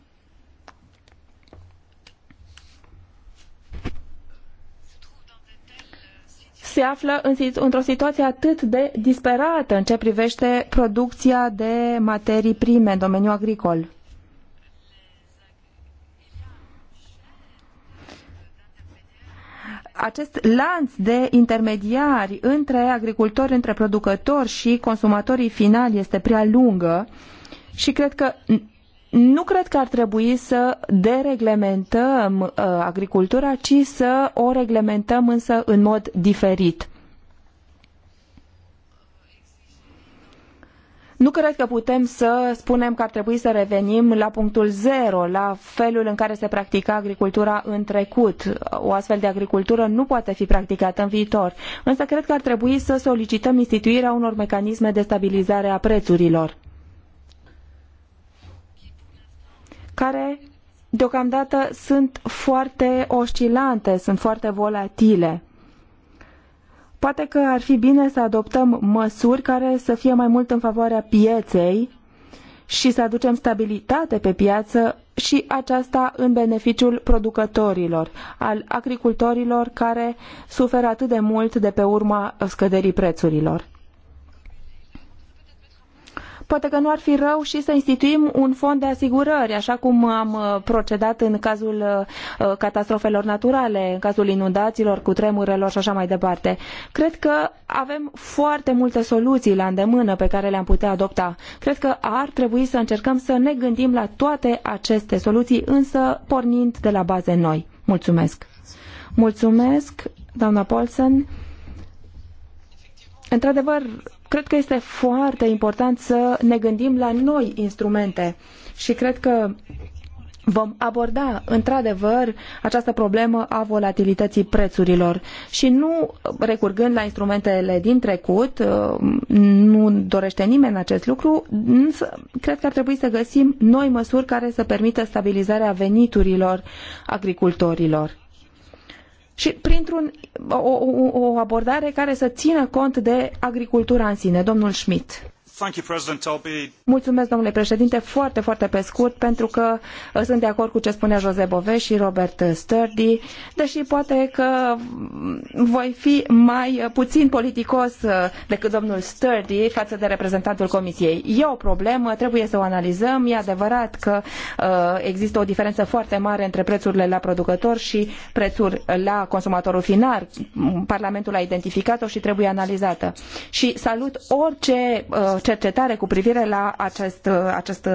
se află într-o situație atât de disperată în ce privește producția de materii prime în domeniul agricol. acest lanț de intermediari între agricultori, între producători și consumatorii finali este prea lungă și cred că nu cred că ar trebui să dereglementăm uh, agricultura, ci să o reglementăm însă în mod diferit. Nu cred că putem să spunem că ar trebui să revenim la punctul zero, la felul în care se practica agricultura în trecut. O astfel de agricultură nu poate fi practicată în viitor. Însă cred că ar trebui să solicităm instituirea unor mecanisme de stabilizare a prețurilor. care deocamdată sunt foarte oscilante, sunt foarte volatile. Poate că ar fi bine să adoptăm măsuri care să fie mai mult în favoarea pieței și să aducem stabilitate pe piață și aceasta în beneficiul producătorilor, al agricultorilor care suferă atât de mult de pe urma scăderii prețurilor. Poate că nu ar fi rău și să instituim un fond de asigurări, așa cum am uh, procedat în cazul uh, uh, catastrofelor naturale, în cazul inundațiilor, cu tremurelor și așa mai departe. Cred că avem foarte multe soluții la îndemână pe care le-am putea adopta. Cred că ar trebui să încercăm să ne gândim la toate aceste soluții, însă pornind de la baze noi. Mulțumesc! Mulțumesc, doamna Paulsen. Într-adevăr, Cred că este foarte important să ne gândim la noi instrumente și cred că vom aborda într-adevăr această problemă a volatilității prețurilor și nu recurgând la instrumentele din trecut, uh, nu dorește nimeni acest lucru, însă cred că ar trebui să găsim noi măsuri care să permită stabilizarea veniturilor agricultorilor și printr-un, o, o, o abordare care să țină cont de agricultura în sine. Domnul Schmidt. Mulțumesc, domnule președinte, foarte, foarte pe scurt, pentru că uh, sunt de acord cu ce spunea Jose Bove și Robert Sturdy, deși poate că mm, voi fi mai uh, puțin politicos uh, decât domnul Sturdy față de reprezentantul Comisiei. E o problemă, trebuie să o analizăm. E adevărat că există o diferență foarte mare între prețurile la producător și prețuri la consumatorul final. Mm, Parlamentul a identificat-o și trebuie analizată. Și salut orice uh, cercetare cu privire la acest, acest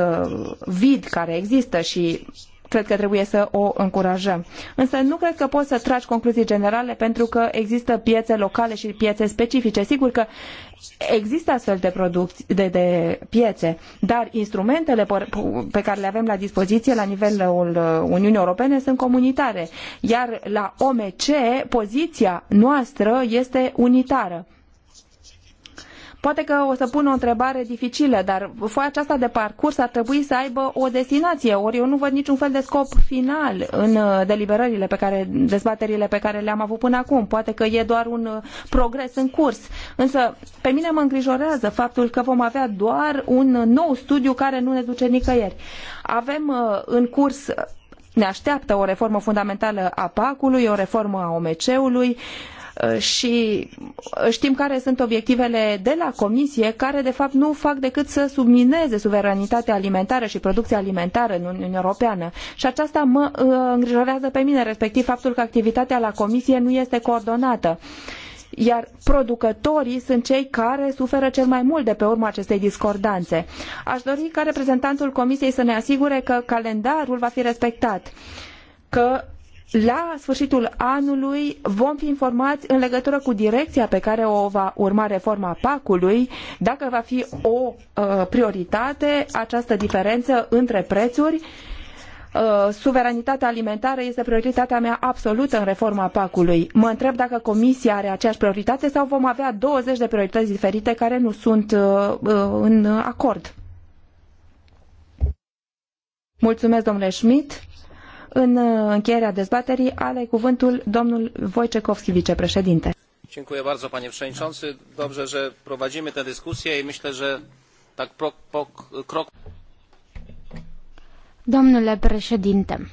vid care există și cred că trebuie să o încurajăm. Însă nu cred că poți să tragi concluzii generale pentru că există piețe locale și piețe specifice. Sigur că există astfel de, producții, de, de piețe, dar instrumentele pe care le avem la dispoziție la nivelul Uniunii Europene sunt comunitare, iar la OMC poziția noastră este unitară. Poate că o să pun o întrebare dificilă, dar foaia aceasta de parcurs ar trebui să aibă o destinație, ori eu nu văd niciun fel de scop final în uh, deliberările pe care, dezbaterile pe care le-am avut până acum. Poate că e doar un uh, progres în curs. Însă, pe mine mă îngrijorează faptul că vom avea doar un uh, nou studiu care nu ne duce nicăieri. Avem în curs ne așteaptă o reformă fundamentală a PAC-ului, o reformă a OMC-ului, uh, Uh, și uh, știm care sunt obiectivele de la Comisie, care de fapt nu fac decât să submineze suveranitatea alimentară și producția alimentară în Uniunea Europeană. Și aceasta mă uh, îngrijorează pe mine, respectiv faptul că activitatea la Comisie nu este coordonată iar producătorii sunt cei care suferă cel mai mult de pe urma acestei discordanțe. Aș dori ca reprezentantul Comisiei să ne asigure că calendarul va fi respectat, că la sfârșitul anului vom fi informați în legătură cu direcția pe care o va urma reforma PAC-ului, dacă va fi o uh, prioritate această diferență între prețuri. Uh, suveranitatea alimentară este prioritatea mea absolută în reforma PAC-ului. Mă întreb dacă Comisia are aceeași prioritate sau vom avea 20 de priorități diferite care nu sunt uh, în acord. Mulțumesc, domnule Schmidt. În uh, încheierea dezbaterii are cuvântul domnul Wojciechowski, vicepreședinte.
Dziękuję bardzo panie przewodniczący. Dobrze, że prowadzimy tę dyskusję i myślę, że tak pro, po, krok
Domnule președinte,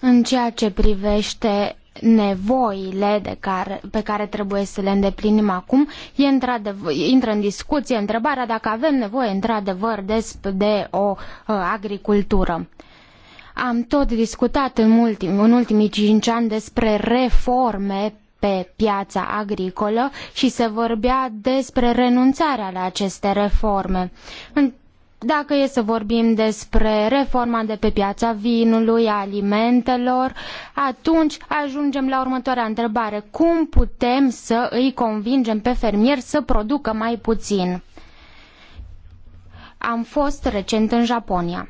în ceea ce privește nevoile de care, pe care trebuie să le îndeplinim acum, e intră în discuție întrebarea dacă avem nevoie într-adevăr de, de o uh, agricultură. Uh, am tot discutat în, ultim, în ultimii cinci ani despre reforme pe piața agricolă și se vorbea despre renunțarea la aceste reforme. Dacă e să vorbim despre reforma de pe piața vinului, a alimentelor, atunci ajungem la următoarea întrebare. Cum putem să îi convingem pe fermieri să producă mai puțin? Am fost recent în Japonia.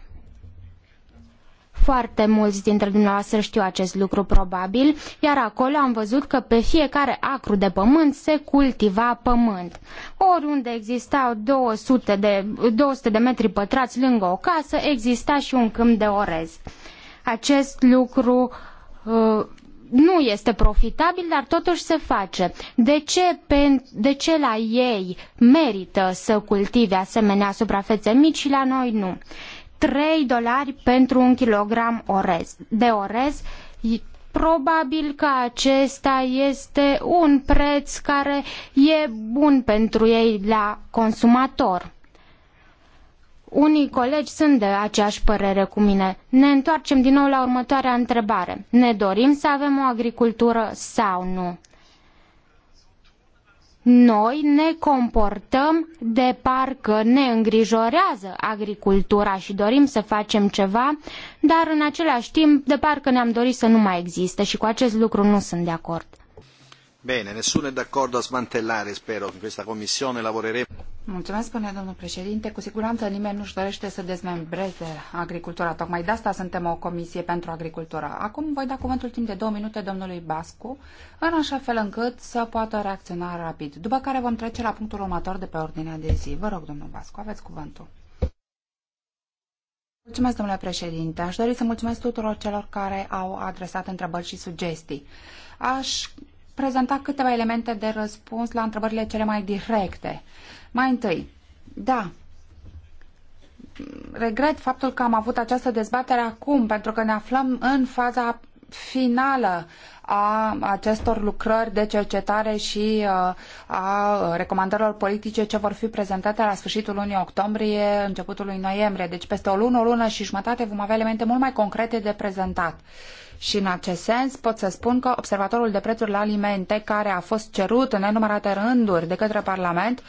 Foarte mulți dintre dumneavoastră știu acest lucru probabil, iar acolo am văzut că pe fiecare acru de pământ se cultiva pământ. Oriunde existau 200 de, 200 de metri pătrați lângă o casă, exista și un câmp de orez. Acest lucru uh, nu este profitabil, dar totuși se face. De ce, pe, de ce la ei merită să cultive asemenea suprafețe mici și la noi nu? 3 dolari pentru un kilogram orez, de orez. Probabil că acesta este un preț care e bun pentru ei la consumator. Unii colegi sunt de aceeași părere cu mine. Ne întoarcem din nou la următoarea întrebare. Ne dorim să avem o agricultură sau nu? noi ne comportăm de parcă ne îngrijorează agricultura și dorim să facem ceva, dar în același timp de parcă ne-am dorit să nu mai existe și cu
acest lucru nu sunt de acord.
Bine, nessuno è d'accordo a smantellare, spero, in questa commissione lavoreremo.
Mulțumesc, spune domnul președinte. Cu siguranță nimeni nu-și dorește să dezmembreze agricultura. Tocmai de asta suntem o comisie pentru agricultura. Acum voi da cuvântul timp de două minute domnului Bascu, în așa fel încât să poată reacționa rapid. După care vom trece la punctul următor de pe ordinea de zi. Vă rog, domnul Bascu, aveți cuvântul. Mulțumesc, domnule președinte. Aș dori să mulțumesc tuturor celor care au adresat întrebări și sugestii. Aș prezenta câteva elemente de răspuns la întrebările cele mai directe. Mai întâi, da, regret faptul că am avut această dezbatere acum, pentru că ne aflăm în faza finală a acestor lucrări de cercetare și uh, a recomandărilor politice ce vor fi prezentate la sfârșitul lunii octombrie, începutul lunii noiembrie. Deci peste o lună, o lună și jumătate vom avea elemente mult mai concrete de prezentat. Uh, și în acest sens pot să spun că Observatorul de Prețuri la Alimente, care a fost cerut în nenumărate rânduri de către Parlament,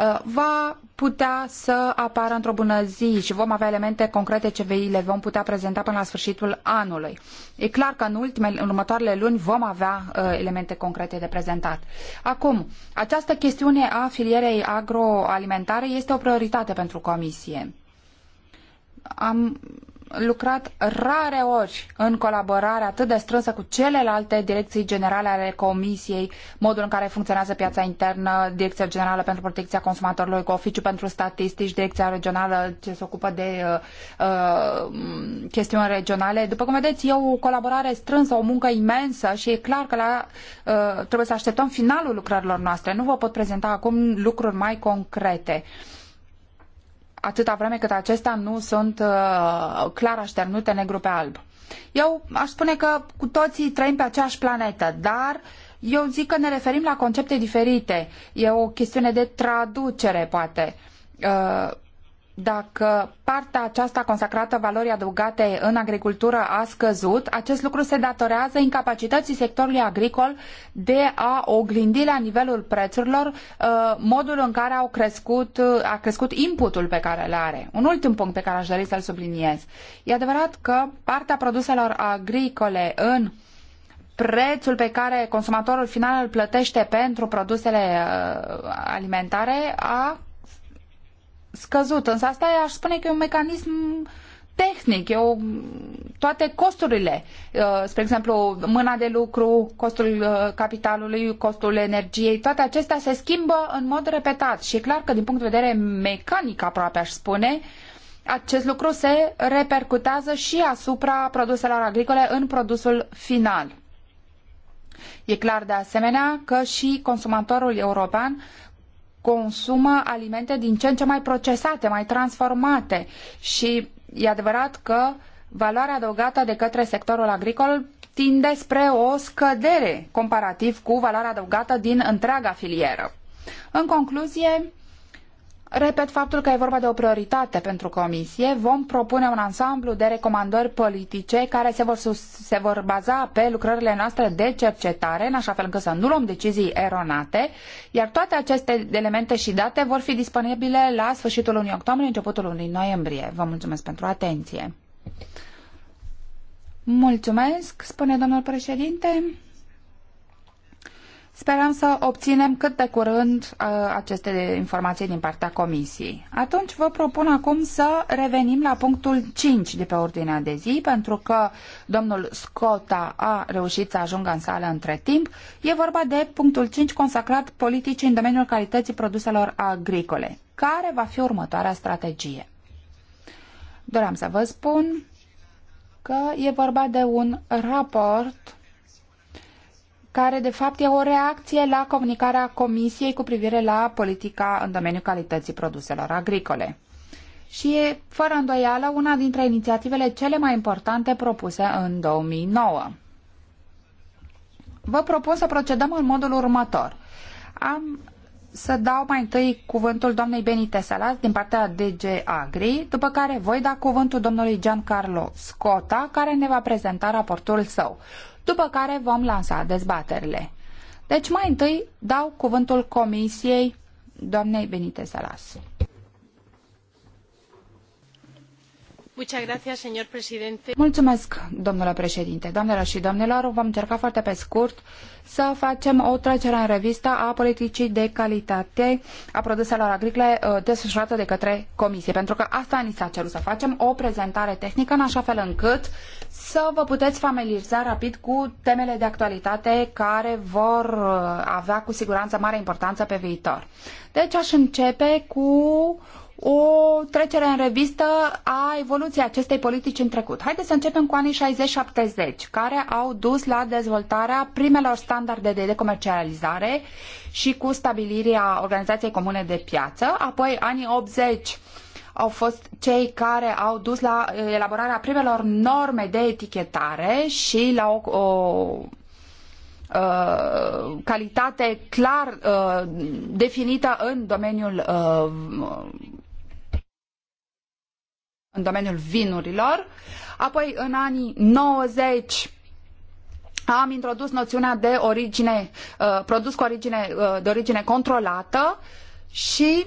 uh, va putea să apară într-o bună zi și vom avea elemente concrete ce le vom putea prezenta până la sfârșitul anului. E clar că în, ultimele, în următoarele luni vom avea uh, elemente concrete de prezentat. Acum, această chestiune a filierei agroalimentare este o prioritate pentru Comisie. Am lucrat rare ori în colaborare atât de strânsă cu celelalte direcții generale ale Comisiei, modul în care funcționează piața internă, Direcția Generală pentru Protecția Consumatorilor, cu Oficiul pentru Statistici, Direcția Regională ce se ocupă de uh, uh, chestiuni regionale. După cum vedeți, e o colaborare strânsă, o muncă imensă și e clar că la, uh, trebuie să așteptăm finalul lucrărilor noastre. Nu vă pot prezenta acum lucruri mai concrete. Uh, atâta vreme cât acestea nu sunt uh, clar așternute negru pe alb. Eu aș spune că cu toții trăim pe aceeași planetă, dar eu zic că ne referim la concepte diferite. E o chestiune de traducere, poate. Uh, dacă partea aceasta consacrată valorii adăugate în agricultură a scăzut, acest lucru se datorează incapacității sectorului agricol de a oglindi la nivelul prețurilor uh, modul în care au crescut, uh, a crescut inputul pe care le are. Un ultim punct pe care aș dori să-l subliniez. E adevărat că partea produselor agricole în prețul pe care consumatorul final îl plătește pentru produsele uh, alimentare a scăzut. Însă asta aș spune că e un mecanism tehnic, eu, toate costurile, uh, spre exemplu, mâna de lucru, costul uh, capitalului, costul energiei, toate acestea se schimbă în mod repetat și e clar că din punct de vedere mecanic aproape aș spune, acest lucru se repercutează și asupra produselor agricole în produsul final. E clar de asemenea că și consumatorul european consumă alimente din ce în ce mai procesate, mai transformate și e adevărat că valoarea adăugată de către sectorul agricol tinde spre o scădere comparativ cu valoarea adăugată din întreaga filieră. În concluzie, Repet faptul că e vorba de o prioritate pentru Comisie. Vom propune un ansamblu de recomandări politice care se vor, se vor baza pe lucrările noastre de cercetare, în așa fel încât să nu luăm decizii eronate, iar toate aceste elemente și date vor fi disponibile la sfârșitul lunii octombrie, începutul lunii noiembrie. Vă mulțumesc pentru atenție. Mulțumesc, spune domnul președinte. Sperăm să obținem cât de curând uh, aceste informații din partea Comisiei. Atunci vă propun acum să revenim la punctul 5 de pe ordinea de zi, pentru că domnul Scota a reușit să ajungă în sală între timp. E vorba de punctul 5 consacrat politicii în domeniul calității produselor agricole. Care va fi următoarea strategie? Doream să vă spun că e vorba de un raport care de fapt e o reacție la comunicarea Comisiei cu privire la politica în domeniul calității produselor agricole. Și e, fără îndoială, una dintre inițiativele cele mai importante propuse în 2009. Vă propun să procedăm în modul următor. Am să dau mai întâi cuvântul doamnei Benite Salas din partea DG Agri, după care voi da cuvântul domnului Giancarlo Scota, care ne va prezenta raportul său după care vom lansa dezbaterile. Deci mai întâi dau cuvântul Comisiei doamnei Benite Salas. Mulțumesc, domnule președinte. Doamnelor și domnilor, vom încerca foarte pe scurt să facem o trecere în revistă a politicii de calitate a produselor agricole uh, desfășurată de către Comisie, pentru că asta ni s-a cerut să facem, o prezentare tehnică, în așa fel încât să vă puteți familiariza rapid cu temele de actualitate care vor uh, avea cu siguranță mare importanță pe viitor. Deci aș începe cu o trecere în revistă a evoluției acestei politici în trecut. Haideți să începem cu anii 60-70, care au dus la dezvoltarea primelor standarde de comercializare și cu stabilirea Organizației Comune de Piață, apoi anii 80 au fost cei care au dus la uh, elaborarea primelor norme de etichetare și la o, o Uh, calitate clar uh, definită în domeniul uh, în domeniul vinurilor. Apoi în anii 90 am introdus noțiunea de origine uh, produs cu origine uh, de origine controlată și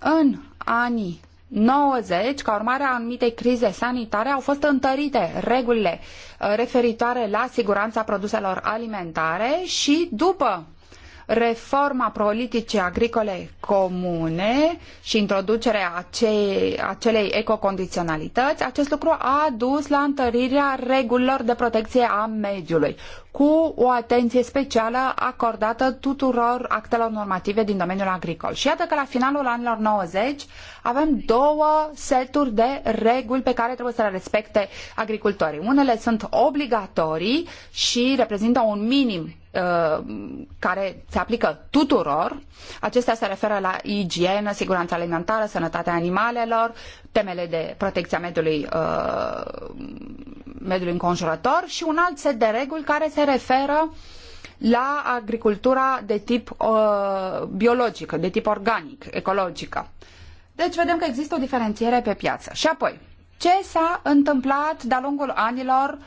în anii 90, ca urmare a anumitei crize sanitare, au fost întărite regulile uh, referitoare la siguranța produselor alimentare și după reforma politicii agricole comune și introducerea acei, acelei ecocondiționalități, acest lucru a dus la întărirea regulilor de protecție a mediului, cu o atenție specială acordată tuturor actelor normative din domeniul agricol. Și iată că la finalul anilor 90 avem două seturi de reguli pe care trebuie să le respecte agricultorii. Unele sunt obligatorii și reprezintă un minim uh, care se aplică tuturor. Acestea se referă la igienă, siguranța alimentară, sănătatea animalelor, temele de protecția mediului, uh, mediului înconjurător și un alt set de reguli care se referă la agricultura de tip uh, biologică, de tip organic, ecologică. Uh, deci vedem că există o diferențiere pe piață. Și apoi, ce s-a întâmplat de-a lungul anilor?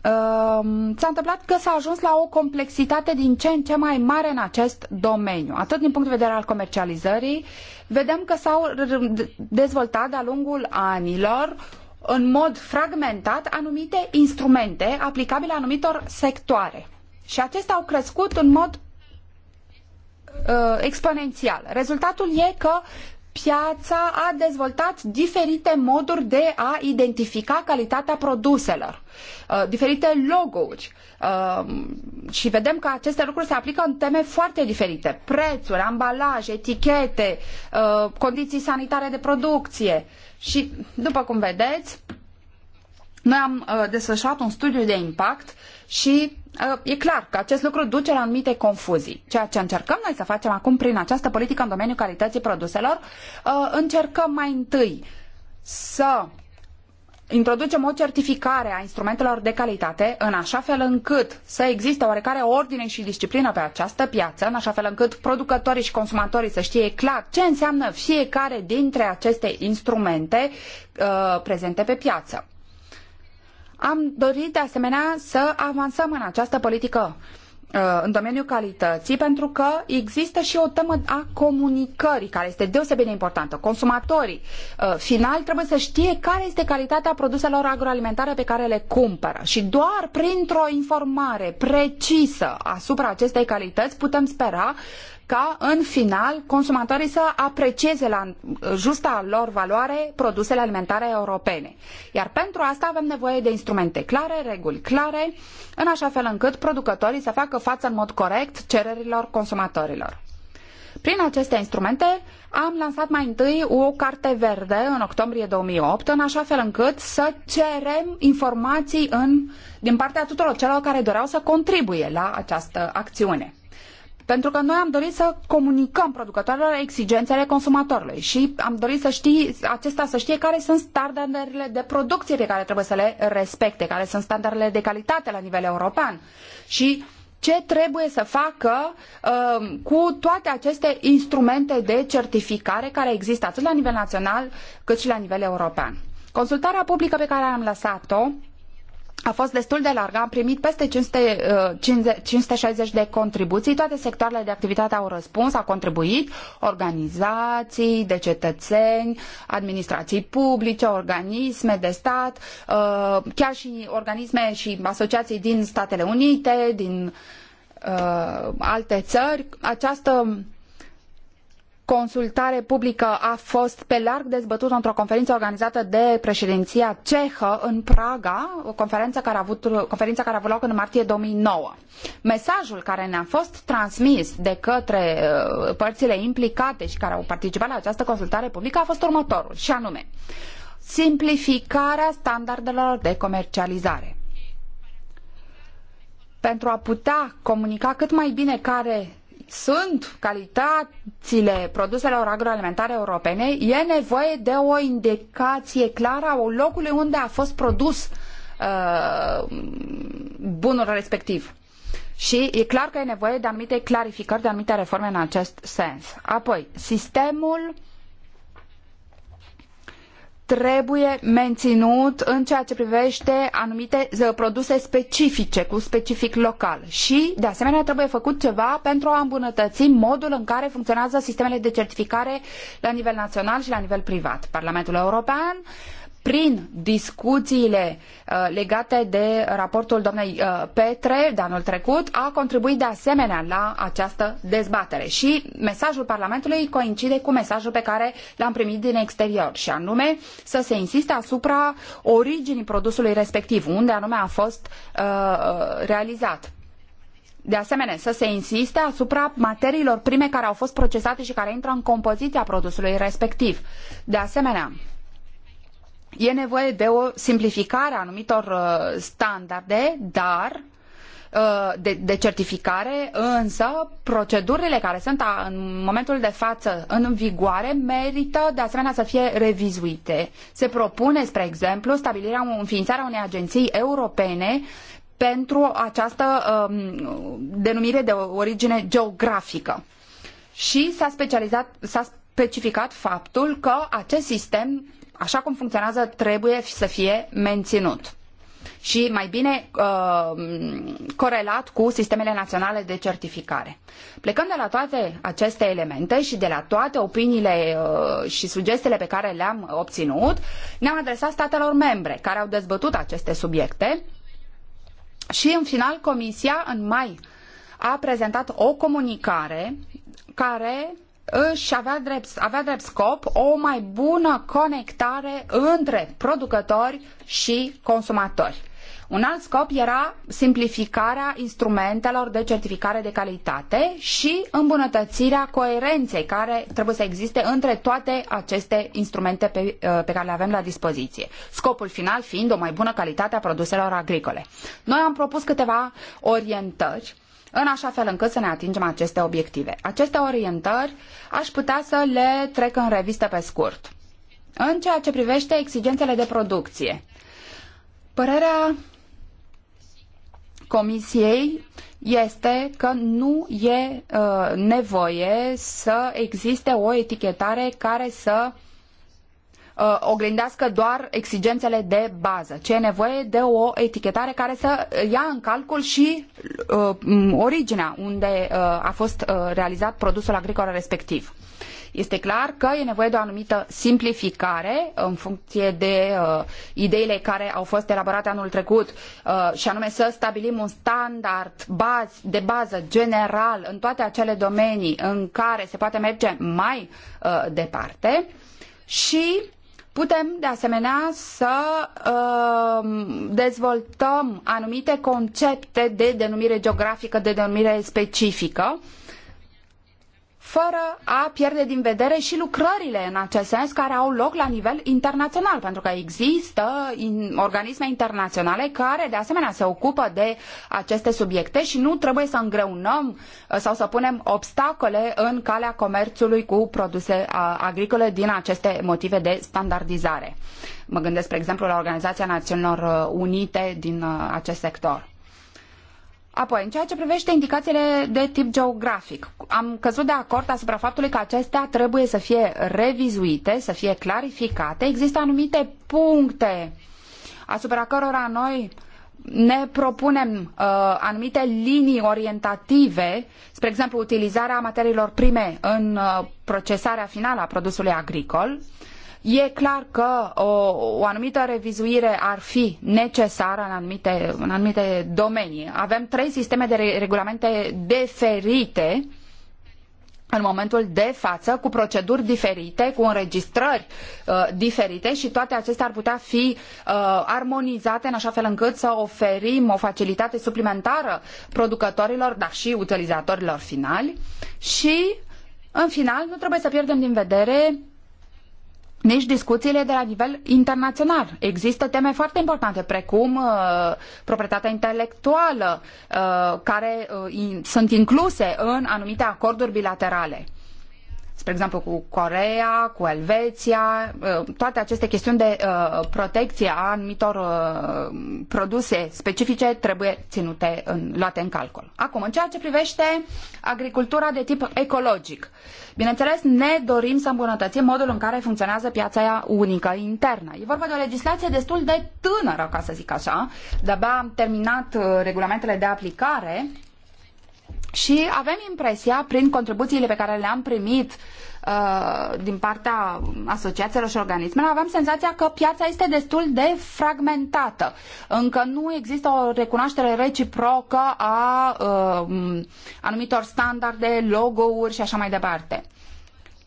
Ehm, s-a întâmplat că s-a ajuns la o complexitate din ce în ce mai mare în acest domeniu, atât din punct de vedere al comercializării, vedem că s-au dezvoltat de-a lungul anilor în mod fragmentat anumite instrumente aplicabile anumitor sectoare. Și acestea au crescut în mod uh, exponențial. Rezultatul e că piața a dezvoltat diferite moduri de a identifica calitatea produselor, uh, diferite logo-uri. Um, și vedem că aceste lucruri se aplică în teme foarte diferite. Prețuri, ambalaje, etichete, uh, condiții sanitare de producție. Și, după cum vedeți, noi am uh, desfășurat un studiu de impact uh, și uh, e clar că acest lucru duce la anumite confuzii. Ceea ce încercăm noi să facem acum prin această politică în domeniul calității produselor, uh, încercăm mai întâi să introducem o certificare a instrumentelor de calitate în așa fel încât să existe oarecare ordine și disciplină pe această piață, în așa fel încât producătorii și consumatorii să știe clar ce înseamnă fiecare dintre aceste instrumente uh, prezente pe piață. Am dorit de asemenea să avansăm în această politică uh, în domeniul calității, pentru că există și o temă a comunicării care este deosebit de importantă. Consumatorii uh, final trebuie să știe care este calitatea produselor agroalimentare pe care le cumpără și doar printr-o informare precisă asupra acestei calități putem spera ca în final consumatorii să aprecieze la uh, justa lor valoare produsele alimentare europene. Iar pentru asta avem nevoie de instrumente clare, reguli clare, în așa fel încât producătorii să facă față în mod corect cererilor consumatorilor. Prin aceste instrumente am lansat mai întâi o carte verde în octombrie 2008, în așa fel încât să cerem informații în, din partea tuturor celor care doreau să contribuie la această acțiune. Pentru că noi am dorit să comunicăm producătorilor exigențele consumatorului și am dorit să știi, acesta să știe care sunt standardele de producție pe care trebuie să le respecte, care sunt standardele de calitate la nivel european și ce trebuie să facă uh, cu toate aceste instrumente de certificare care există atât la nivel național cât și la nivel european. Consultarea publică pe care am lăsat-o a fost destul de largă, am primit peste 500, 50, 560 de contribuții, toate sectoarele de activitate au răspuns, au contribuit, organizații de cetățeni, administrații publice, organisme de stat, uh, chiar și organisme și asociații din Statele Unite, din uh, alte țări. Această consultare publică a fost pe larg dezbătută într-o conferință organizată de președinția cehă în Praga, o conferință care a avut, conferința care a avut loc în martie 2009. Mesajul care ne-a fost transmis de către uh, părțile implicate și care au participat la această consultare publică a fost următorul, și anume simplificarea standardelor de comercializare. Pentru a putea comunica cât mai bine care sunt calitățile produselor agroalimentare europene, e nevoie de o indicație clară a locului unde a fost produs uh, bunul respectiv. Și e clar că e nevoie de anumite clarificări, de anumite reforme în acest sens. Apoi, sistemul uh, trebuie menținut în ceea ce privește anumite uh, produse specifice, cu specific local. Și, de asemenea, trebuie făcut ceva pentru a îmbunătăți modul în care funcționează sistemele de certificare la nivel național și la nivel privat. Parlamentul European prin discuțiile uh, legate de raportul doamnei uh, Petre de anul trecut, a contribuit de asemenea la această dezbatere. Și mesajul Parlamentului coincide cu mesajul pe care l-am primit din exterior, și anume să se insiste asupra originii produsului respectiv, unde anume a fost uh, uh realizat. De asemenea, să se insiste asupra materiilor prime care au fost procesate și care intră în compoziția produsului respectiv. De asemenea, E nevoie de o simplificare a anumitor uh, standarde, dar uh, de, de, certificare, însă procedurile care sunt a, în momentul de față în vigoare merită de asemenea să fie revizuite. Se propune, spre exemplu, stabilirea, înființarea unei agenții europene pentru această um, denumire de origine geografică. Și s-a specializat, s-a specificat faptul că acest sistem așa cum funcționează, trebuie să fie menținut și mai bine uh, corelat cu sistemele naționale de certificare. Plecând de la toate aceste elemente și de la toate opiniile uh, și sugestiile pe care le-am obținut, ne-am adresat statelor membre care au dezbătut aceste subiecte și în final Comisia în mai a prezentat o comunicare care își avea drept, avea drept scop o mai bună conectare între producători și consumatori. Un alt scop era simplificarea instrumentelor de certificare de calitate și îmbunătățirea coerenței care trebuie să existe între toate aceste instrumente pe, uh, pe, care le avem la dispoziție. Scopul final fiind o mai bună calitate a produselor agricole. Noi am propus câteva orientări în așa fel încât să ne atingem aceste obiective. Aceste orientări aș putea să le trec în revistă pe scurt. În ceea ce privește exigențele de producție, părerea Comisiei este că nu e uh, nevoie să existe o etichetare care să uh, uh, oglindească doar exigențele de bază, ci e nevoie de o etichetare care să ia în calcul și uh, originea unde uh, a fost uh, realizat produsul agricol respectiv. Este clar că e nevoie de o anumită simplificare în funcție de uh, ideile care au fost elaborate anul trecut uh, și anume să stabilim un standard baz, de bază general în toate acele domenii în care se poate merge mai uh, departe și Putem, de asemenea, să uh, dezvoltăm anumite concepte de denumire geografică, de denumire specifică, uh, fără a pierde din vedere și lucrările în acest sens care au loc la nivel internațional, pentru că există organisme internaționale care de asemenea se ocupă de aceste subiecte și nu trebuie să îngreunăm uh, sau să punem obstacole în calea comerțului cu produse uh, agricole din aceste motive de standardizare. Mă gândesc, spre exemplu, la Organizația Națiunilor uh, Unite din acest sector. Apoi, în ceea ce privește indicațiile de tip geografic, am căzut de acord asupra faptului că acestea trebuie să fie revizuite, să fie clarificate. Există anumite puncte asupra cărora noi ne propunem uh, anumite linii orientative, spre exemplu utilizarea materiilor prime în uh, procesarea finală a produsului agricol. Uh, E clar că o, o anumită revizuire ar fi necesară în anumite, în anumite domenii. Avem trei sisteme de regulamente diferite în momentul de față, cu proceduri diferite, cu înregistrări uh, diferite și toate acestea ar putea fi uh, armonizate în așa fel încât să oferim o facilitate suplimentară producătorilor, dar și utilizatorilor finali. Și, în final, nu trebuie să pierdem din vedere nici discuțiile de la nivel internațional. Există teme foarte importante, precum uh, proprietatea intelectuală, uh, care uh, in, sunt incluse în anumite acorduri bilaterale. Spre exemplu, cu Corea, cu Elveția, uh, toate aceste chestiuni de uh, protecție a anumitor uh, produse specifice trebuie ținute în, luate în calcul. Acum, în ceea ce privește agricultura de tip ecologic. Uh, Bineînțeles, ne dorim să îmbunătățim modul în care funcționează piața unică internă. E vorba de o legislație destul de tânără, ca să zic așa. De-abia am terminat uh, regulamentele de aplicare și avem impresia, prin contribuțiile pe care le-am primit Uh, din partea asociațiilor și organismelor, aveam senzația că piața este destul de fragmentată. Încă nu există o recunoaștere reciprocă a uh, anumitor standarde, logo-uri și așa mai departe.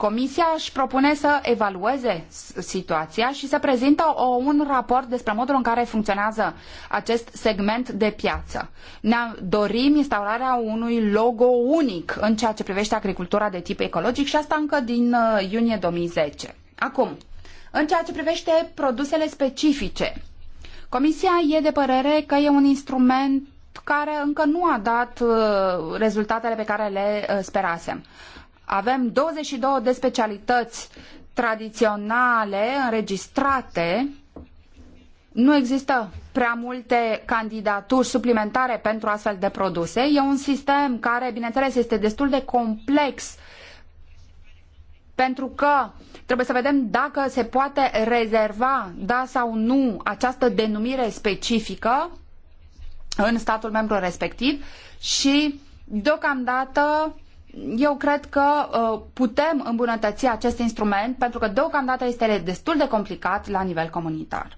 Comisia își propune să evalueze situația și să prezinte o, un raport despre modul în care funcționează acest segment de piață. Ne dorim instaurarea unui logo unic în ceea ce privește agricultura de tip ecologic și asta încă din uh, iunie 2010. Acum, în ceea ce privește produsele specifice, Comisia e de părere că e un instrument care încă nu a dat uh, rezultatele pe care le uh, sperasem avem 22 de specialități tradiționale înregistrate. Nu există prea multe candidaturi suplimentare pentru astfel de produse. E un sistem care, bineînțeles, este destul de complex pentru că trebuie să vedem dacă se poate rezerva, da sau nu, această denumire specifică în statul membru respectiv și deocamdată eu cred că uh, putem îmbunătăți acest instrument pentru că deocamdată este destul de complicat la nivel comunitar.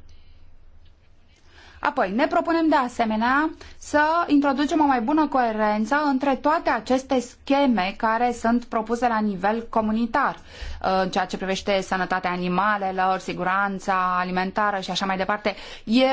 Apoi, ne propunem de asemenea să introducem o mai bună coerență între toate aceste scheme care sunt propuse la nivel comunitar, uh, în ceea ce privește sănătatea animalelor, siguranța alimentară și așa mai departe. E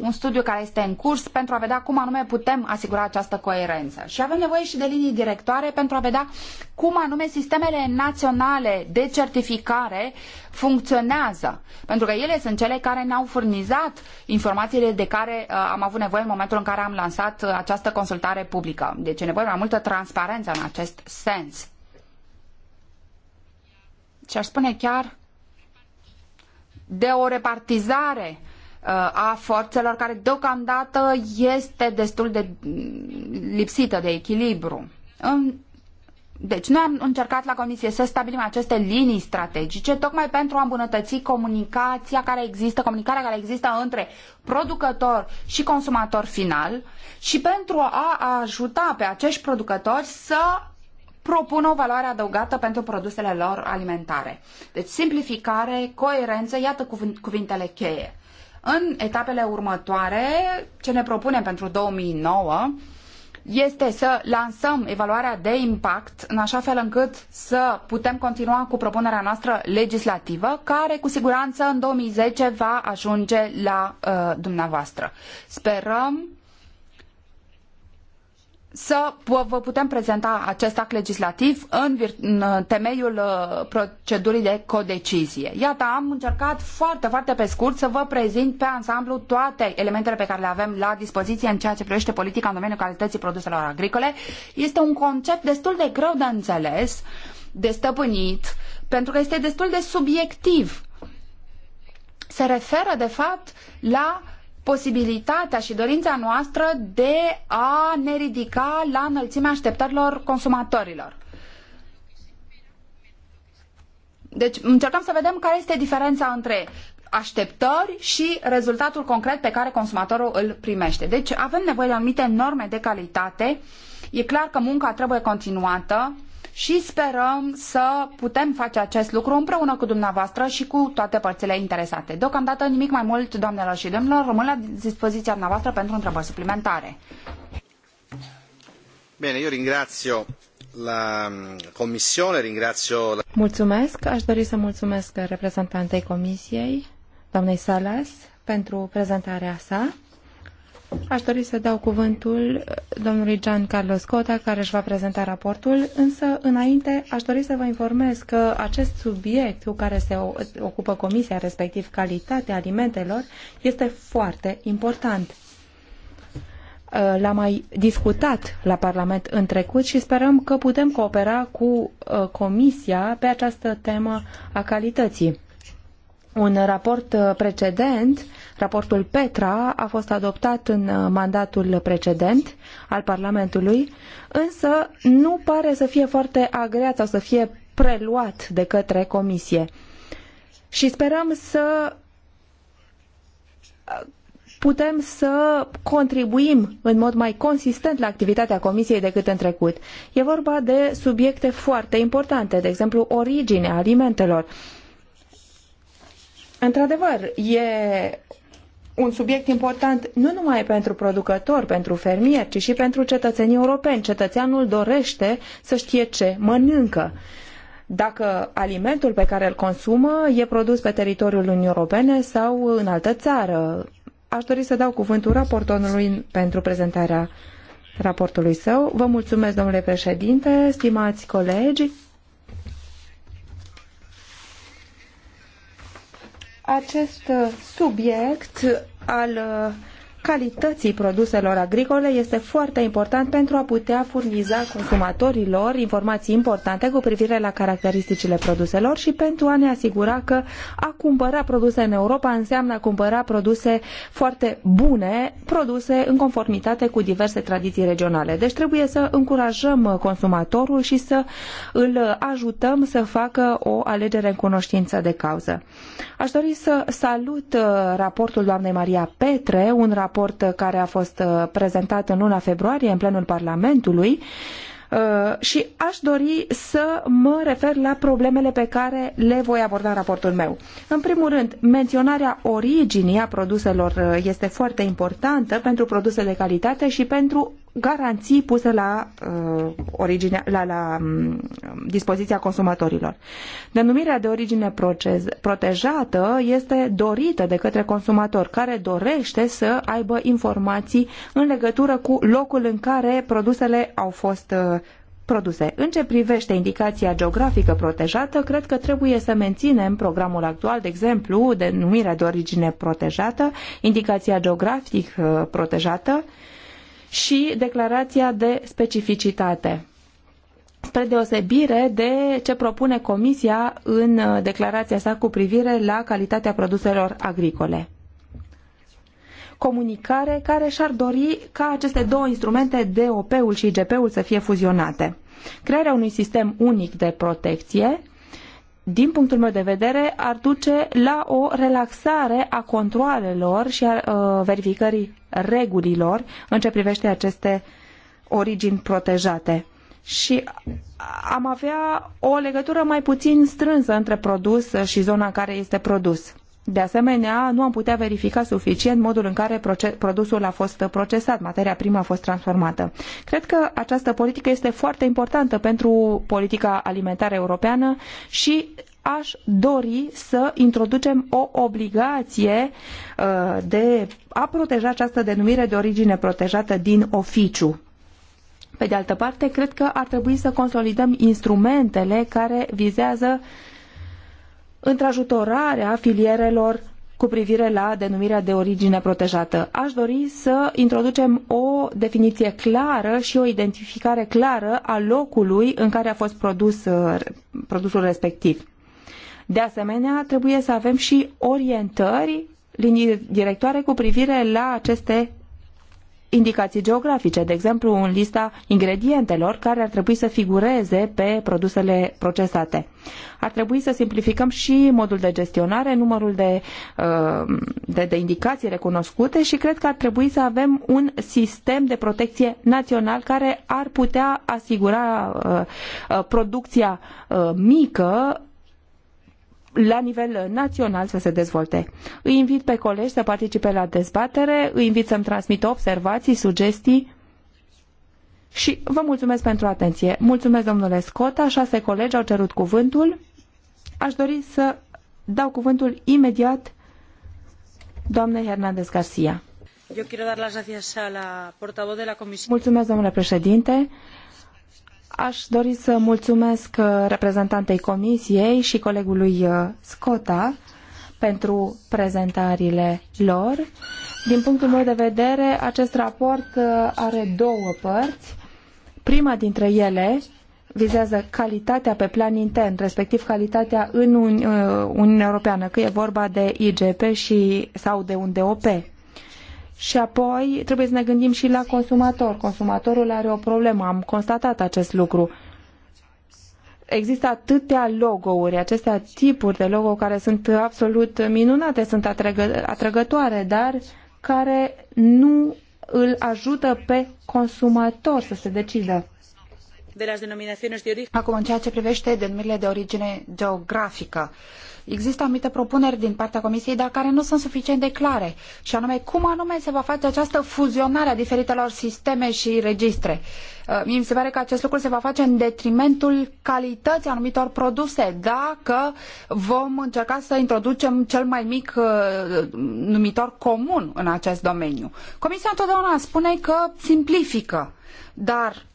un studiu care este în curs pentru a vedea cum anume putem asigura această coerență. Și avem nevoie și de linii directoare pentru a vedea cum anume sistemele naționale de certificare funcționează, pentru că ele sunt cele care ne-au furnizat informațiile de care uh, am avut nevoie în momentul în care am lansat această consultare publică. Deci e nevoie mai multă transparență în acest sens. Și aș spune chiar de o repartizare uh, a forțelor care deocamdată este destul de mm, lipsită de echilibru. În deci noi am încercat la Comisie să stabilim aceste linii strategice tocmai pentru a îmbunătăți comunicația care există, comunicarea care există între producător și consumator final și pentru a ajuta pe acești producători să propună o valoare adăugată pentru produsele lor alimentare. Deci simplificare, coerență, iată cuvintele cheie. În etapele următoare, ce ne propunem pentru 2009, este să lansăm evaluarea de impact în așa fel încât să putem continua cu propunerea noastră legislativă, care cu siguranță în 2010 va ajunge la uh, dumneavoastră. Sperăm să vă putem prezenta acest act legislativ în, în uh, temeiul uh, procedurii de codecizie. Iată, am încercat foarte, foarte pe scurt să vă prezint pe ansamblu toate elementele pe care le avem la dispoziție în ceea ce privește politica în domeniul calității produselor agricole. Este un concept destul de greu de înțeles, de stăpânit, pentru că este destul de subiectiv. Se referă, de fapt, la uh, posibilitatea și dorința noastră de a ne ridica la înălțimea așteptărilor consumatorilor. Deci încercăm să vedem care este diferența între așteptări și rezultatul concret pe care consumatorul îl primește. Deci avem nevoie de anumite norme de calitate. E clar că munca trebuie continuată și sperăm să putem face acest lucru împreună cu dumneavoastră și cu toate părțile interesate. Deocamdată nimic mai mult, doamnelor și domnilor, rămân la dispoziția dumneavoastră pentru întrebări suplimentare.
Bine, eu ringrazio la mm, ringrazio... La...
Mulțumesc, aș dori să mulțumesc reprezentantei Comisiei, doamnei Salas, pentru prezentarea sa. Aș dori să dau cuvântul domnului Gian Carlos Cota, care își va prezenta raportul, însă înainte aș dori să vă informez că acest subiect cu care se ocupă comisia, respectiv calitatea alimentelor, este foarte important. Uh, l-am mai discutat la Parlament în trecut și sperăm că putem coopera cu uh, comisia pe această temă a calității. Un raport uh, precedent uh, Raportul Petra a fost adoptat în uh, mandatul precedent al Parlamentului, însă nu pare să fie foarte agreat sau să fie preluat de către Comisie. Și sperăm să uh, putem să contribuim în mod mai consistent la activitatea Comisiei decât în trecut. E vorba de subiecte foarte importante, de exemplu originea alimentelor. Într-adevăr, e un subiect important nu numai pentru producător, pentru fermier, ci și pentru cetățenii europeni. Cetățeanul dorește să știe ce mănâncă. Dacă alimentul pe care îl consumă e produs pe teritoriul Uniunii Europene sau în altă țară. Aș dori să dau cuvântul raportorului pentru prezentarea raportului său. Vă mulțumesc, domnule președinte, stimați colegi. acest uh, subiect al uh, calității produselor agricole este foarte important pentru a putea furniza consumatorilor informații importante cu privire la caracteristicile produselor și pentru a ne asigura că a cumpăra produse în Europa înseamnă a cumpăra produse foarte bune, produse în conformitate cu diverse tradiții regionale. Deci trebuie să încurajăm consumatorul și să îl ajutăm să facă o alegere în cunoștință de cauză. Aș dori să salut raportul doamnei Maria Petre, un raport raport care a fost uh, prezentat în luna februarie în plenul Parlamentului uh, și aș dori să mă refer la problemele pe care le voi aborda în raportul meu. În primul rând, menționarea originii a produselor uh, este foarte importantă pentru produse de calitate și pentru garanții puse la, uh, origine, la, la um, dispoziția consumatorilor. Denumirea de origine proces, protejată este dorită de către consumator care dorește să aibă informații în legătură cu locul în care produsele au fost uh, produse. În ce privește indicația geografică protejată, cred că trebuie să menținem programul actual, de exemplu, denumirea de origine protejată, indicația geografică uh, protejată, uh, și declarația de specificitate spre deosebire de ce propune Comisia în uh, declarația sa cu privire la calitatea produselor agricole. Comunicare care și-ar dori ca aceste două instrumente, DOP-ul și IGP-ul, să fie fuzionate. Crearea unui sistem unic de protecție din punctul meu de vedere, ar duce la o relaxare a controalelor și a uh, verificării regulilor în ce privește aceste origini protejate. Și am avea o legătură mai puțin strânsă între produs și zona în care este produs. De asemenea, nu am putea verifica suficient modul în care produsul a fost procesat, materia primă a fost transformată. Cred că această politică este foarte importantă pentru politica alimentară europeană și aș dori să introducem o obligație uh, de a proteja această denumire de origine protejată din oficiu. Pe de altă parte, cred că ar trebui să consolidăm instrumentele care vizează întrajutorarea filierelor cu privire la denumirea de origine protejată. Aș dori să introducem o definiție clară și o identificare clară a locului în care a fost produs uh, produsul respectiv. De asemenea, trebuie să avem și orientări, linii directoare cu privire la aceste indicații geografice, de exemplu în lista ingredientelor care ar trebui să figureze pe produsele procesate. Ar trebui să simplificăm și modul de gestionare, numărul de, uh, de, de indicații recunoscute și cred că ar trebui să avem un sistem de protecție național care ar putea asigura uh, uh, producția mică la nivel național să se dezvolte. Îi invit pe colegi să participe la dezbatere, îi invit să-mi transmită observații, sugestii și vă mulțumesc pentru atenție. Mulțumesc, domnule Scota, șase colegi au cerut cuvântul. Aș dori să dau cuvântul imediat doamnei Hernandez Garcia. Mulțumesc, domnule președinte. Aș dori să mulțumesc uh, reprezentantei Comisiei și colegului uh, Scota pentru prezentările lor. Din punctul meu de vedere, acest raport uh, are două părți. Prima dintre ele vizează calitatea pe plan intern, respectiv calitatea în Uniunea Europeană, că e vorba de IGP și, sau de un DOP. Și apoi trebuie să ne gândim și la consumator. Consumatorul are o problemă, am constatat acest lucru. Există atâtea logo-uri, acestea tipuri de logo care sunt absolut minunate, sunt atrăgă, atrăgătoare, dar care nu îl ajută pe consumator să se
decidă. De las de Acum, în ceea ce privește denumirile de origine geografică, uh, Există anumite propuneri din partea Comisiei, dar care nu sunt suficient de clare. Și anume, cum anume se va face această fuzionare a diferitelor sisteme și registre? Uh, mie mi se pare că acest lucru se va face în detrimentul calității anumitor produse, dacă vom încerca să introducem cel mai mic uh, numitor comun în acest domeniu. Comisia întotdeauna spune că simplifică, dar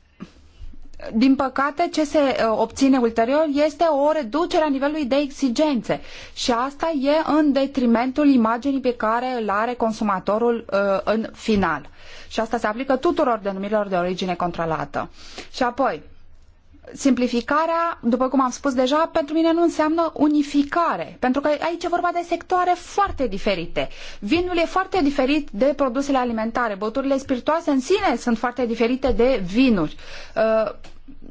din păcate, ce se uh, obține ulterior este o reducere a nivelului de exigențe și asta e în detrimentul imaginii pe care îl are consumatorul uh, în final. Și asta se aplică tuturor denumirilor de origine controlată. Și apoi, simplificarea, după cum am spus deja, pentru mine nu înseamnă unificare, pentru că aici e vorba de sectoare foarte diferite. Vinul e foarte diferit de produsele alimentare, băuturile spiritoase în sine sunt foarte diferite de vinuri. Uh,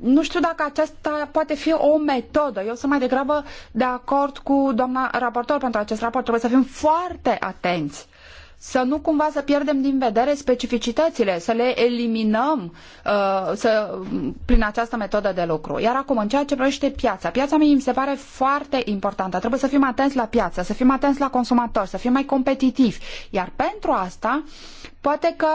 nu știu dacă aceasta poate fi o metodă. Eu sunt mai degrabă de acord cu doamna raportor pentru acest raport. Trebuie să fim foarte atenți uh, să nu cumva să pierdem din vedere specificitățile, să le eliminăm uh, să, prin această metodă de lucru. Iar acum, în ceea ce privește piața, piața mie mi se pare foarte importantă. Trebuie să fim atenți la piață, să fim atenți la consumatori, să fim mai competitivi. Iar pentru asta, poate că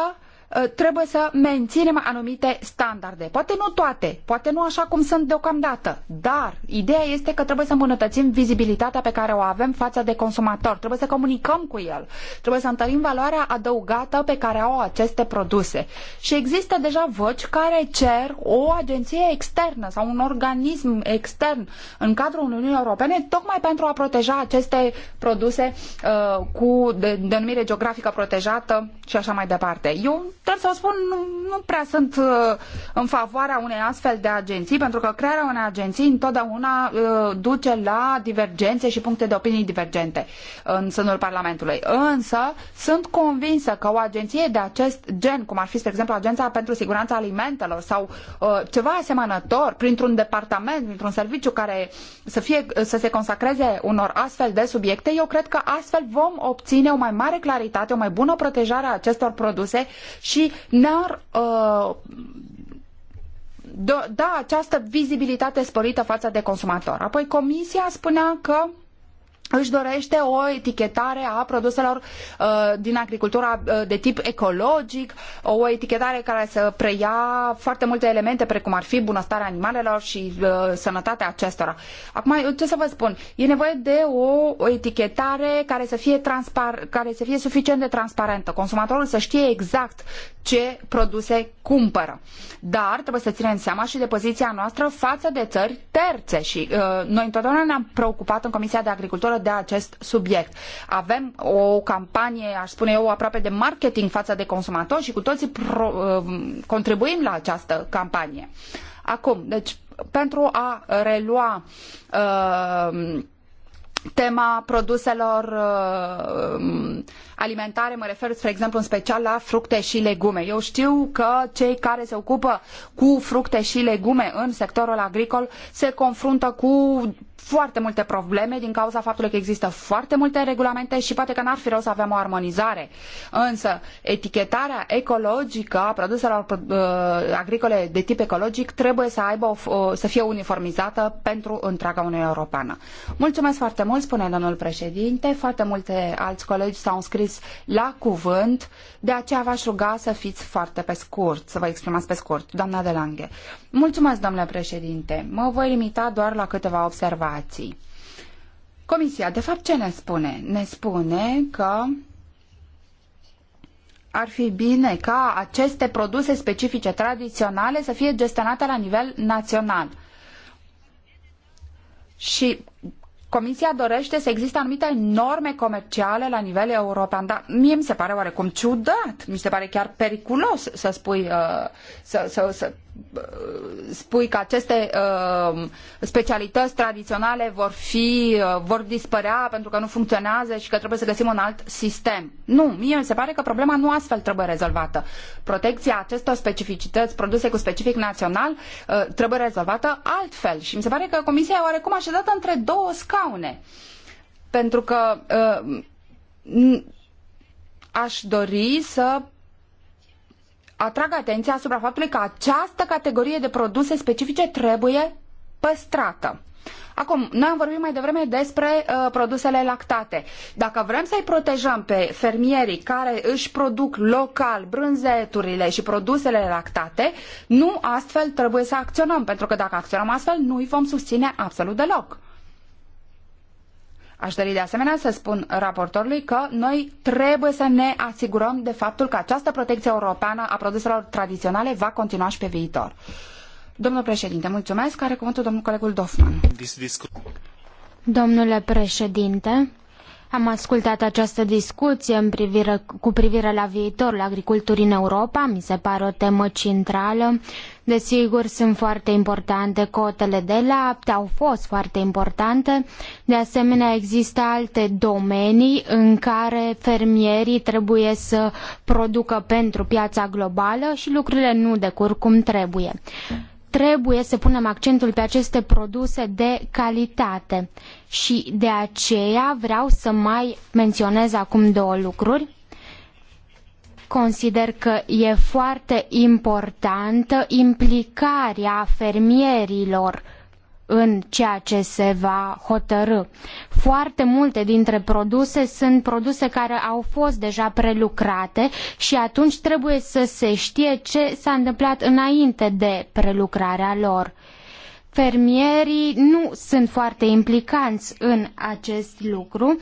Uh, trebuie să menținem anumite standarde. Poate nu toate, poate nu așa cum sunt deocamdată, dar ideea este că trebuie să îmbunătățim vizibilitatea pe care o avem față de consumator. Trebuie să comunicăm cu el, trebuie să întărim valoarea adăugată pe care au aceste produse. Și există deja voci care cer o agenție externă sau un organism extern în cadrul Uniunii Europene tocmai pentru a proteja aceste produse uh, cu denumire geografică protejată și așa mai departe. Eu Trebuie să o spun, nu, nu prea sunt uh, în favoarea unei astfel de agenții, pentru că crearea unei agenții întotdeauna uh, duce la divergențe și puncte de opinii divergente uh, în sânul Parlamentului. Însă sunt convinsă că o agenție de acest gen, cum ar fi, spre exemplu, Agenția pentru Siguranța Alimentelor sau ceva asemănător, printr-un departament, printr-un serviciu care să, fie, să se consacreze unor astfel de subiecte, eu cred că astfel vom obține o mai mare claritate, o mai bună protejare a acestor produse și și ne-ar uh, da această vizibilitate sporită față de consumator. Apoi Comisia spunea că își dorește o etichetare a produselor uh, din agricultura uh, de tip ecologic, o etichetare care să preia foarte multe elemente, precum ar fi bunăstarea animalelor și uh, sănătatea acestora. Acum, ce să vă spun? E nevoie de o, o etichetare care să, fie transpar- care să fie suficient de transparentă. Consumatorul să știe exact ce produse cumpără. Dar trebuie să ținem seama și de poziția noastră față de țări terțe și uh, noi întotdeauna ne-am preocupat în Comisia de Agricultură de acest subiect. Avem o campanie, aș spune eu, aproape de marketing față de consumatori și cu toții pro, uh, contribuim la această campanie. Acum, deci pentru a relua uh, tema produselor uh, alimentare, mă refer, spre exemplu, în special la fructe și legume. Eu știu că cei care se ocupă cu fructe și legume în sectorul agricol se confruntă cu foarte multe probleme din cauza faptului că există foarte multe regulamente și poate că n-ar fi rău să avem o armonizare. Însă, etichetarea ecologică a produselor uh, agricole de tip ecologic trebuie să, aibă, să fie uniformizată pentru întreaga Uniune Europeană. Mulțumesc foarte mult! mult, spune domnul președinte, foarte multe alți colegi s-au înscris la cuvânt, de aceea v-aș ruga să fiți foarte pe scurt, să vă exprimați pe scurt, doamna de Lange. Mulțumesc, domnule președinte, mă voi limita doar la câteva observații. Comisia, de fapt, ce ne spune? Ne spune că ar fi bine ca aceste produse specifice tradiționale să fie gestionate la nivel național. Și Comisia dorește să existe anumite norme comerciale la nivel european, dar mie mi se pare oarecum ciudat, mi se pare chiar periculos să spui, uh, să, să, să spui că aceste uh, specialități tradiționale vor, fi, uh, vor dispărea pentru că nu funcționează și că trebuie să găsim un alt sistem. Nu, mie mi se pare că problema nu astfel trebuie rezolvată. Protecția acestor specificități produse cu specific național uh, trebuie rezolvată altfel și mi se pare că Comisia e oarecum așezată între două scaune. Pentru că uh, aș dori să atrag atenția asupra faptului că această categorie de produse specifice trebuie păstrată. Acum, noi am vorbit mai devreme despre uh, produsele lactate. Dacă vrem să-i protejăm pe fermierii care își produc local brânzeturile și produsele lactate, nu astfel trebuie să acționăm, pentru că dacă acționăm astfel, nu îi vom susține absolut deloc. Aș dori de asemenea să spun raportorului că noi trebuie să ne asigurăm de faptul că această protecție europeană a produselor tradiționale va continua și pe viitor. Domnul președinte, mulțumesc. Are cuvântul domnul colegul Dofman.
Domnule președinte, am ascultat această discuție în privire, cu privire la viitorul agriculturii în Europa, mi se pare o temă centrală. Desigur, sunt foarte importante cotele de lapte, au fost foarte importante. De asemenea, există alte domenii în care fermierii trebuie să producă pentru piața globală și lucrurile nu decurg cum trebuie. Trebuie să punem accentul pe aceste produse de calitate și de aceea vreau să mai menționez acum două lucruri consider că e foarte importantă implicarea fermierilor în ceea ce se va hotărâ. Foarte multe dintre produse sunt produse care au fost deja prelucrate și atunci trebuie să se știe ce s-a întâmplat înainte de prelucrarea lor. Fermierii nu sunt foarte implicanți în acest lucru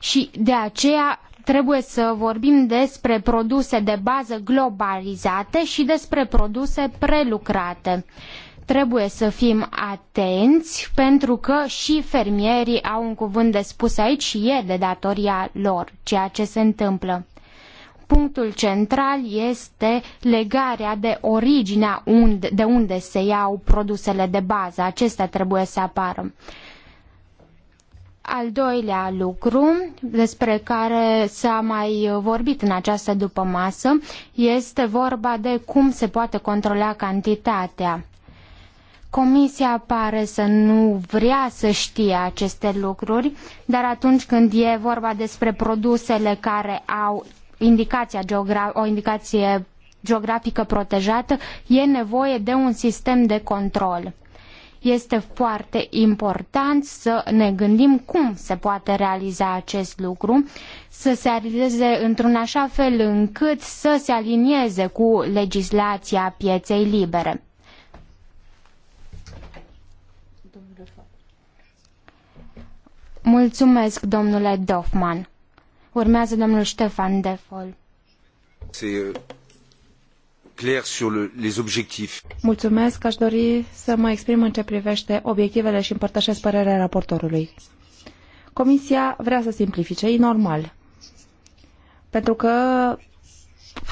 și de aceea trebuie să vorbim despre produse de bază globalizate și despre produse prelucrate. Trebuie să fim atenți pentru că și fermierii au un cuvânt de spus aici și e de datoria lor ceea ce se întâmplă punctul central este legarea de originea unde, de unde se iau produsele de bază. Acestea trebuie să apară. Al doilea lucru despre care s-a mai vorbit în această dupămasă este vorba de cum se poate controla cantitatea. Comisia pare să nu vrea să știe aceste lucruri, dar atunci când e vorba despre produsele care au indicația geogra- o indicație geografică protejată, e nevoie de un sistem de control. Este foarte important să ne gândim cum se poate realiza acest lucru, să se realizeze într-un așa fel încât să se alinieze cu legislația pieței libere. Mulțumesc, domnule Dofman. Urmează domnul Ștefan Defol.
Euh,
Mulțumesc, aș dori să mă exprim în ce privește obiectivele și împărtășesc părerea raportorului. Comisia vrea să simplifice, e normal. Pentru că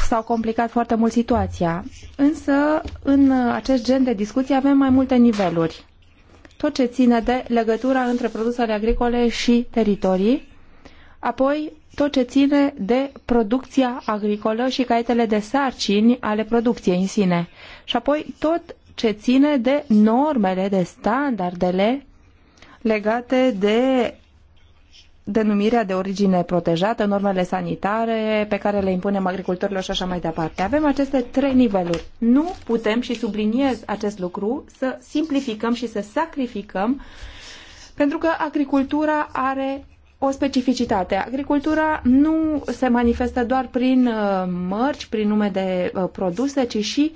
s-au complicat foarte mult situația. Însă, în acest gen de discuții avem mai multe niveluri tot ce ține de legătura între produsele agricole și teritorii, apoi tot ce ține de producția agricolă și caietele de sarcini ale producției în sine, și apoi tot ce ține de normele, de standardele legate de denumirea de origine protejată, normele sanitare pe care le impunem agricultorilor și așa mai departe. Avem aceste trei niveluri. Nu putem, și subliniez acest lucru, să simplificăm și să sacrificăm, pentru că agricultura are o specificitate. Agricultura nu se manifestă doar prin uh, mărci, prin nume de uh, produse, ci și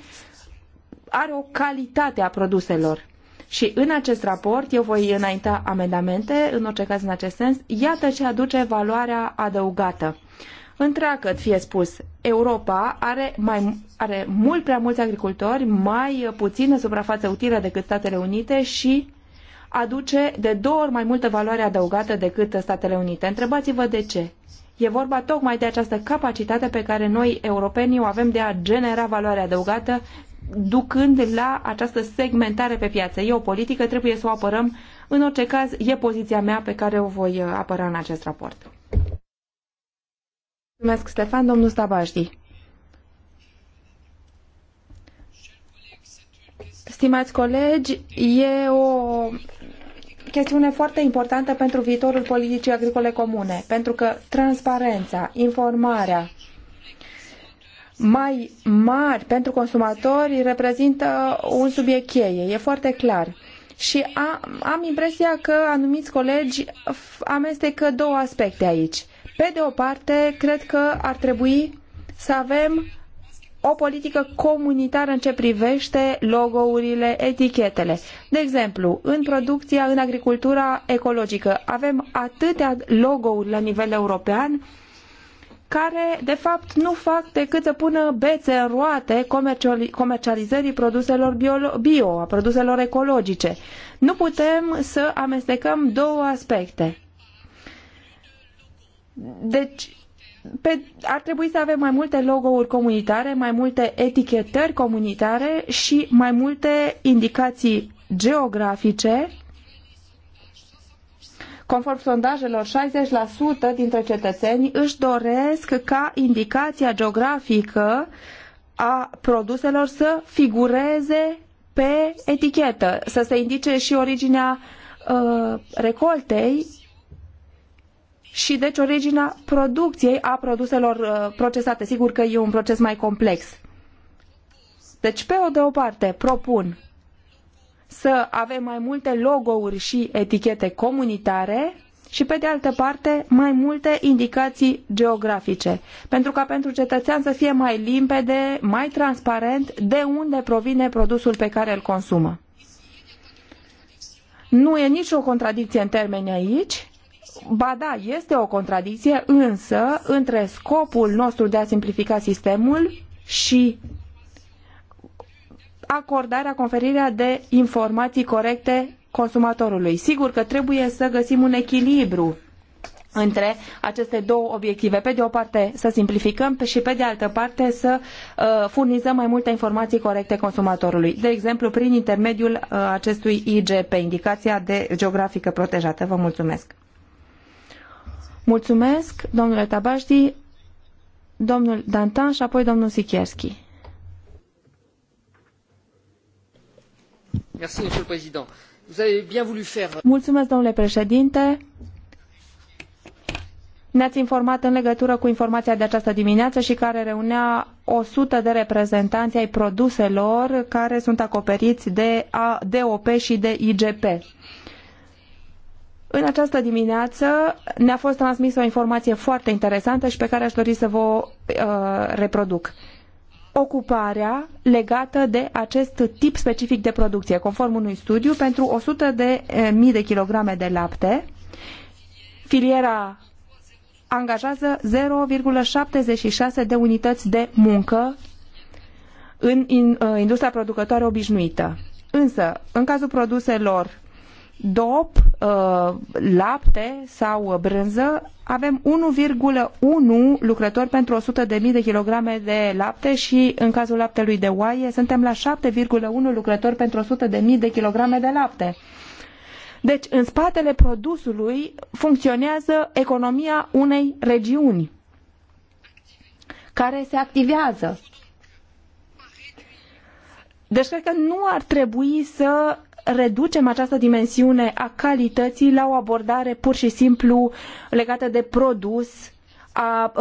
are o calitate a produselor și în acest raport eu voi înainta amendamente, în orice caz în acest sens, iată ce aduce valoarea adăugată. Întreagăt, fie spus, Europa are, mai, are mult prea mulți agricultori, mai puțină suprafață utilă decât Statele Unite și aduce de două ori mai multă valoare adăugată decât Statele Unite. Întrebați-vă de ce. E vorba tocmai de această capacitate pe care noi, europenii, o avem de a genera valoare adăugată ducând la această segmentare pe piață. E o politică, trebuie să o apărăm. În orice caz, e poziția mea pe care o voi uh, apăra în acest raport. Mulțumesc, Stefan. Domnul Stabajdi. Stimați colegi, e o chestiune foarte importantă pentru viitorul politicii agricole comune, pentru că transparența, informarea, mai mari pentru consumatori reprezintă un subiect cheie, e foarte clar. Și a, am impresia că anumiți colegi amestecă două aspecte aici. Pe de o parte, cred că ar trebui să avem o politică comunitară în ce privește logourile, etichetele. De exemplu, în producția, în agricultura ecologică, avem atâtea logo-uri la nivel european care, de fapt, nu fac decât să pună bețe în roate comercializării produselor bio, a produselor ecologice. Nu putem să amestecăm două aspecte. Deci, pe, ar trebui să avem mai multe logo-uri comunitare, mai multe etichetări comunitare și mai multe indicații geografice Conform sondajelor, 60% dintre cetățeni își doresc ca indicația geografică a produselor să figureze pe etichetă, să se indice și originea uh, recoltei și deci originea producției a produselor uh, procesate. Sigur că e un proces mai complex. Deci, pe o de o parte, propun să avem mai multe logo-uri și etichete comunitare și, pe de altă parte, mai multe indicații geografice, pentru ca pentru cetățean să fie mai limpede, mai transparent de unde provine produsul pe care îl consumă. Nu e nicio contradicție în termeni aici, Ba da, este o contradicție, însă, între scopul nostru de a simplifica sistemul și acordarea, conferirea de informații corecte consumatorului. Sigur că trebuie să găsim un echilibru între aceste două obiective. Pe de o parte să simplificăm și pe de altă parte să uh, furnizăm mai multe informații corecte consumatorului. De exemplu, prin intermediul uh, acestui IGP, indicația de geografică protejată. Vă mulțumesc. Mulțumesc, domnule Tabaști, domnul Dantan și apoi domnul Sikierski. Mulțumesc, domnule președinte. Ne-ați informat în legătură cu informația de această dimineață și care reunea 100 de reprezentanți ai produselor care sunt acoperiți de DOP și de IGP. În această dimineață ne-a fost transmisă o informație foarte interesantă și pe care aș dori să vă uh, reproduc ocuparea legată de acest tip specific de producție, conform unui studiu, pentru 100 de mii de kilograme de lapte. Filiera angajează 0,76 de unități de muncă în uh, industria producătoare obișnuită. Însă, în cazul produselor dop, uh, lapte sau brânză, avem 1,1 lucrători pentru 100.000 de kilograme de lapte și în cazul laptelui de oaie suntem la 7,1 lucrători pentru 100.000 de kilograme de lapte. Deci, în spatele produsului funcționează economia unei regiuni care se activează. Deci cred că nu ar trebui să reducem această dimensiune a calității la o abordare pur și simplu legată de produs a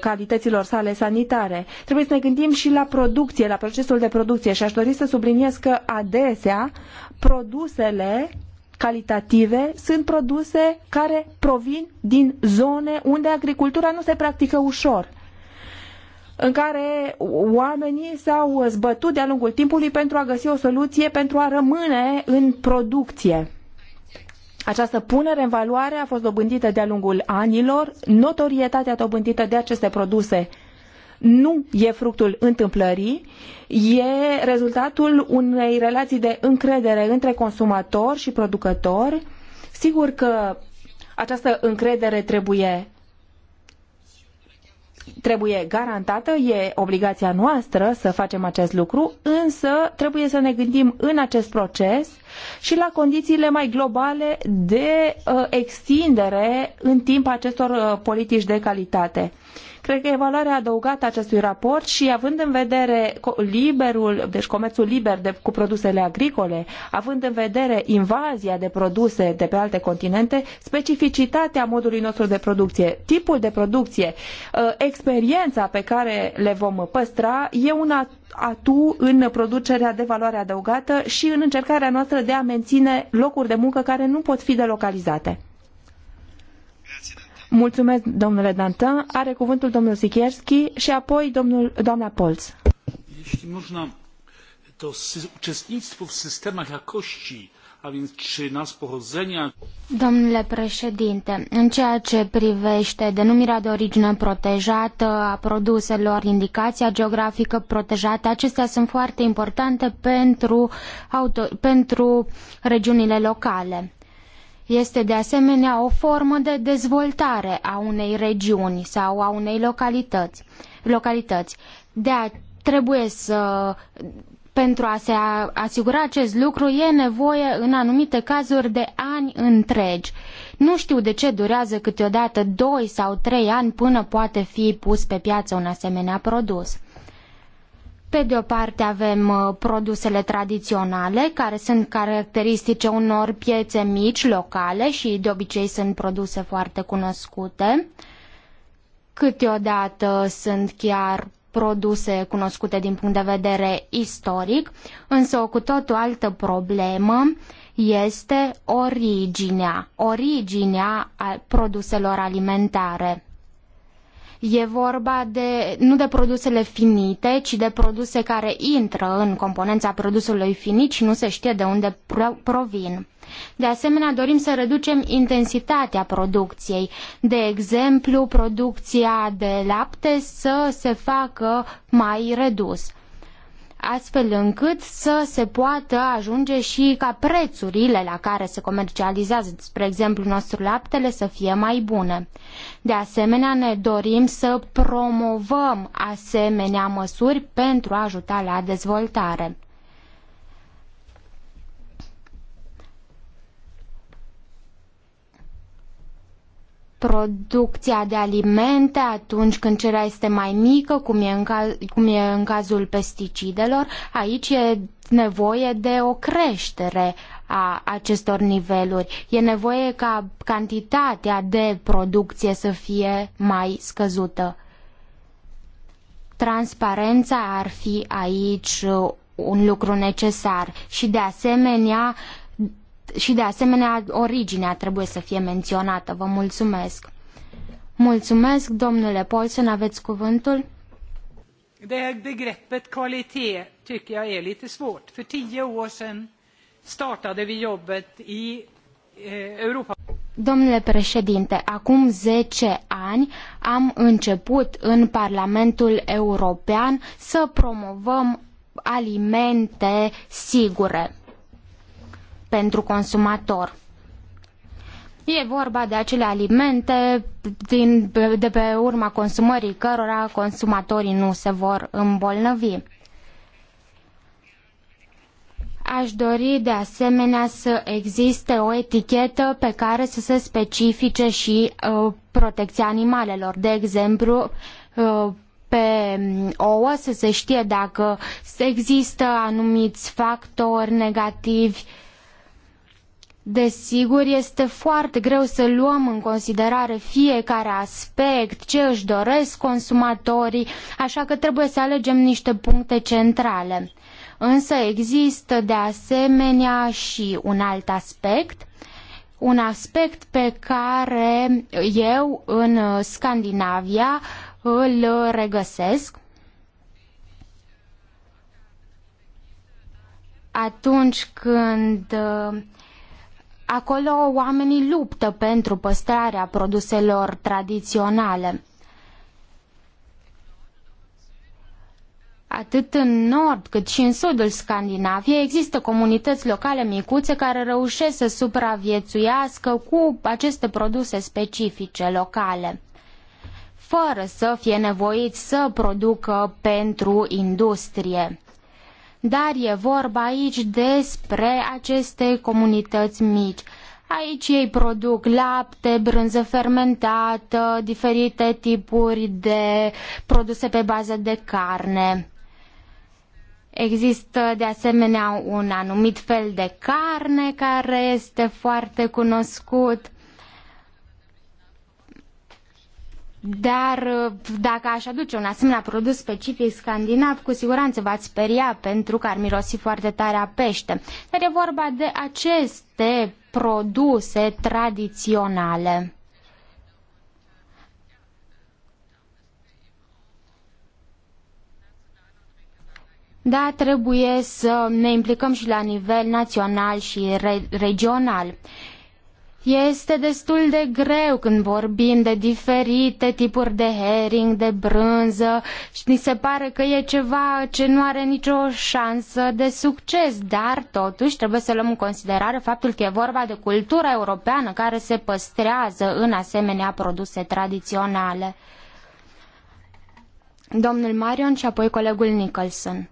calităților sale sanitare. Trebuie să ne gândim și la producție, la procesul de producție și aș dori să subliniez că adesea produsele calitative sunt produse care provin din zone unde agricultura nu se practică ușor în care oamenii s-au zbătut de-a lungul timpului pentru a găsi o soluție pentru a rămâne în producție. Această punere în valoare a fost dobândită de-a lungul anilor, notorietatea dobândită de aceste produse nu e fructul întâmplării, e rezultatul unei relații de încredere între consumator și producător. Sigur că această încredere trebuie trebuie garantată, e obligația noastră să facem acest lucru, însă trebuie să ne gândim în acest proces și la condițiile mai globale de uh, extindere în timp acestor uh, politici de calitate. Uh, Cred că evaluarea adăugată a acestui raport și având în vedere liberul, deci comerțul liber de, cu produsele agricole, având în vedere invazia de produse de pe alte continente, specificitatea modului nostru de producție, tipul de producție, uh, experiența pe care le vom păstra e una atu în producerea de valoare adăugată și în încercarea noastră de a menține locuri de muncă care nu pot fi delocalizate. Mulțumesc, domnule Dantin. Are cuvântul domnul Sikierski și apoi domnul, doamna Polz.
Jeśli można, to uczestnictwo w systemach jakości, a więc czy nas pochodzenia...
Domnule președinte, în ceea ce privește denumirea de origine protejată a produselor, indicația geografică protejată, acestea sunt foarte importante pentru, auto, pentru regiunile locale. Este de asemenea o formă de dezvoltare a unei regiuni sau a unei localități. localități. De a trebuie să pentru a se asigura acest lucru e nevoie în anumite cazuri de ani întregi. Nu știu de ce durează câteodată doi sau trei ani până poate fi pus pe piață un asemenea produs. Pe de o parte avem uh, produsele tradiționale, care sunt caracteristice unor piețe mici, locale și de obicei sunt produse foarte cunoscute. Câteodată sunt chiar produse cunoscute din punct de vedere istoric, însă o cu totul altă problemă este originea, originea produselor alimentare. E vorba de, nu de produsele finite, ci de produse care intră în componența produsului finit și nu se știe de unde provin. De asemenea, dorim să reducem intensitatea producției. De exemplu, producția de lapte să se facă mai redus astfel încât să se poată ajunge și ca prețurile la care se comercializează, spre exemplu, nostru laptele să fie mai bune. De asemenea, ne dorim să promovăm asemenea măsuri pentru a ajuta la dezvoltare. producția de alimente atunci când cererea este mai mică, cum e, în caz, cum e în cazul pesticidelor. Aici e nevoie de o creștere a acestor niveluri. E nevoie ca cantitatea de producție să fie mai scăzută. Transparența ar fi aici un lucru necesar și de asemenea și de asemenea originea trebuie să fie menționată. Vă mulțumesc. Mulțumesc, domnule Paulsen, aveți cuvântul.
Det här begreppet kvalitet tycker jag är lite svårt. För tio år sedan startade vi jobbet i eh, Europa.
Domnule președinte, acum 10 ani am început în Parlamentul European să promovăm alimente sigure pentru consumator. E vorba de acele alimente din, de pe urma consumării cărora consumatorii nu se vor îmbolnăvi. Aș dori de asemenea să existe o etichetă pe care să se specifice și uh, protecția animalelor. De exemplu, uh, pe mm, ouă să se știe dacă există anumiți factori negativi uh, Desigur, este foarte greu să luăm în considerare fiecare aspect, ce își doresc consumatorii, așa că trebuie să alegem niște puncte centrale. Însă există de asemenea și un alt aspect, un aspect pe care eu în Scandinavia îl regăsesc atunci când uh, Acolo oamenii luptă pentru păstrarea produselor tradiționale. Atât în nord cât și în sudul Scandinaviei există comunități locale micuțe care reușesc să supraviețuiască cu aceste produse specifice locale fără să fie nevoiți să producă pentru industrie. Dar e vorba aici despre aceste comunități mici. Aici ei produc lapte, brânză fermentată, diferite tipuri de produse pe bază de carne. Există de asemenea un anumit fel de carne care este foarte cunoscut. Dar uh, dacă aș aduce un asemenea produs specific scandinav, cu siguranță v-ați speria pentru că ar mirosi foarte tare a pește. Dar e vorba de aceste produse tradiționale. Da, trebuie să ne implicăm și la nivel național și re regional. Este destul de greu când vorbim de diferite tipuri de herring, de brânză și ni se pare că e ceva ce nu are nicio șansă de succes, dar totuși trebuie să luăm în considerare faptul că e vorba de cultura europeană care se păstrează în asemenea produse tradiționale. Domnul Marion și apoi colegul Nicholson.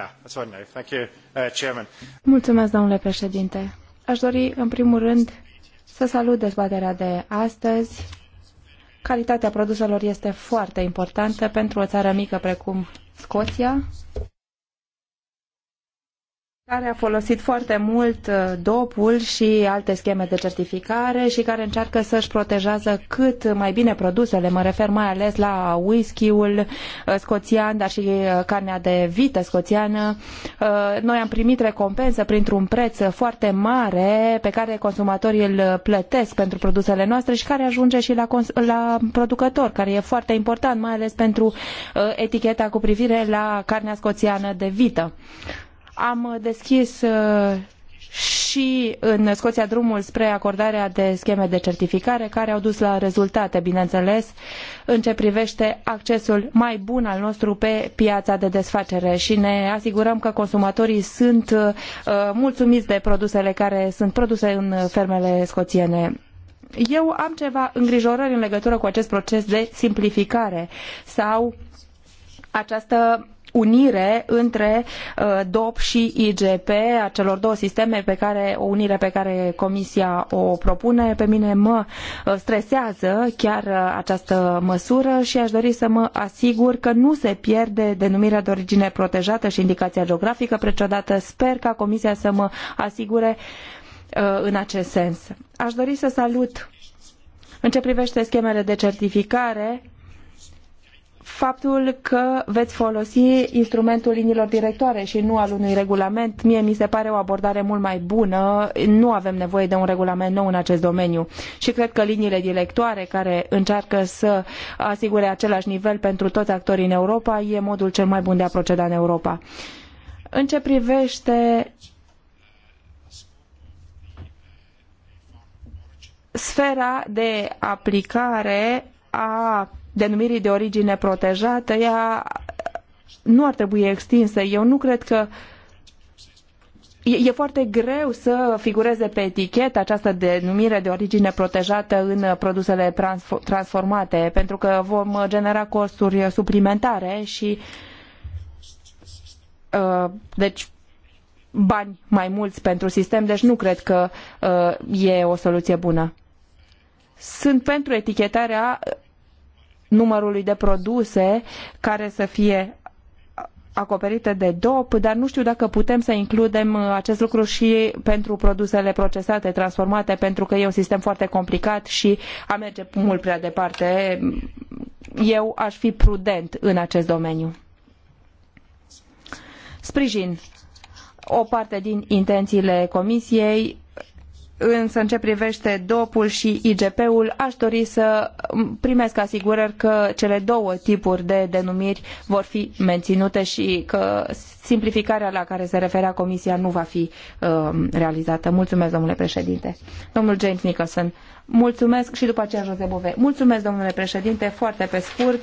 Ah, uh,
Mulțumesc, domnule președinte. Aș dori, în primul rând, să salut dezbaterea de astăzi. Calitatea produselor este foarte importantă pentru o țară mică precum Scoția care a folosit foarte mult uh, dopul și alte scheme de certificare și care încearcă să-și protejează cât mai bine produsele. Mă refer mai ales la whisky-ul uh, scoțian, dar și uh, carnea de vită scoțiană. Noi am primit recompensă printr-un preț foarte mare pe care consumatorii îl plătesc pentru produsele noastre și care ajunge și la, la producător, care e foarte important, mai ales pentru eticheta cu privire la carnea scoțiană de vită am deschis uh, și în Scoția drumul spre acordarea de scheme de certificare care au dus la rezultate, bineînțeles, în ce privește accesul mai bun al nostru pe piața de desfacere și ne asigurăm că consumatorii sunt uh, mulțumiți de produsele care sunt produse în fermele scoțiene. Eu am ceva îngrijorări în legătură cu acest proces de simplificare sau această unire între uh, DOP și IGP, a celor două sisteme pe care, o unire pe care Comisia o propune. Pe mine mă uh, stresează chiar uh, această măsură și aș dori să mă asigur că nu se pierde denumirea de origine protejată și indicația geografică precedată. Sper ca Comisia să mă asigure în acest sens. Aș dori să salut în ce privește schemele de certificare, faptul că veți folosi instrumentul liniilor directoare și nu al unui regulament, mie mi se pare o abordare mult mai bună. Nu avem nevoie de un regulament nou în acest domeniu și cred că liniile directoare care încearcă să asigure același nivel pentru toți actorii în Europa e modul cel mai bun de a proceda în Europa. În ce privește sfera de aplicare a denumirii de origine protejată, ea nu ar trebui extinsă. Eu nu cred că E, foarte greu să figureze pe etichetă această denumire de origine protejată în produsele transformate, pentru că vom genera costuri suplimentare și uh, deci bani mai mulți pentru sistem, deci nu cred că uh, e o soluție bună. Sunt pentru etichetarea numărului de produse care să fie acoperite de DOP, dar nu știu dacă putem să includem uh, acest lucru și pentru produsele procesate, transformate, pentru că e un sistem foarte complicat și a merge mult prea departe. Eu aș fi prudent în acest domeniu. Sprijin o parte din intențiile Comisiei Însă, în ce privește DOP-ul și IGP-ul, aș dori să primesc asigurări că cele două tipuri de denumiri vor fi menținute și că simplificarea la care se referea Comisia nu va fi uh, realizată. Mulțumesc, domnule președinte. Domnul James Nicholson, mulțumesc și după aceea Jose Bove. Mulțumesc, domnule președinte, foarte pe scurt.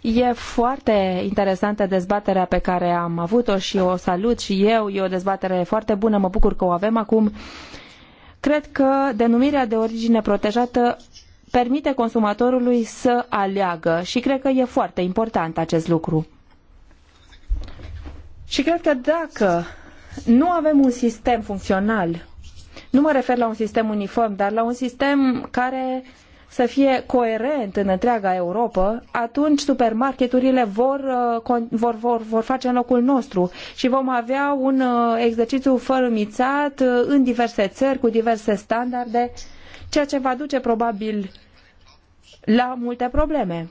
E foarte interesantă dezbaterea pe care am avut-o și o salut și eu. E o dezbatere foarte bună, mă bucur că o avem acum. Cred că denumirea de origine protejată permite consumatorului să aleagă și cred că e foarte important acest lucru. Și cred că dacă nu avem un sistem funcțional, nu mă refer la un sistem uniform, dar la un sistem care uh, să fie coerent în întreaga Europa, atunci supermarketurile vor, uh, vor, vor, vor face în locul nostru și vom avea un uh, exercițiu fărâmițat uh, în diverse țări, cu diverse standarde, ceea ce va duce probabil la multe probleme.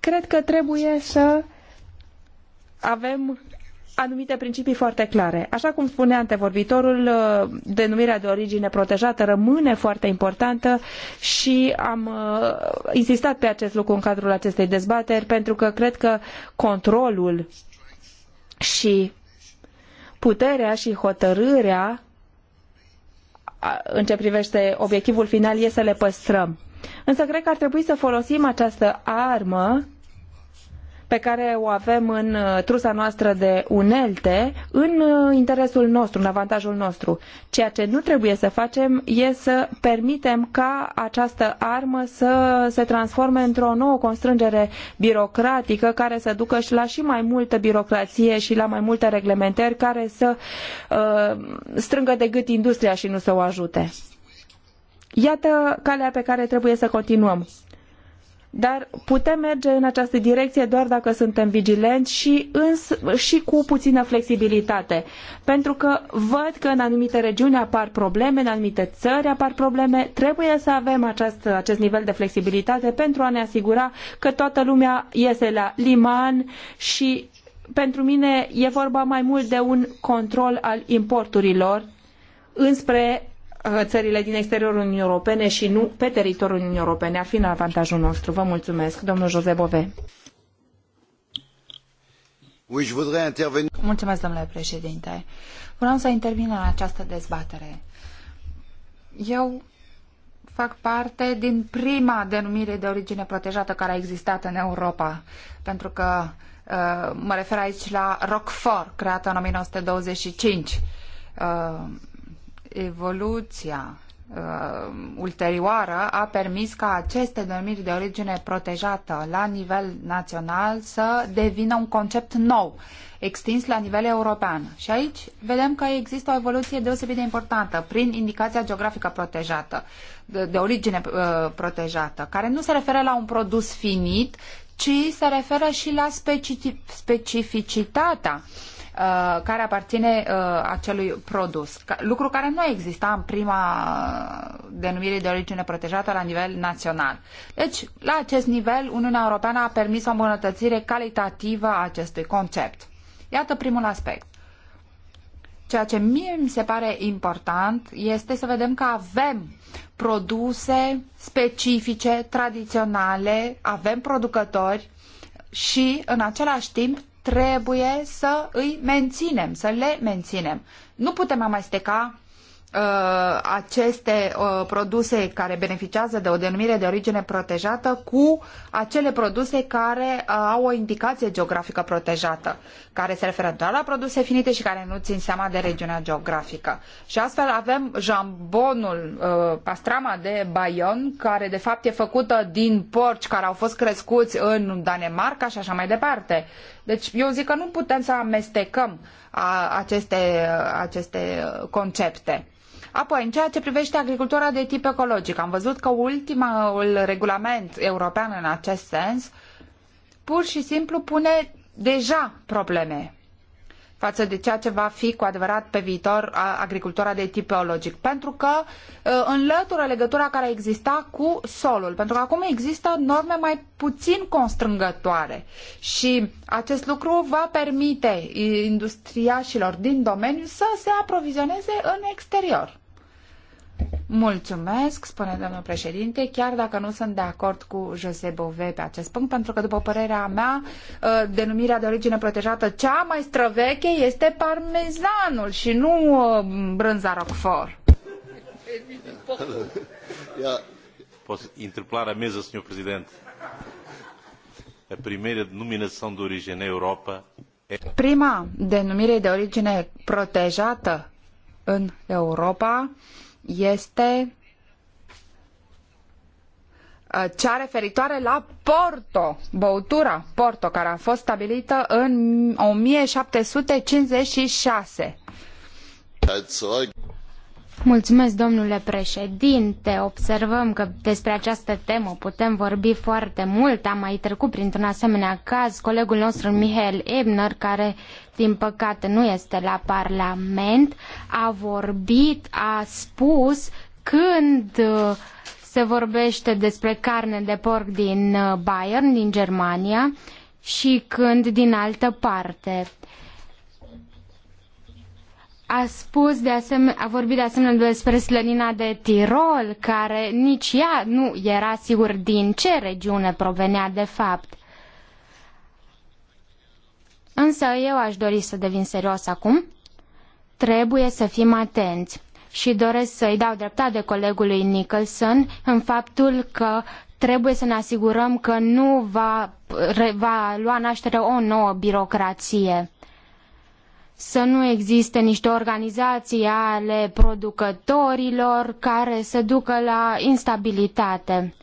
Cred că trebuie să avem anumite principii foarte clare. Așa cum spunea antevorbitorul, uh, denumirea de origine protejată rămâne foarte importantă și am uh, insistat pe acest lucru în cadrul acestei dezbateri pentru că cred că controlul și puterea și hotărârea în ce privește obiectivul final este să le păstrăm. Însă cred că ar trebui să folosim această armă pe care o avem în uh, trusa noastră de unelte în uh, interesul nostru, în avantajul nostru. Ceea ce nu trebuie să facem e să permitem ca această armă să se transforme într-o nouă constrângere birocratică care să ducă și la și mai multă birocrație și la mai multe reglementări care să uh, strângă de gât industria și nu să o ajute.
Iată
calea pe care trebuie să continuăm dar putem merge în această direcție doar dacă suntem vigilenți și, îns, și cu puțină flexibilitate. Pentru că văd că în anumite regiuni apar probleme, în anumite țări apar probleme, trebuie să avem acest, acest nivel de flexibilitate pentru a ne asigura că toată lumea iese la liman și pentru mine e vorba mai mult de un control al importurilor înspre Uh, țările din exteriorul Uniunii Europene și nu pe teritoriul Uniunii Europene. Ar fi în avantajul nostru. Vă mulțumesc, domnul Jose Bove.
Mulțumesc, domnule președinte. Vreau să intervin în această dezbatere. Eu fac parte din prima denumire de origine protejată care a existat în Europa, pentru că uh, mă refer aici la Roquefort, creată în 1925 evoluția uh, ulterioară a permis ca aceste denumiri de origine protejată la nivel național să devină un concept nou, extins la nivel european. Și aici vedem că există o evoluție deosebit de importantă prin indicația geografică protejată, de, de origine uh, protejată, care nu se referă la un produs finit, ci se referă și la specificitatea uh, Uh, care aparține uh, acelui produs, lucru care nu exista în prima uh, denumire de origine protejată la nivel național. Deci, la acest nivel, Uniunea Europeană a permis o îmbunătățire calitativă a acestui concept. Iată primul aspect. Ceea ce mie mi se pare important este să vedem că avem produse specifice, tradiționale, avem producători și în același timp trebuie să îi menținem, să le menținem. Nu putem amesteca uh, aceste uh, produse care beneficiază de o denumire de origine protejată cu acele produse care uh, au o indicație geografică protejată, care se referă doar la produse finite și care nu țin seama de regiunea geografică. Și astfel avem jambonul, uh, pastrama de Bayon, care de fapt e făcută din porci care au fost crescuți în Danemarca și așa mai departe. Deci eu zic că nu putem să amestecăm aceste, aceste concepte. Apoi, în ceea ce privește agricultura de tip ecologic, am văzut că ultimul regulament european în acest sens pur și simplu pune deja probleme faă de ceea ce va fi cu adevărat pe viitor agricultura de tip biologic. Pentru că ă, înlătură legătura care exista cu solul. Pentru că acum există norme mai puțin constrângătoare și acest lucru va permite industriașilor din domeniu să se aprovizioneze în exterior. Mulțumesc, spune domnul președinte, chiar dacă nu sunt de acord cu Jose Bove pe acest punct, pentru că, după părerea mea, ă, denumirea de origine protejată cea mai străveche este parmezanul și nu ă, brânza roquefort.
Posso interpelar a mesa, Sr. Presidente? A primeira denominação de origem na Europa
Prima denumire de origine protejată în Europa este uh, cea referitoare la Porto, băutura Porto, care a fost stabilită în 1756. Mulțumesc, domnule președinte. Observăm că
despre această temă putem vorbi foarte mult. Am mai trecut printr-un asemenea caz colegul nostru Mihail Ebner, care din păcate nu este la Parlament, a vorbit, a spus când uh, se vorbește despre carne de porc din uh, Bayern, din Germania, și când din altă parte a spus de asemenea, a vorbit de asemenea despre slănina de Tirol, care nici ea nu era sigur din ce regiune provenea de fapt. Însă eu aș dori să devin serios acum. Trebuie să fim atenți și doresc să-i dau dreptate colegului Nicholson în faptul că trebuie să ne asigurăm că nu va, va lua naștere o nouă birocrație să nu existe niște organizații ale producătorilor care să ducă la instabilitate.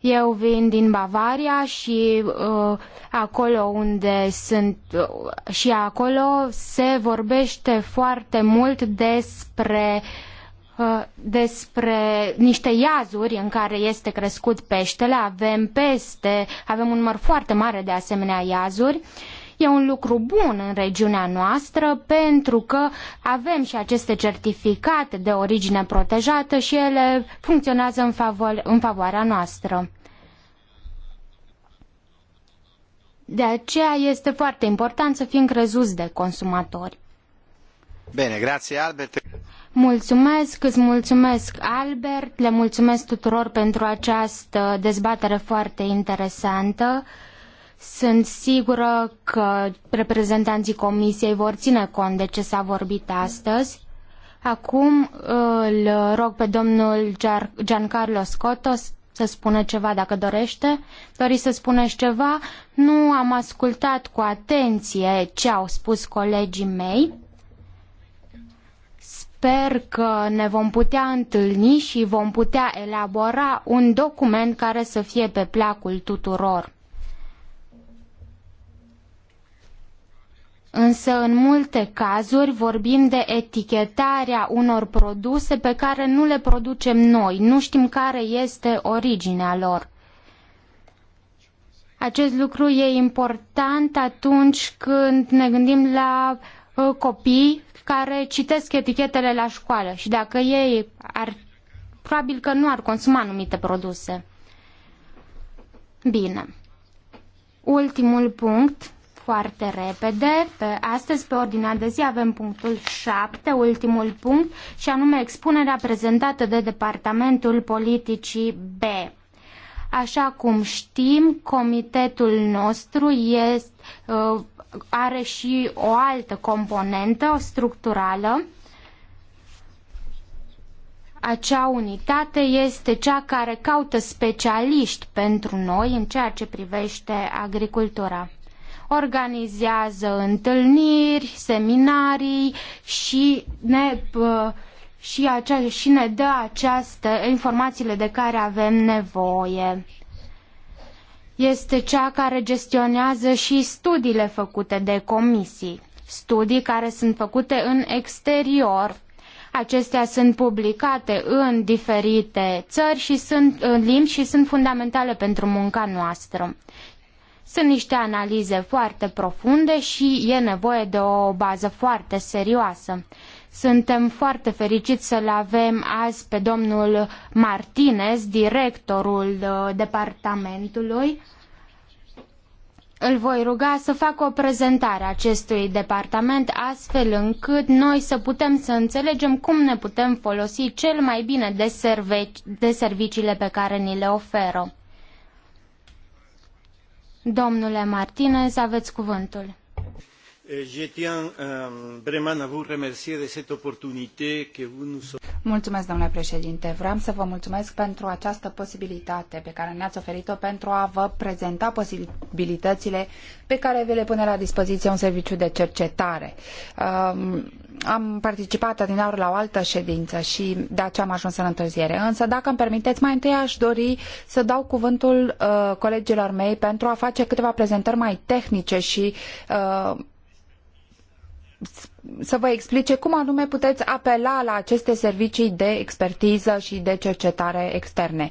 Eu vin din Bavaria și uh, acolo unde sunt uh, și acolo se vorbește foarte mult despre uh, despre niște iazuri în care este crescut peștele, avem peste, avem un număr foarte mare de asemenea iazuri uh, E un lucru bun în regiunea noastră pentru că avem și aceste certificate de origine protejată și ele funcționează în, în favoarea noastră. De aceea este foarte important să fim crezuți de consumatori.
Bine, grație Albert.
Mulțumesc, îți mulțumesc Albert, le mulțumesc tuturor pentru această dezbatere foarte interesantă. Sunt sigură că reprezentanții comisiei vor ține cont de ce s-a vorbit astăzi. Acum îl rog pe domnul Giancarlo Scotto să spună ceva dacă dorește. Dori să spuneți ceva? Nu am ascultat cu atenție ce au spus colegii mei. Sper că ne vom putea întâlni și vom putea elabora un document care să fie pe placul tuturor. Însă, în multe cazuri, vorbim de etichetarea unor produse pe care nu le producem noi, nu știm care este originea lor. Acest lucru e important atunci când ne gândim la uh, copii care citesc etichetele la școală și dacă ei ar, probabil că nu ar consuma anumite produse. Bine. Ultimul punct foarte repede. Pe, astăzi, pe ordinea de zi, avem punctul 7, ultimul punct, și anume expunerea prezentată de Departamentul Politicii B. Așa cum știm, comitetul nostru este, uh, are și o altă componentă structurală acea unitate este cea care caută specialiști pentru noi în ceea ce privește agricultura organizează întâlniri, seminarii și ne, și, acea, și ne dă această informațiile de care avem nevoie este cea care gestionează și studiile făcute de comisii, studii care sunt făcute în exterior. Acestea sunt publicate în diferite țări și sunt în limbi și sunt fundamentale pentru munca noastră. Sunt niște analize foarte profunde și e nevoie de o bază foarte serioasă. Suntem foarte fericiți să-l avem azi pe domnul Martinez, directorul uh, departamentului. Îl voi ruga să facă o prezentare a acestui departament astfel încât noi să putem să înțelegem cum ne putem folosi cel mai bine de, servici, de serviciile pe care ni le oferă. Domnule Martinez,
aveți cuvântul.
Eh, eh,
mulțumesc, domnule președinte. Vreau să vă mulțumesc pentru această posibilitate pe care ne-ați oferit-o pentru a vă prezenta posibilitățile pe care vi le pune la dispoziție un serviciu de cercetare am participat adineauri la o altă ședință și de aceea am ajuns în întârziere. Însă, dacă îmi permiteți, mai întâi aș dori să dau cuvântul uh, colegilor mei pentru a face câteva prezentări mai tehnice și uh, să vă explice cum anume puteți apela la aceste servicii de expertiză și de cercetare externe.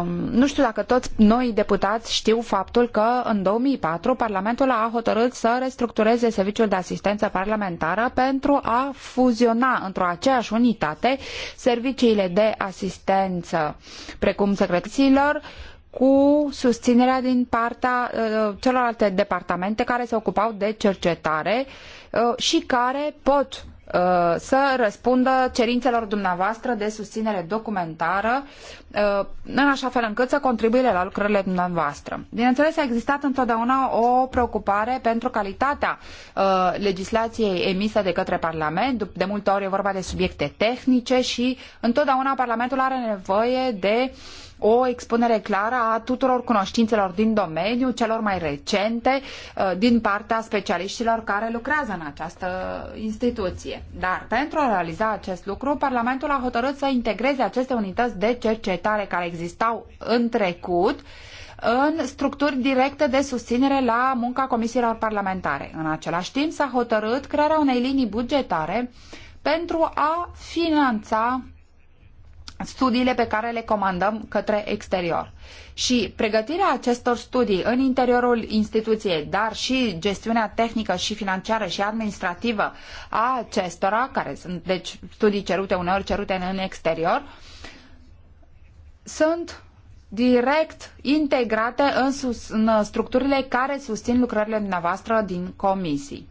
Um, nu știu dacă toți noi deputați știu faptul că în 2004 Parlamentul a hotărât să restructureze serviciul de asistență parlamentară pentru a fuziona într-o aceeași unitate serviciile de asistență precum secretarilor, cu susținerea din partea uh, celorlalte departamente care se ocupau de cercetare uh, și care pot uh, să răspundă cerințelor dumneavoastră de susținere documentară uh, în așa fel încât să contribuie la lucrările dumneavoastră. Bineînțeles, a existat întotdeauna o preocupare pentru calitatea uh, legislației emise de către Parlament. De multe ori e vorba de subiecte tehnice și întotdeauna Parlamentul are nevoie de uh, o expunere clară a tuturor cunoștințelor din domeniu, celor mai recente, uh, din partea specialiștilor care lucrează în această instituție. Dar pentru a realiza acest lucru, Parlamentul a hotărât să integreze aceste unități de cercetare care existau în trecut în structuri directe de susținere la munca comisiilor parlamentare. În același timp s-a hotărât crearea unei linii bugetare pentru a finanța studiile pe care le comandăm către exterior. Și pregătirea acestor studii în interiorul instituției, dar și gestiunea tehnică și financiară și administrativă a acestora, care sunt deci studii cerute uneori cerute în exterior, sunt direct integrate în, sus, în structurile care susțin lucrările dumneavoastră din comisii.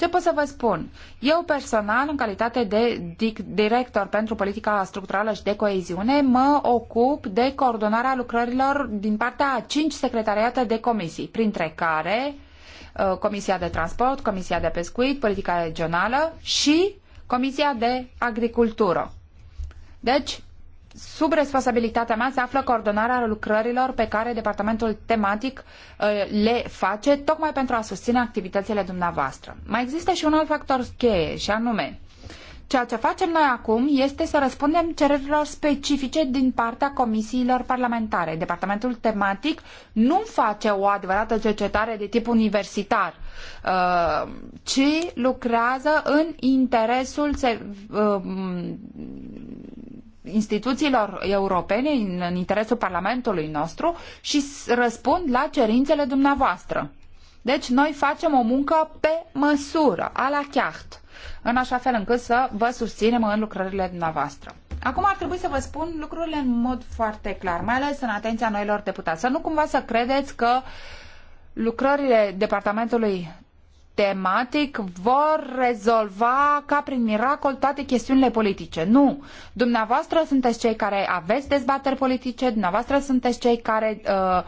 Ce pot să vă spun? Eu personal, în calitate de director pentru politica structurală și de coeziune, mă ocup de coordonarea lucrărilor din partea a cinci secretariate de comisii, printre care uh, Comisia de Transport, Comisia de Pescuit, Politica Regională și Comisia de Agricultură. Deci, sub responsabilitatea mea se află coordonarea lucrărilor pe care departamentul tematic uh, le face tocmai pentru a susține activitățile dumneavoastră. Mai există și un alt factor cheie și anume Ceea ce facem noi acum este să răspundem cererilor specifice din partea comisiilor parlamentare. Departamentul tematic nu face o adevărată cercetare de tip universitar, uh, ci lucrează în interesul uh, instituțiilor europene în, în interesul Parlamentului nostru și răspund la cerințele dumneavoastră. Deci noi facem o muncă pe măsură, a la chiart, în așa fel încât să vă susținem în lucrările dumneavoastră. Acum ar trebui să vă spun lucrurile în mod foarte clar, mai ales în atenția noilor deputați. Să nu cumva să credeți că lucrările Departamentului sistematic vor rezolva ca prin miracol toate chestiunile politice. Nu! Dumneavoastră sunteți cei care aveți dezbateri politice, dumneavoastră sunteți cei care uh,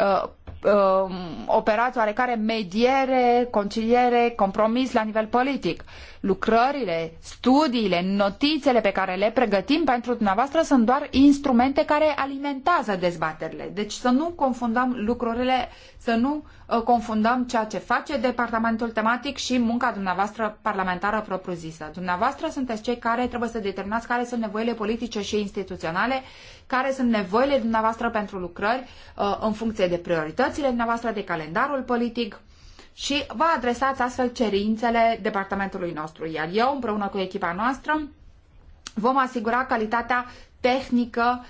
uh, uh, operați oarecare mediere, conciliere, compromis la nivel politic lucrările, studiile, notițele pe care le pregătim pentru dumneavoastră sunt doar instrumente care alimentează dezbaterile. Deci să nu confundăm lucrurile, să nu uh, confundăm ceea ce face departamentul tematic și munca dumneavoastră parlamentară propriu-zisă. Dumneavoastră sunteți cei care trebuie să determinați care sunt nevoile politice și instituționale, care sunt nevoile dumneavoastră pentru lucrări uh, în funcție de prioritățile dumneavoastră, de calendarul politic, și vă adresați astfel cerințele departamentului nostru. Iar eu, împreună cu echipa noastră, vom asigura calitatea tehnică uh,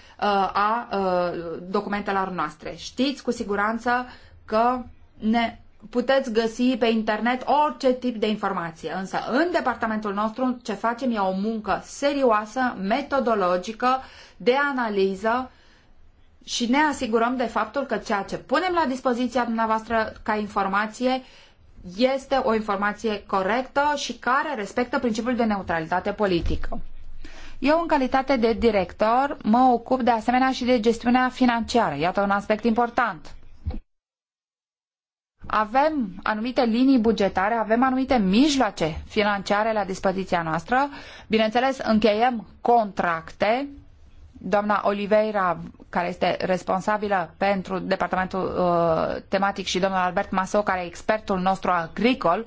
a uh, documentelor noastre. Știți cu siguranță că ne puteți găsi pe internet orice tip de informație, însă în departamentul nostru ce facem e o muncă serioasă, metodologică, de analiză și ne asigurăm de faptul că ceea ce punem la dispoziția dumneavoastră ca informație este o informație corectă și care respectă principiul de neutralitate politică. Eu, în calitate de director, mă ocup de asemenea și de gestiunea financiară. Iată un aspect important. Avem anumite linii bugetare, avem anumite mijloace financiare la dispoziția noastră. Bineînțeles, încheiem contracte. Doamna Oliveira care este responsabilă pentru departamentul uh, tematic și domnul Albert Maso, care e expertul nostru agricol,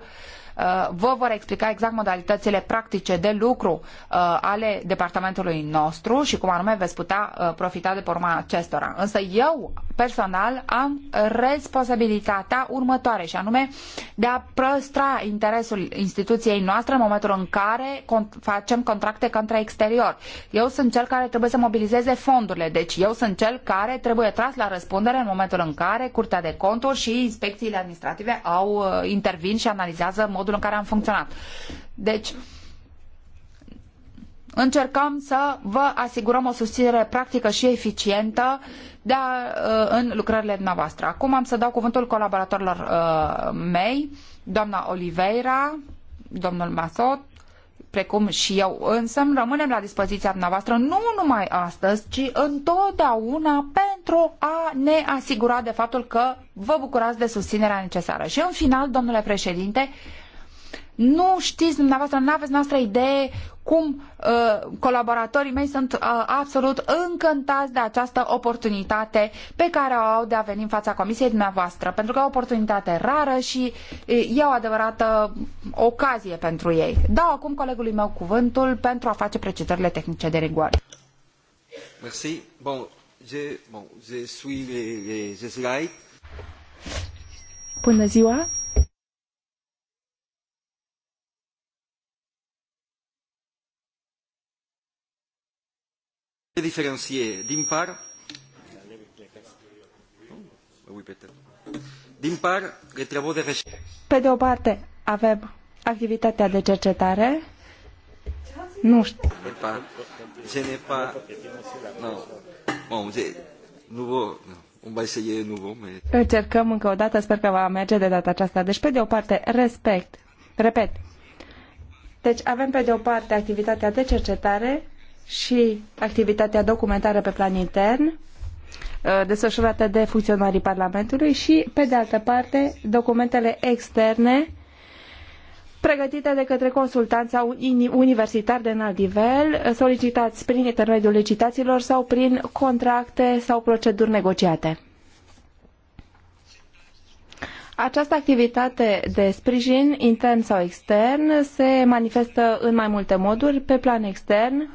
uh, vă vor explica exact modalitățile practice de lucru uh, ale departamentului nostru și cum anume veți putea uh, profita de pe urma acestora. Însă eu personal am responsabilitatea următoare și anume de a păstra interesul instituției noastre în momentul în care facem contracte contra exterior. Eu sunt cel care trebuie să mobilizeze fondurile, deci eu sunt cel care trebuie tras la răspundere în momentul în care Curtea de Conturi și inspecțiile administrative au uh, intervin și analizează modul în care am funcționat. Deci, uh, încercăm să vă asigurăm o susținere practică și eficientă de a, ă, în lucrările dumneavoastră. Acum am să dau cuvântul colaboratorilor uh, mei, doamna Oliveira, domnul Masot, precum și eu însă, rămânem la dispoziția dumneavoastră nu numai astăzi, ci întotdeauna pentru a ne asigura de faptul că vă bucurați de susținerea necesară. Și în final, domnule președinte, nu știți dumneavoastră, nu aveți noastră idee cum uh, colaboratorii mei sunt uh, absolut încântați de această oportunitate pe care o au de a veni în fața comisiei dumneavoastră, pentru că e o oportunitate rară și uh, e o adevărată ocazie pentru ei. Dau acum colegului meu cuvântul pentru a face precizările tehnice de rigoare.
Merci. Bon, je, bon, je suis les, les slides.
Bună ziua!
diferențiere. Din par, oh, din par, de trebuie de recherche.
Pe de o parte, avem activitatea de cercetare. Nu știu.
Pas, je n'ai pas... Non. Bon, je... Nouveau, On va essayer nouveau, mais...
Încercăm încă o dată, sper că va merge de data aceasta. Deci, pe de o parte, respect. Repet. Deci avem pe de o parte activitatea de cercetare și activitatea documentară pe plan intern uh, desfășurată de funcționarii Parlamentului și, pe de altă parte, documentele externe pregătite de către consultanți sau universitari de înalt nivel, uh, solicitați prin intermediul licitațiilor sau prin contracte sau proceduri negociate. Această activitate de sprijin, intern sau extern, se manifestă în mai multe moduri, pe plan extern,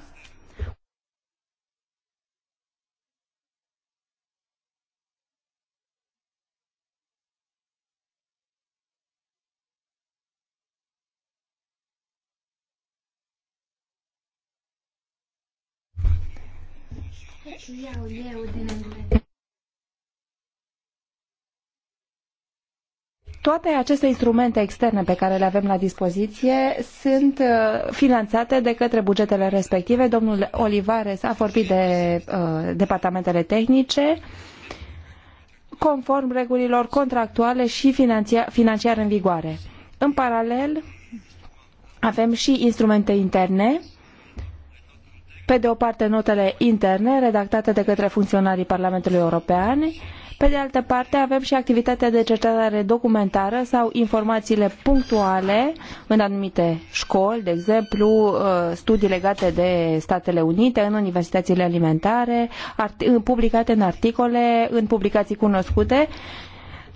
Toate aceste instrumente externe pe care le avem la dispoziție sunt uh, finanțate de către bugetele respective. Domnul Olivares a vorbit de uh, departamentele tehnice conform regulilor contractuale și financiare în vigoare. În paralel, avem și instrumente interne uh, pe de o parte notele interne redactate de către funcționarii Parlamentului European, pe de altă parte avem și activitatea de cercetare documentară sau informațiile punctuale în anumite școli, de exemplu uh, studii legate de Statele Unite, în universitățile alimentare, publicate în articole, în publicații cunoscute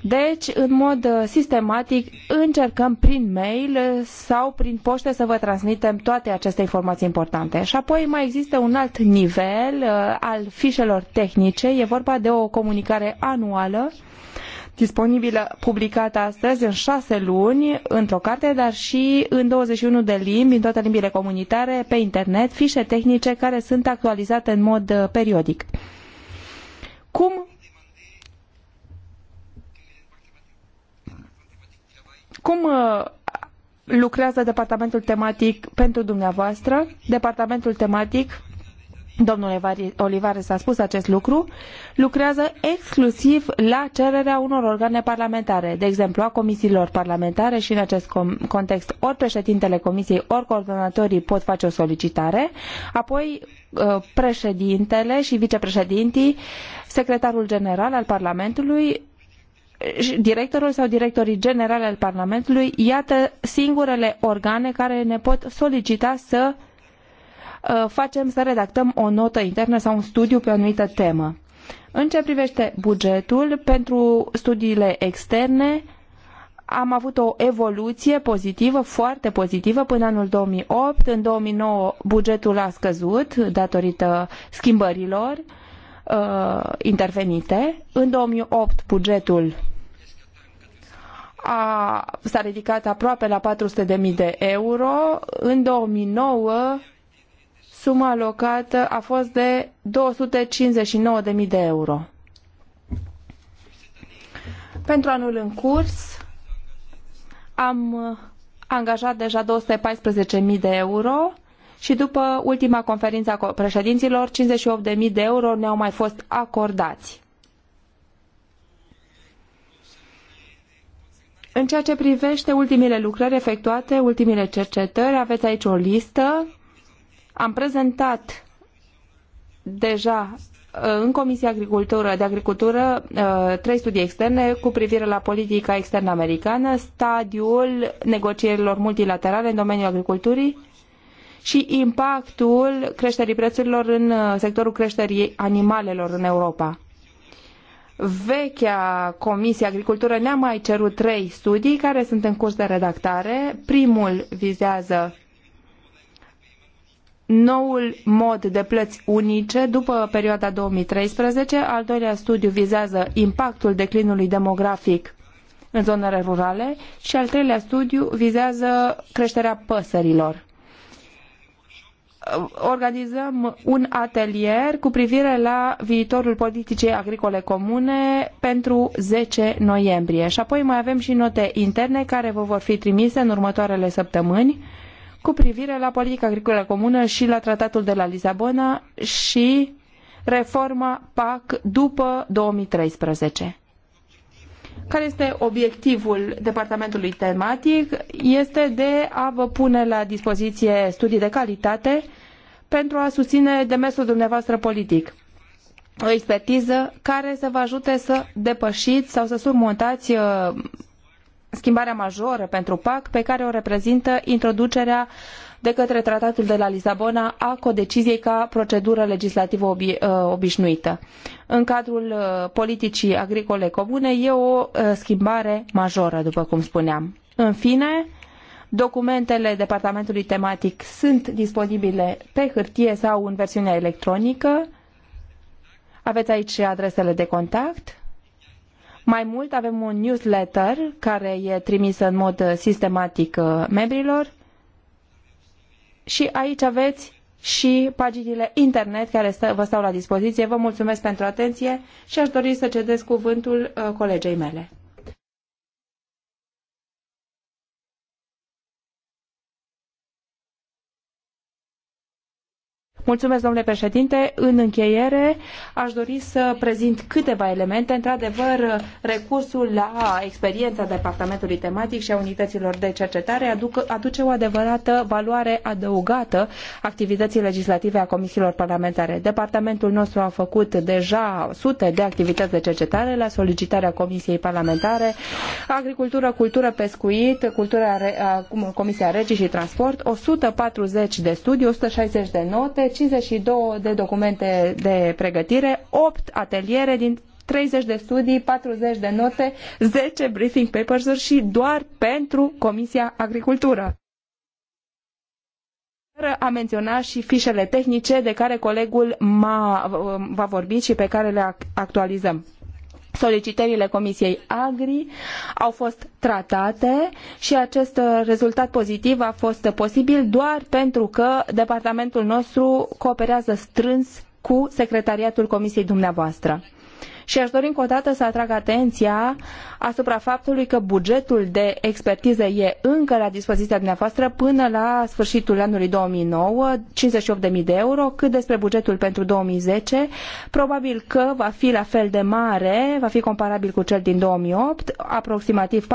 deci, în mod uh, sistematic, încercăm prin mail uh, sau prin poștă să vă transmitem toate aceste informații importante. Și apoi mai există un alt nivel uh, al fișelor tehnice. E vorba de o comunicare anuală disponibilă publicată astăzi în șase luni într-o carte, dar și în 21 de limbi, în toate limbile comunitare, pe internet, fișe tehnice care sunt actualizate în mod periodic. Cum Cum uh, lucrează departamentul tematic pentru dumneavoastră? Departamentul tematic Domnul Olivare s-a spus acest lucru, lucrează exclusiv la cererea unor organe parlamentare, de exemplu a comisiilor parlamentare și în acest context ori președintele comisiei, ori coordonatorii pot face o solicitare, apoi uh, președintele și vicepreședintii, secretarul general al Parlamentului directorul sau directorii generali al Parlamentului, iată singurele organe care ne pot solicita să uh, facem să redactăm o notă internă sau un studiu pe o anumită temă. În ce privește bugetul, pentru studiile externe am avut o evoluție pozitivă, foarte pozitivă, până anul 2008. În 2009 bugetul a scăzut datorită schimbărilor. Uh, uh, intervenite. În 2008 bugetul a, s-a ridicat aproape la 400.000 de euro. În 2009 suma alocată a fost de 259.000 de euro. Pentru anul în curs am angajat deja 214.000 de euro și după ultima conferință a președinților, 58.000 de euro ne-au mai fost acordați. În ceea ce privește ultimile lucrări efectuate, ultimile cercetări, aveți aici o listă. Am prezentat deja uh, în Comisia Agricultură de Agricultură uh, trei studii externe cu privire la politica externă americană, stadiul negocierilor multilaterale în domeniul agriculturii și impactul creșterii prețurilor în uh, sectorul creșterii animalelor în Europa. Vechea Comisie Agricultură ne-a mai cerut trei studii care sunt în curs de redactare. Primul vizează noul mod de plăți unice după perioada 2013. Al doilea studiu vizează impactul declinului demografic în zonele rurale și al treilea studiu vizează creșterea păsărilor organizăm un atelier cu privire la viitorul politicii agricole comune pentru 10 noiembrie. Și apoi mai avem și note interne care vă vor fi trimise în următoarele săptămâni cu privire la politica agricolă comună și la tratatul de la Lisabona și reforma PAC după 2013. Care este obiectivul departamentului tematic? Este de a vă pune la dispoziție studii de calitate pentru a susține demersul dumneavoastră politic. O expertiză care să vă ajute să depășiți sau să surmontați uh, schimbarea majoră pentru PAC pe care o reprezintă introducerea uh, de către Tratatul de la Lisabona a codeciziei ca procedură legislativă obi, uh, obișnuită. În cadrul uh, politicii agricole comune e o uh, schimbare majoră, după cum spuneam. În fine, documentele departamentului tematic sunt disponibile pe hârtie sau în versiunea electronică. Aveți aici adresele de contact. Mai mult avem un newsletter care e trimis în mod sistematic membrilor și aici aveți și paginile internet care stă, vă stau la dispoziție. Vă mulțumesc pentru atenție și aș dori să cedez cuvântul uh, colegei mele. Mulțumesc, domnule președinte. În încheiere, aș dori să prezint câteva elemente. Într-adevăr, recursul la experiența departamentului tematic și a unităților de cercetare aduc, aduce o adevărată valoare adăugată activității legislative a comisiilor parlamentare. Departamentul nostru a făcut deja sute de activități de cercetare la solicitarea Comisiei Parlamentare, Agricultură, Cultură, Pescuit, Cultura, Comisia Regii și Transport, 140 de studii, 160 de note, 52 de documente de pregătire, 8 ateliere din 30 de studii, 40 de note, 10 briefing papers-uri și doar pentru Comisia Agricultură. A menționat și fișele tehnice de care colegul m-a, va vorbi și pe care le actualizăm solicitările Comisiei Agri au fost tratate și acest rezultat pozitiv a fost posibil doar pentru că departamentul nostru cooperează strâns cu secretariatul Comisiei dumneavoastră. Și aș dori încă o dată să atrag atenția asupra faptului că bugetul de expertiză e încă la dispoziția dumneavoastră până la sfârșitul anului 2009, 58.000 de euro, cât despre bugetul pentru 2010, probabil că va fi la fel de mare, va fi comparabil cu cel din 2008, aproximativ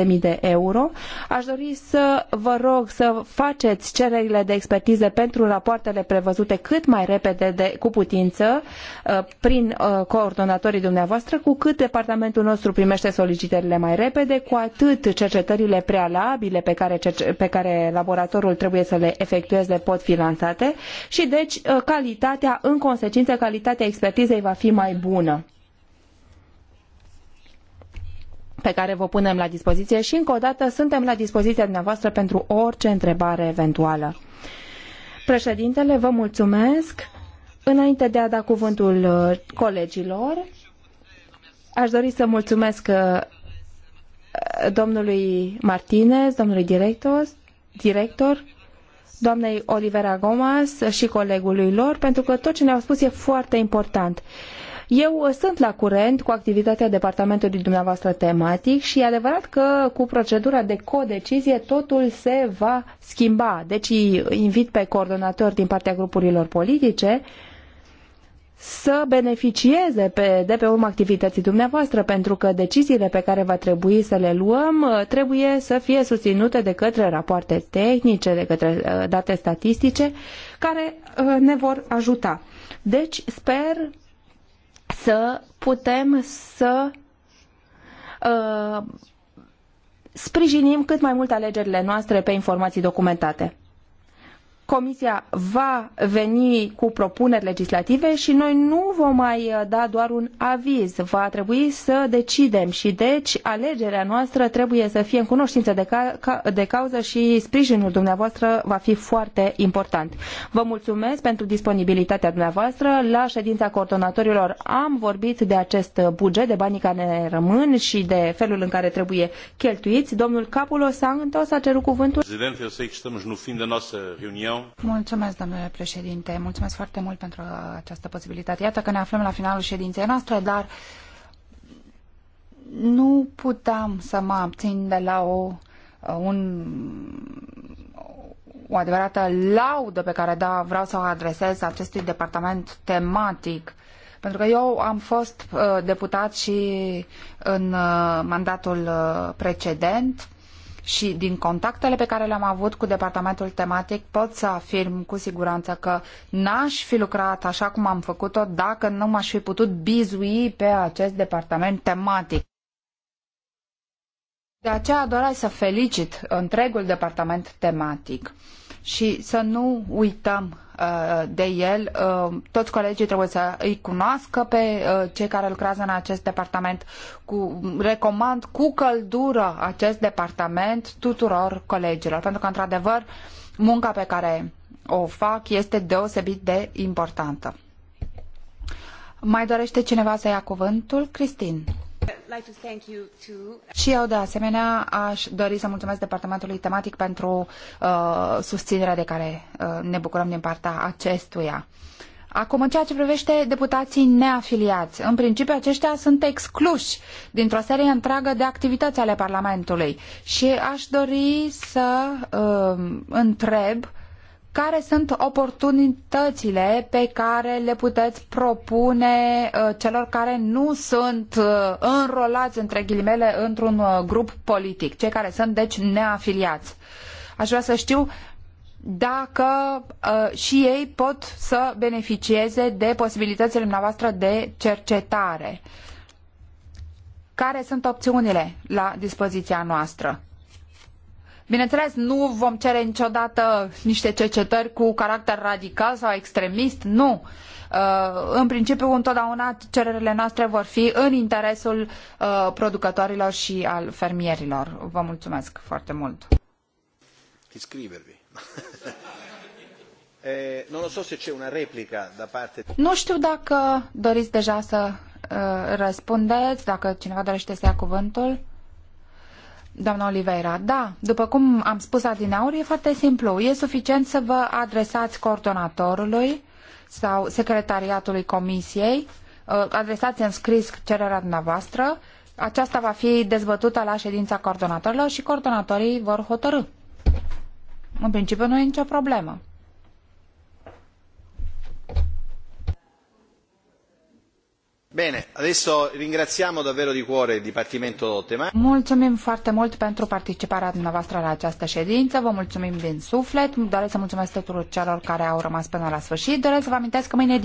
400.000 de euro. Aș dori să vă rog să faceți cererile de expertiză pentru rapoartele prevăzute cât mai repede de, cu putință uh, prin uh, coordonatorii raportului dumneavoastră, cu cât departamentul nostru primește solicitările mai repede, cu atât cercetările prealabile pe care, pe care laboratorul trebuie să le efectueze pot fi lansate și deci ă, calitatea, în consecință, calitatea expertizei va fi mai bună pe care vă punem la dispoziție și încă o dată suntem la dispoziția dumneavoastră pentru orice întrebare eventuală. Președintele, vă mulțumesc. Înainte de a da cuvântul ă, colegilor, Aș dori să mulțumesc uh, domnului Martinez, domnului director, director doamnei Olivera Gomas și colegului lor, pentru că tot ce ne-au spus e foarte important. Eu sunt la curent cu activitatea departamentului dumneavoastră tematic și e adevărat că cu procedura de codecizie totul se va schimba. Deci invit pe coordonatori din partea grupurilor politice uh, să beneficieze pe, de pe urma activității dumneavoastră, pentru că deciziile pe care va trebui să le luăm uh, trebuie să fie susținute de către rapoarte tehnice, de către uh, date statistice, care uh, ne vor ajuta. Deci sper să putem să uh, sprijinim cât mai mult alegerile noastre pe informații documentate. Comisia va veni cu propuneri legislative și noi nu vom mai uh, da doar un aviz, va trebui să decidem și deci alegerea noastră trebuie să fie în cunoștință de, ca, de cauză și sprijinul dumneavoastră va fi foarte important. Vă mulțumesc pentru disponibilitatea dumneavoastră. La ședința coordonatorilor am vorbit de acest buget, de banii care ne rămân și de felul în care trebuie cheltuiți.
Domnul Capulo Santos a cerut cuvântul.
Presidente, eu sei que estamos no fim da
Mulțumesc, domnule președinte. Mulțumesc foarte mult pentru această posibilitate. Iată că ne aflăm la finalul ședinței noastre, dar nu puteam să mă abțin de la o, un, o adevărată laudă pe care da, vreau să o adresez acestui departament tematic pentru că eu am fost uh, deputat și în uh, mandatul uh, precedent și din contactele pe care le-am avut cu departamentul tematic pot să afirm cu siguranță că n-aș fi lucrat așa cum am făcut-o dacă nu m-aș fi putut bizui pe acest departament tematic. De aceea doresc să felicit întregul departament tematic și să nu uităm Uh, de el. Uh, toți colegii trebuie să îi cunoască pe uh, cei care lucrează în acest departament. Cu, recomand cu căldură acest departament tuturor colegilor, pentru că, într-adevăr, munca pe care o fac este deosebit de importantă. Mai dorește cineva să ia cuvântul? Cristin. Și eu, de asemenea, aș dori să mulțumesc departamentului tematic pentru uh, susținerea de care uh, ne bucurăm din partea acestuia. Acum, în ceea ce privește deputații neafiliați, în principiu aceștia sunt excluși dintr-o serie întreagă de activități ale Parlamentului și aș dori să uh, întreb uh, care sunt oportunitățile pe care le puteți propune uh, celor care nu sunt uh, înrolați, între ghilimele, într-un uh, grup politic, cei care sunt, deci, neafiliați? Aș vrea să știu dacă și ei pot să beneficieze de posibilitățile noastre de cercetare. Care sunt opțiunile la dispoziția noastră? Bineînțeles, nu vom cere niciodată niște cercetări cu caracter radical sau extremist, nu. Uh, în principiu, întotdeauna cererile noastre vor fi în interesul uh, producătorilor și al fermierilor. Vă mulțumesc foarte mult.
Iscrivervi. Eh, da nu
știu dacă doriți deja să uh, răspundeți, dacă cineva dorește să ia cuvântul doamna Oliveira. Da, după cum am spus adineauri, e foarte simplu. E suficient să vă adresați coordonatorului sau secretariatului comisiei, uh, adresați în scris cererea dumneavoastră, aceasta va fi dezbătută la ședința coordonatorilor și coordonatorii vor hotărî. În principiu nu e nicio problemă.
Bine, adesso ringraziamo davvero di cuore il Dipartimento Tema.
Mulțumim foarte mult pentru participarea dumneavoastră la această ședință, vă mulțumim din suflet, doresc să mulțumesc tuturor celor care au rămas până la sfârșit, doresc să vă amintesc că mâine